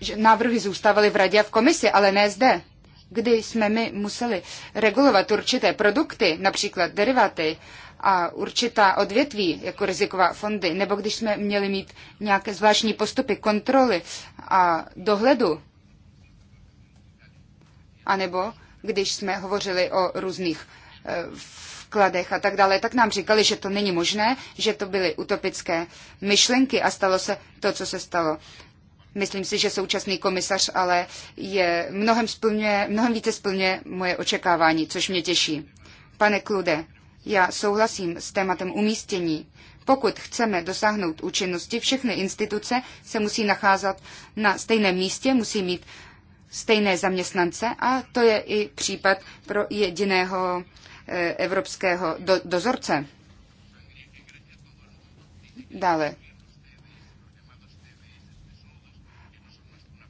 že návrhy zůstávaly v radě a v komisi, ale ne zde. Kdy jsme my museli regulovat určité produkty, například deriváty, a určitá odvětví, jako riziková fondy, nebo když jsme měli mít nějaké zvláštní postupy kontroly a dohledu, anebo když jsme hovořili o různých eh, vkladech a tak dále, tak nám říkali, že to není možné, že to byly utopické myšlenky a stalo se to, co se stalo. Myslím si, že současný komisař ale je mnohem, splňuje, mnohem více splňuje moje očekávání, což mě těší. Pane Klude, já souhlasím s tématem umístění. Pokud chceme dosáhnout účinnosti, všechny instituce se musí nacházet na stejném místě, musí mít stejné zaměstnance a to je i případ pro jediného eh, evropského do, dozorce. Dále.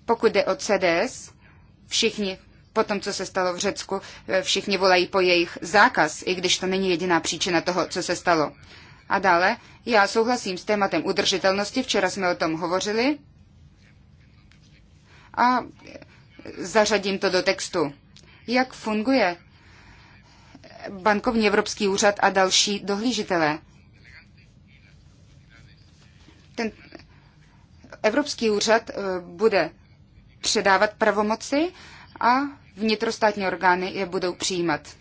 Pokud jde o CDS, všichni po tom, co se stalo v Řecku, e, všichni volají po jejich zákaz, i když to není jediná příčina toho, co se stalo. A dále, já souhlasím s tématem udržitelnosti, včera jsme o tom hovořili a zařadím to do textu. Jak funguje bankovní evropský úřad a další dohlížitelé? Ten evropský úřad e, bude předávat pravomoci a vnitrostátní orgány je budou přijímat.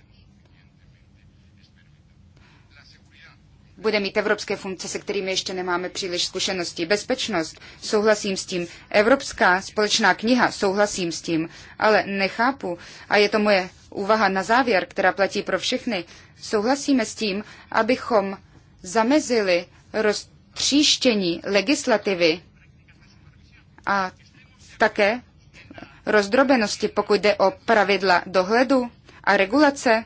Bude mít evropské funkce, se kterými ještě nemáme příliš zkušenosti, Bezpečnost, souhlasím s tím. Evropská společná kniha, souhlasím s tím, ale nechápu, a je to moje úvaha na závěr, která platí pro všechny, souhlasíme s tím, abychom zamezili roztříštění legislativy a také rozdrobenosti, pokud jde o pravidla dohledu a regulace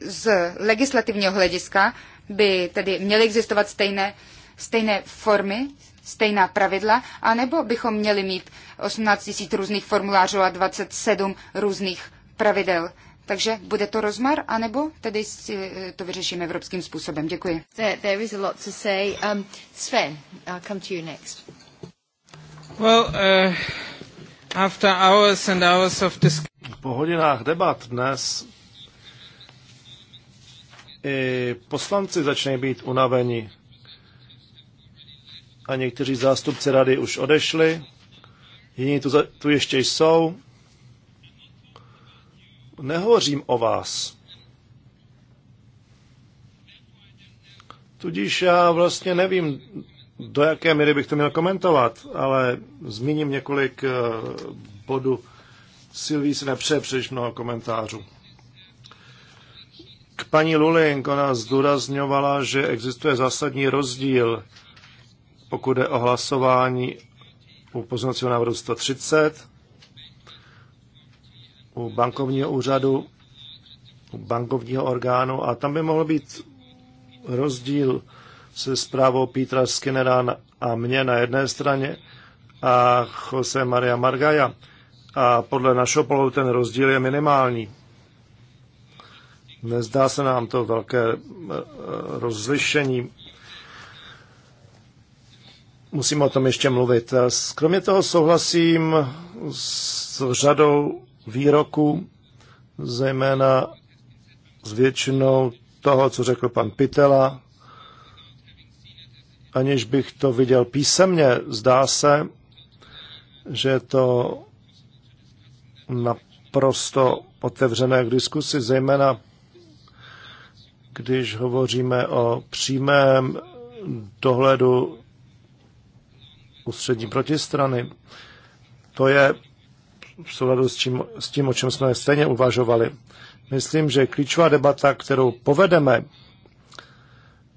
z legislativního hlediska by tedy měly existovat stejné, stejné formy, stejná pravidla, anebo bychom měli mít 18 tisíc různých formulářů a 27 různých pravidel. Takže bude to rozmar, anebo tedy eh, to vyřešíme evropským způsobem. Děkuji. There, there is a lot to say. Um, Sven, I'll come to you next. Uh, po hodinách debat dnes i poslanci začínají být unaveni a někteří zástupci rady už odešli, jiní tu, za, tu ještě jsou. Nehovořím o vás. Tudíž já vlastně nevím, do jaké míry bych to měl komentovat, ale zmíním několik eh, bodů. Silví si nepřeje příliš mnoho komentářů. K paní Lulink, ona zdůrazňovala, že existuje zásadní rozdíl, pokud jde o hlasování u poznacího návrhu 130, u bankovního úřadu, u bankovního orgánu a tam by mohl být rozdíl se zprávou Petra Skinnera a mě na jedné straně a Jose Maria Margaja. A podle našeho polu ten rozdíl je minimální. Nezdá se nám to velké eh, eh, rozlišení. Musím o tom ještě mluvit. Kromě toho souhlasím s řadou výroků, zejména s většinou toho, co řekl pan Pitela, aniž bych to viděl písemně, zdá se, že je to naprosto otevřené k diskusi, zejména když hovoříme o přímém dohledu ústřední protistrany. To je v souladu s, čím, s tím, o čem jsme stejně uvažovali. Myslím, že klíčová debata, kterou povedeme,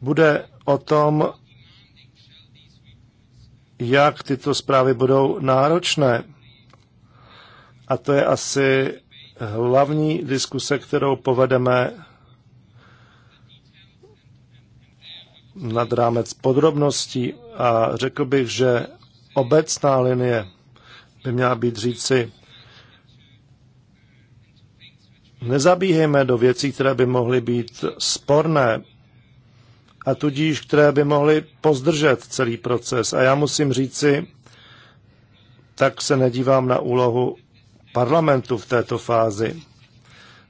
bude o tom, jak tyto zprávy budou náročné. A to je asi hlavní diskuse, kterou povedeme nad rámec podrobností a řekl bych, že obecná linie by měla být říci, nezabíhejme do věcí, které by mohly být sporné a tudíž které by mohly pozdržet celý proces. A já musím říci, tak se nedívám na úlohu parlamentu v této fázi.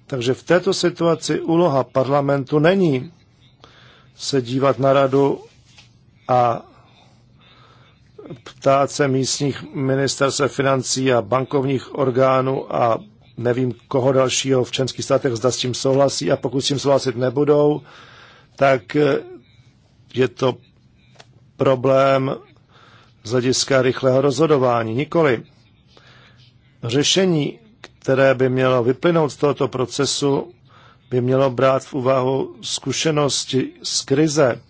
Takže v této situaci úloha parlamentu není se dívat na radu a ptát se místních ministerstv financí a bankovních orgánů a nevím koho dalšího v členských státech, zda s tím souhlasí a pokud s tím souhlasit nebudou, tak je to problém z hlediska rychlého rozhodování. Nikoli. Řešení, které by mělo vyplynout z tohoto procesu, by mělo brát v úvahu zkušenosti z krize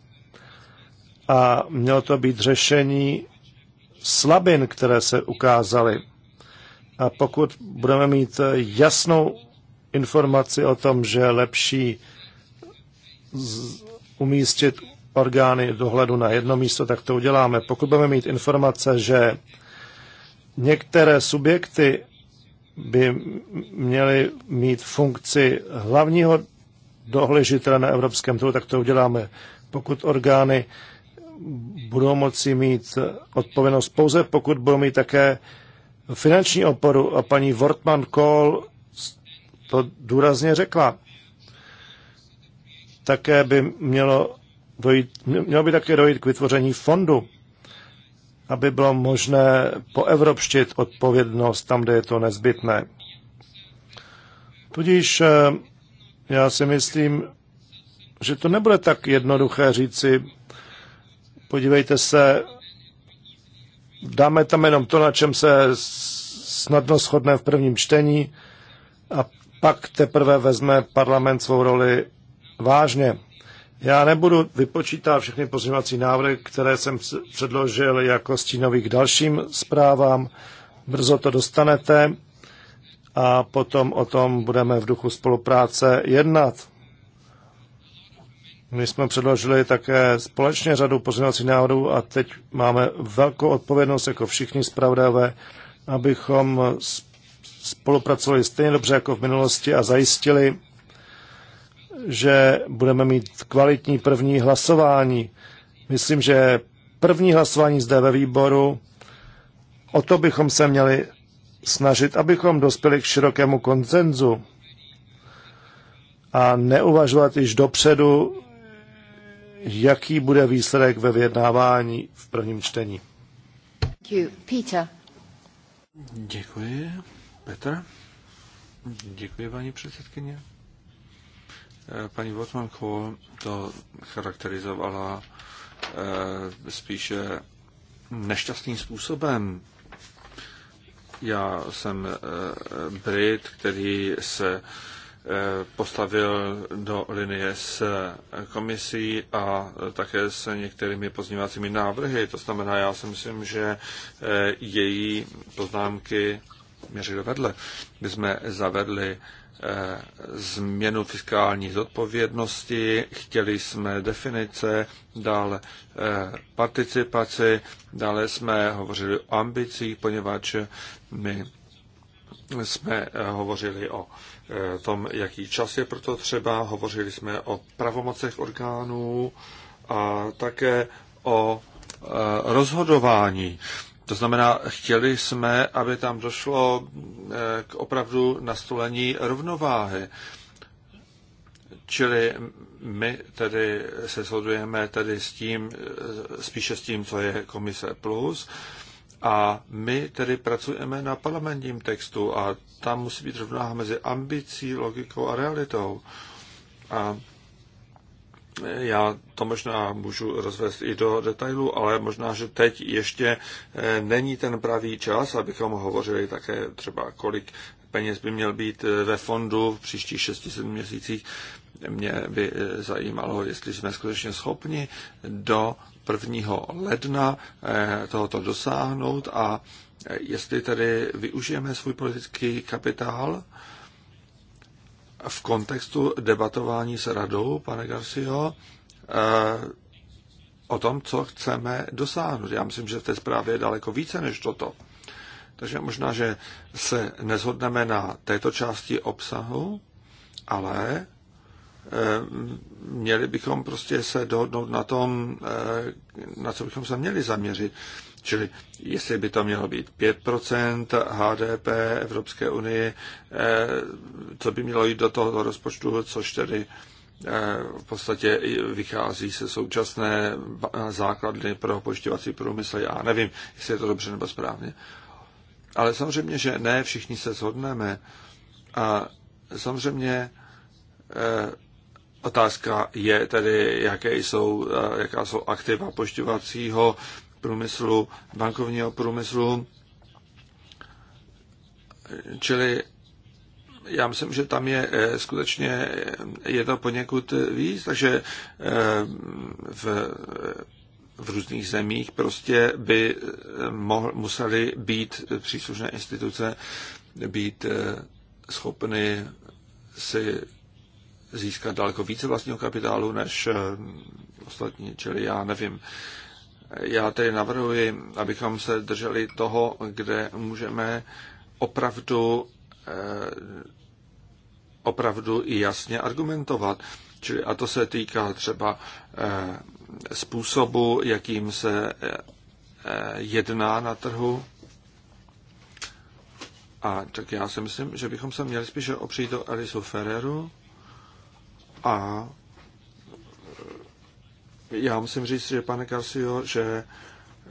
a mělo to být řešení slabin, které se ukázaly. A pokud budeme mít jasnou informaci o tom, že je lepší umístit orgány dohledu na jedno místo, tak to uděláme. Pokud budeme mít informace, že některé subjekty by měly mít funkci hlavního dohležitele na evropském trhu, tak to uděláme. Pokud orgány budou moci mít odpovědnost pouze, pokud budou mít také finanční oporu. A paní Wortmann Kohl to důrazně řekla. Také by mělo dojít, mělo by také dojít k vytvoření fondu, aby bylo možné poevropštit odpovědnost tam, kde je to nezbytné. Tudíž eh, já si myslím, že to nebude tak jednoduché říci, podívejte se, dáme tam jenom to, na čem se snadno shodne v prvním čtení a pak teprve vezme parlament svou roli vážně. Já nebudu vypočítat všechny pozměňovací návrhy, které jsem předložil jako stínový k dalším zprávám. Brzo to dostanete a potom o tom budeme v duchu spolupráce jednat. My jsme předložili také společně řadu pozměňovacích návrhů a teď máme velkou odpovědnost jako všichni zpravodajové, abychom spolupracovali stejně dobře jako v minulosti a zajistili, že budeme mít kvalitní první hlasování. Myslím, že první hlasování zde ve výboru, o to bychom se měli snažit, abychom dospěli k širokému koncenzu a neuvažovat již dopředu, jaký bude výsledek ve vyjednávání v prvním čtení. Peter. Děkuji. Petr? Děkuji, paní předsedkyně. Paní Votmanko to charakterizovala eh, spíše nešťastným způsobem. Já jsem eh, Brit, který se eh, postavil do linie s komisí a také s některými pozměňovacími návrhy. To znamená, já si myslím, že její poznámky měřily vedle. My jsme zavedli Eh, změnu fiskální zodpovědnosti, chtěli jsme definice, dále eh, participaci, dále jsme hovořili o ambicích, poněvadž my jsme eh, hovořili o tom, jaký čas je proto třeba, hovořili jsme o pravomocech orgánů a také o rozhodování. To znamená, chtěli jsme, aby tam došlo eh, k opravdu nastolení rovnováhy. Čili my tedy se shodujeme tedy s tím, eh, spíše s tím, co je komise plus, a my tedy pracujeme na parlamentním textu a tam musí být rovnáha mezi ambicí, logikou a realitou. A já to možná můžu rozvést i do detailu, ale možná, že teď ještě eh, není ten pravý čas, abychom hovořili také třeba, kolik peněz by měl být eh, ve fondu v příštích 6-7 měsících. Mě by eh, zajímalo, jestli jsme skutečně schopni do 1. ledna tohoto dosáhnout a jestli tedy využijeme svůj politický kapitál, v kontextu debatování s radou, pane Garcio, eh, o tom, co chceme dosáhnout. Já myslím, že v té zprávě je daleko více než toto. Takže možná, že se nezhodneme na této části obsahu, ale eh, měli bychom prostě se dohodnout na tom, eh, na co bychom se měli zaměřit. Čili jestli by to mělo být 5% HDP Evropské unie, co eh, by mělo jít do tohoto rozpočtu, což tedy eh, v podstatě vychází se současné základny pro pojišťovací průmysl. Já nevím, jestli je to dobře nebo správně. Ale samozřejmě, že ne, všichni se shodneme. A samozřejmě eh, Otázka je tedy, jaké jsou, jaká jsou aktiva pošťovacího průmyslu, bankovního průmyslu. Čili já myslím, že tam je eh, skutečně eh, je to poněkud eh, víc, takže v, v různých zemích prostě by mohl, museli být příslušné instituce být schopny si získat daleko více vlastního kapitálu než ostatní, čili já nevím. Já tedy navrhuji, abychom se drželi toho, kde můžeme opravdu, eh, opravdu i jasně argumentovat. Čili a to se týká třeba eh, způsobu, jakým se eh, jedná na trhu. A tak já si myslím, že bychom se měli spíše opřít do Elisu Ferreru a já musím říct, že pane Karsio, že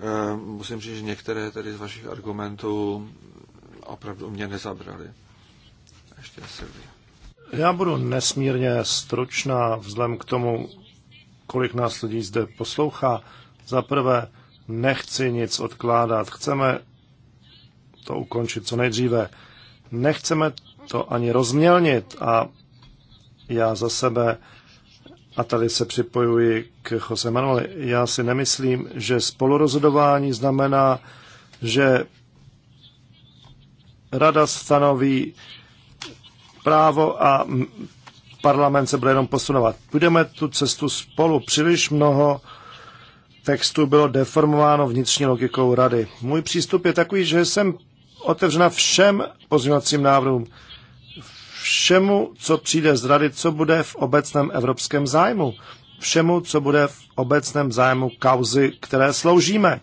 eh, musím říct, že některé tedy z vašich argumentů opravdu mě nezabrali. Ještě Silvia. Já budu nesmírně stručná vzhledem k tomu, kolik nás lidí zde poslouchá. Za prvé, nechci nic odkládat. Chceme to ukončit co nejdříve. Nechceme to ani rozmělnit a já za sebe a tady se připojuji k Jose Manuel, já si nemyslím, že spolurozhodování znamená, že rada stanoví právo a parlament se bude jenom posunovat. Půjdeme tu cestu spolu. Příliš mnoho textů bylo deformováno vnitřní logikou rady. Můj přístup je takový, že jsem otevřena všem pozměňovacím návrhům všemu, co přijde z rady, co bude v obecném evropském zájmu, všemu, co bude v obecném zájmu kauzy, které sloužíme,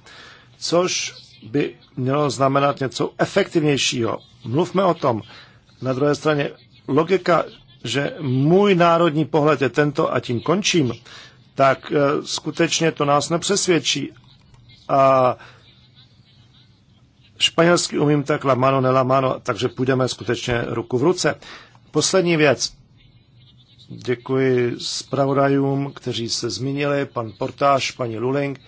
což by mělo znamenat něco efektivnějšího. Mluvme o tom. Na druhé straně logika, že můj národní pohled je tento a tím končím, tak eh, skutečně to nás nepřesvědčí. A španělsky umím tak la mano, ne la mano, takže půjdeme skutečně ruku v ruce. Poslední věc. Děkuji zpravodajům, kteří se zmínili, pan Portáž, paní Luling.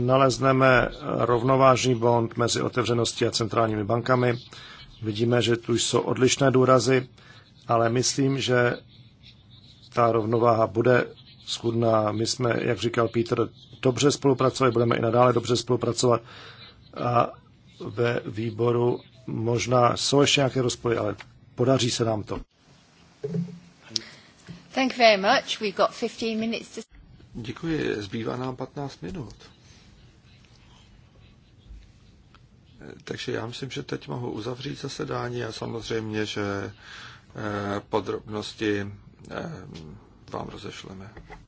Nalezneme rovnovážný bond mezi otevřeností a centrálními bankami. Vidíme, že tu jsou odlišné důrazy, ale myslím, že ta rovnováha bude schudná. My jsme, jak říkal Peter, dobře spolupracovali, budeme i nadále dobře spolupracovat a ve výboru možná jsou ještě nějaké rozpory, ale podaří se nám to. Thank you very much. We've got 15 minutes to... Děkuji, zbývá nám 15 minut. Takže já myslím, že teď mohu uzavřít zasedání a samozřejmě, že eh, podrobnosti eh, vám rozešleme.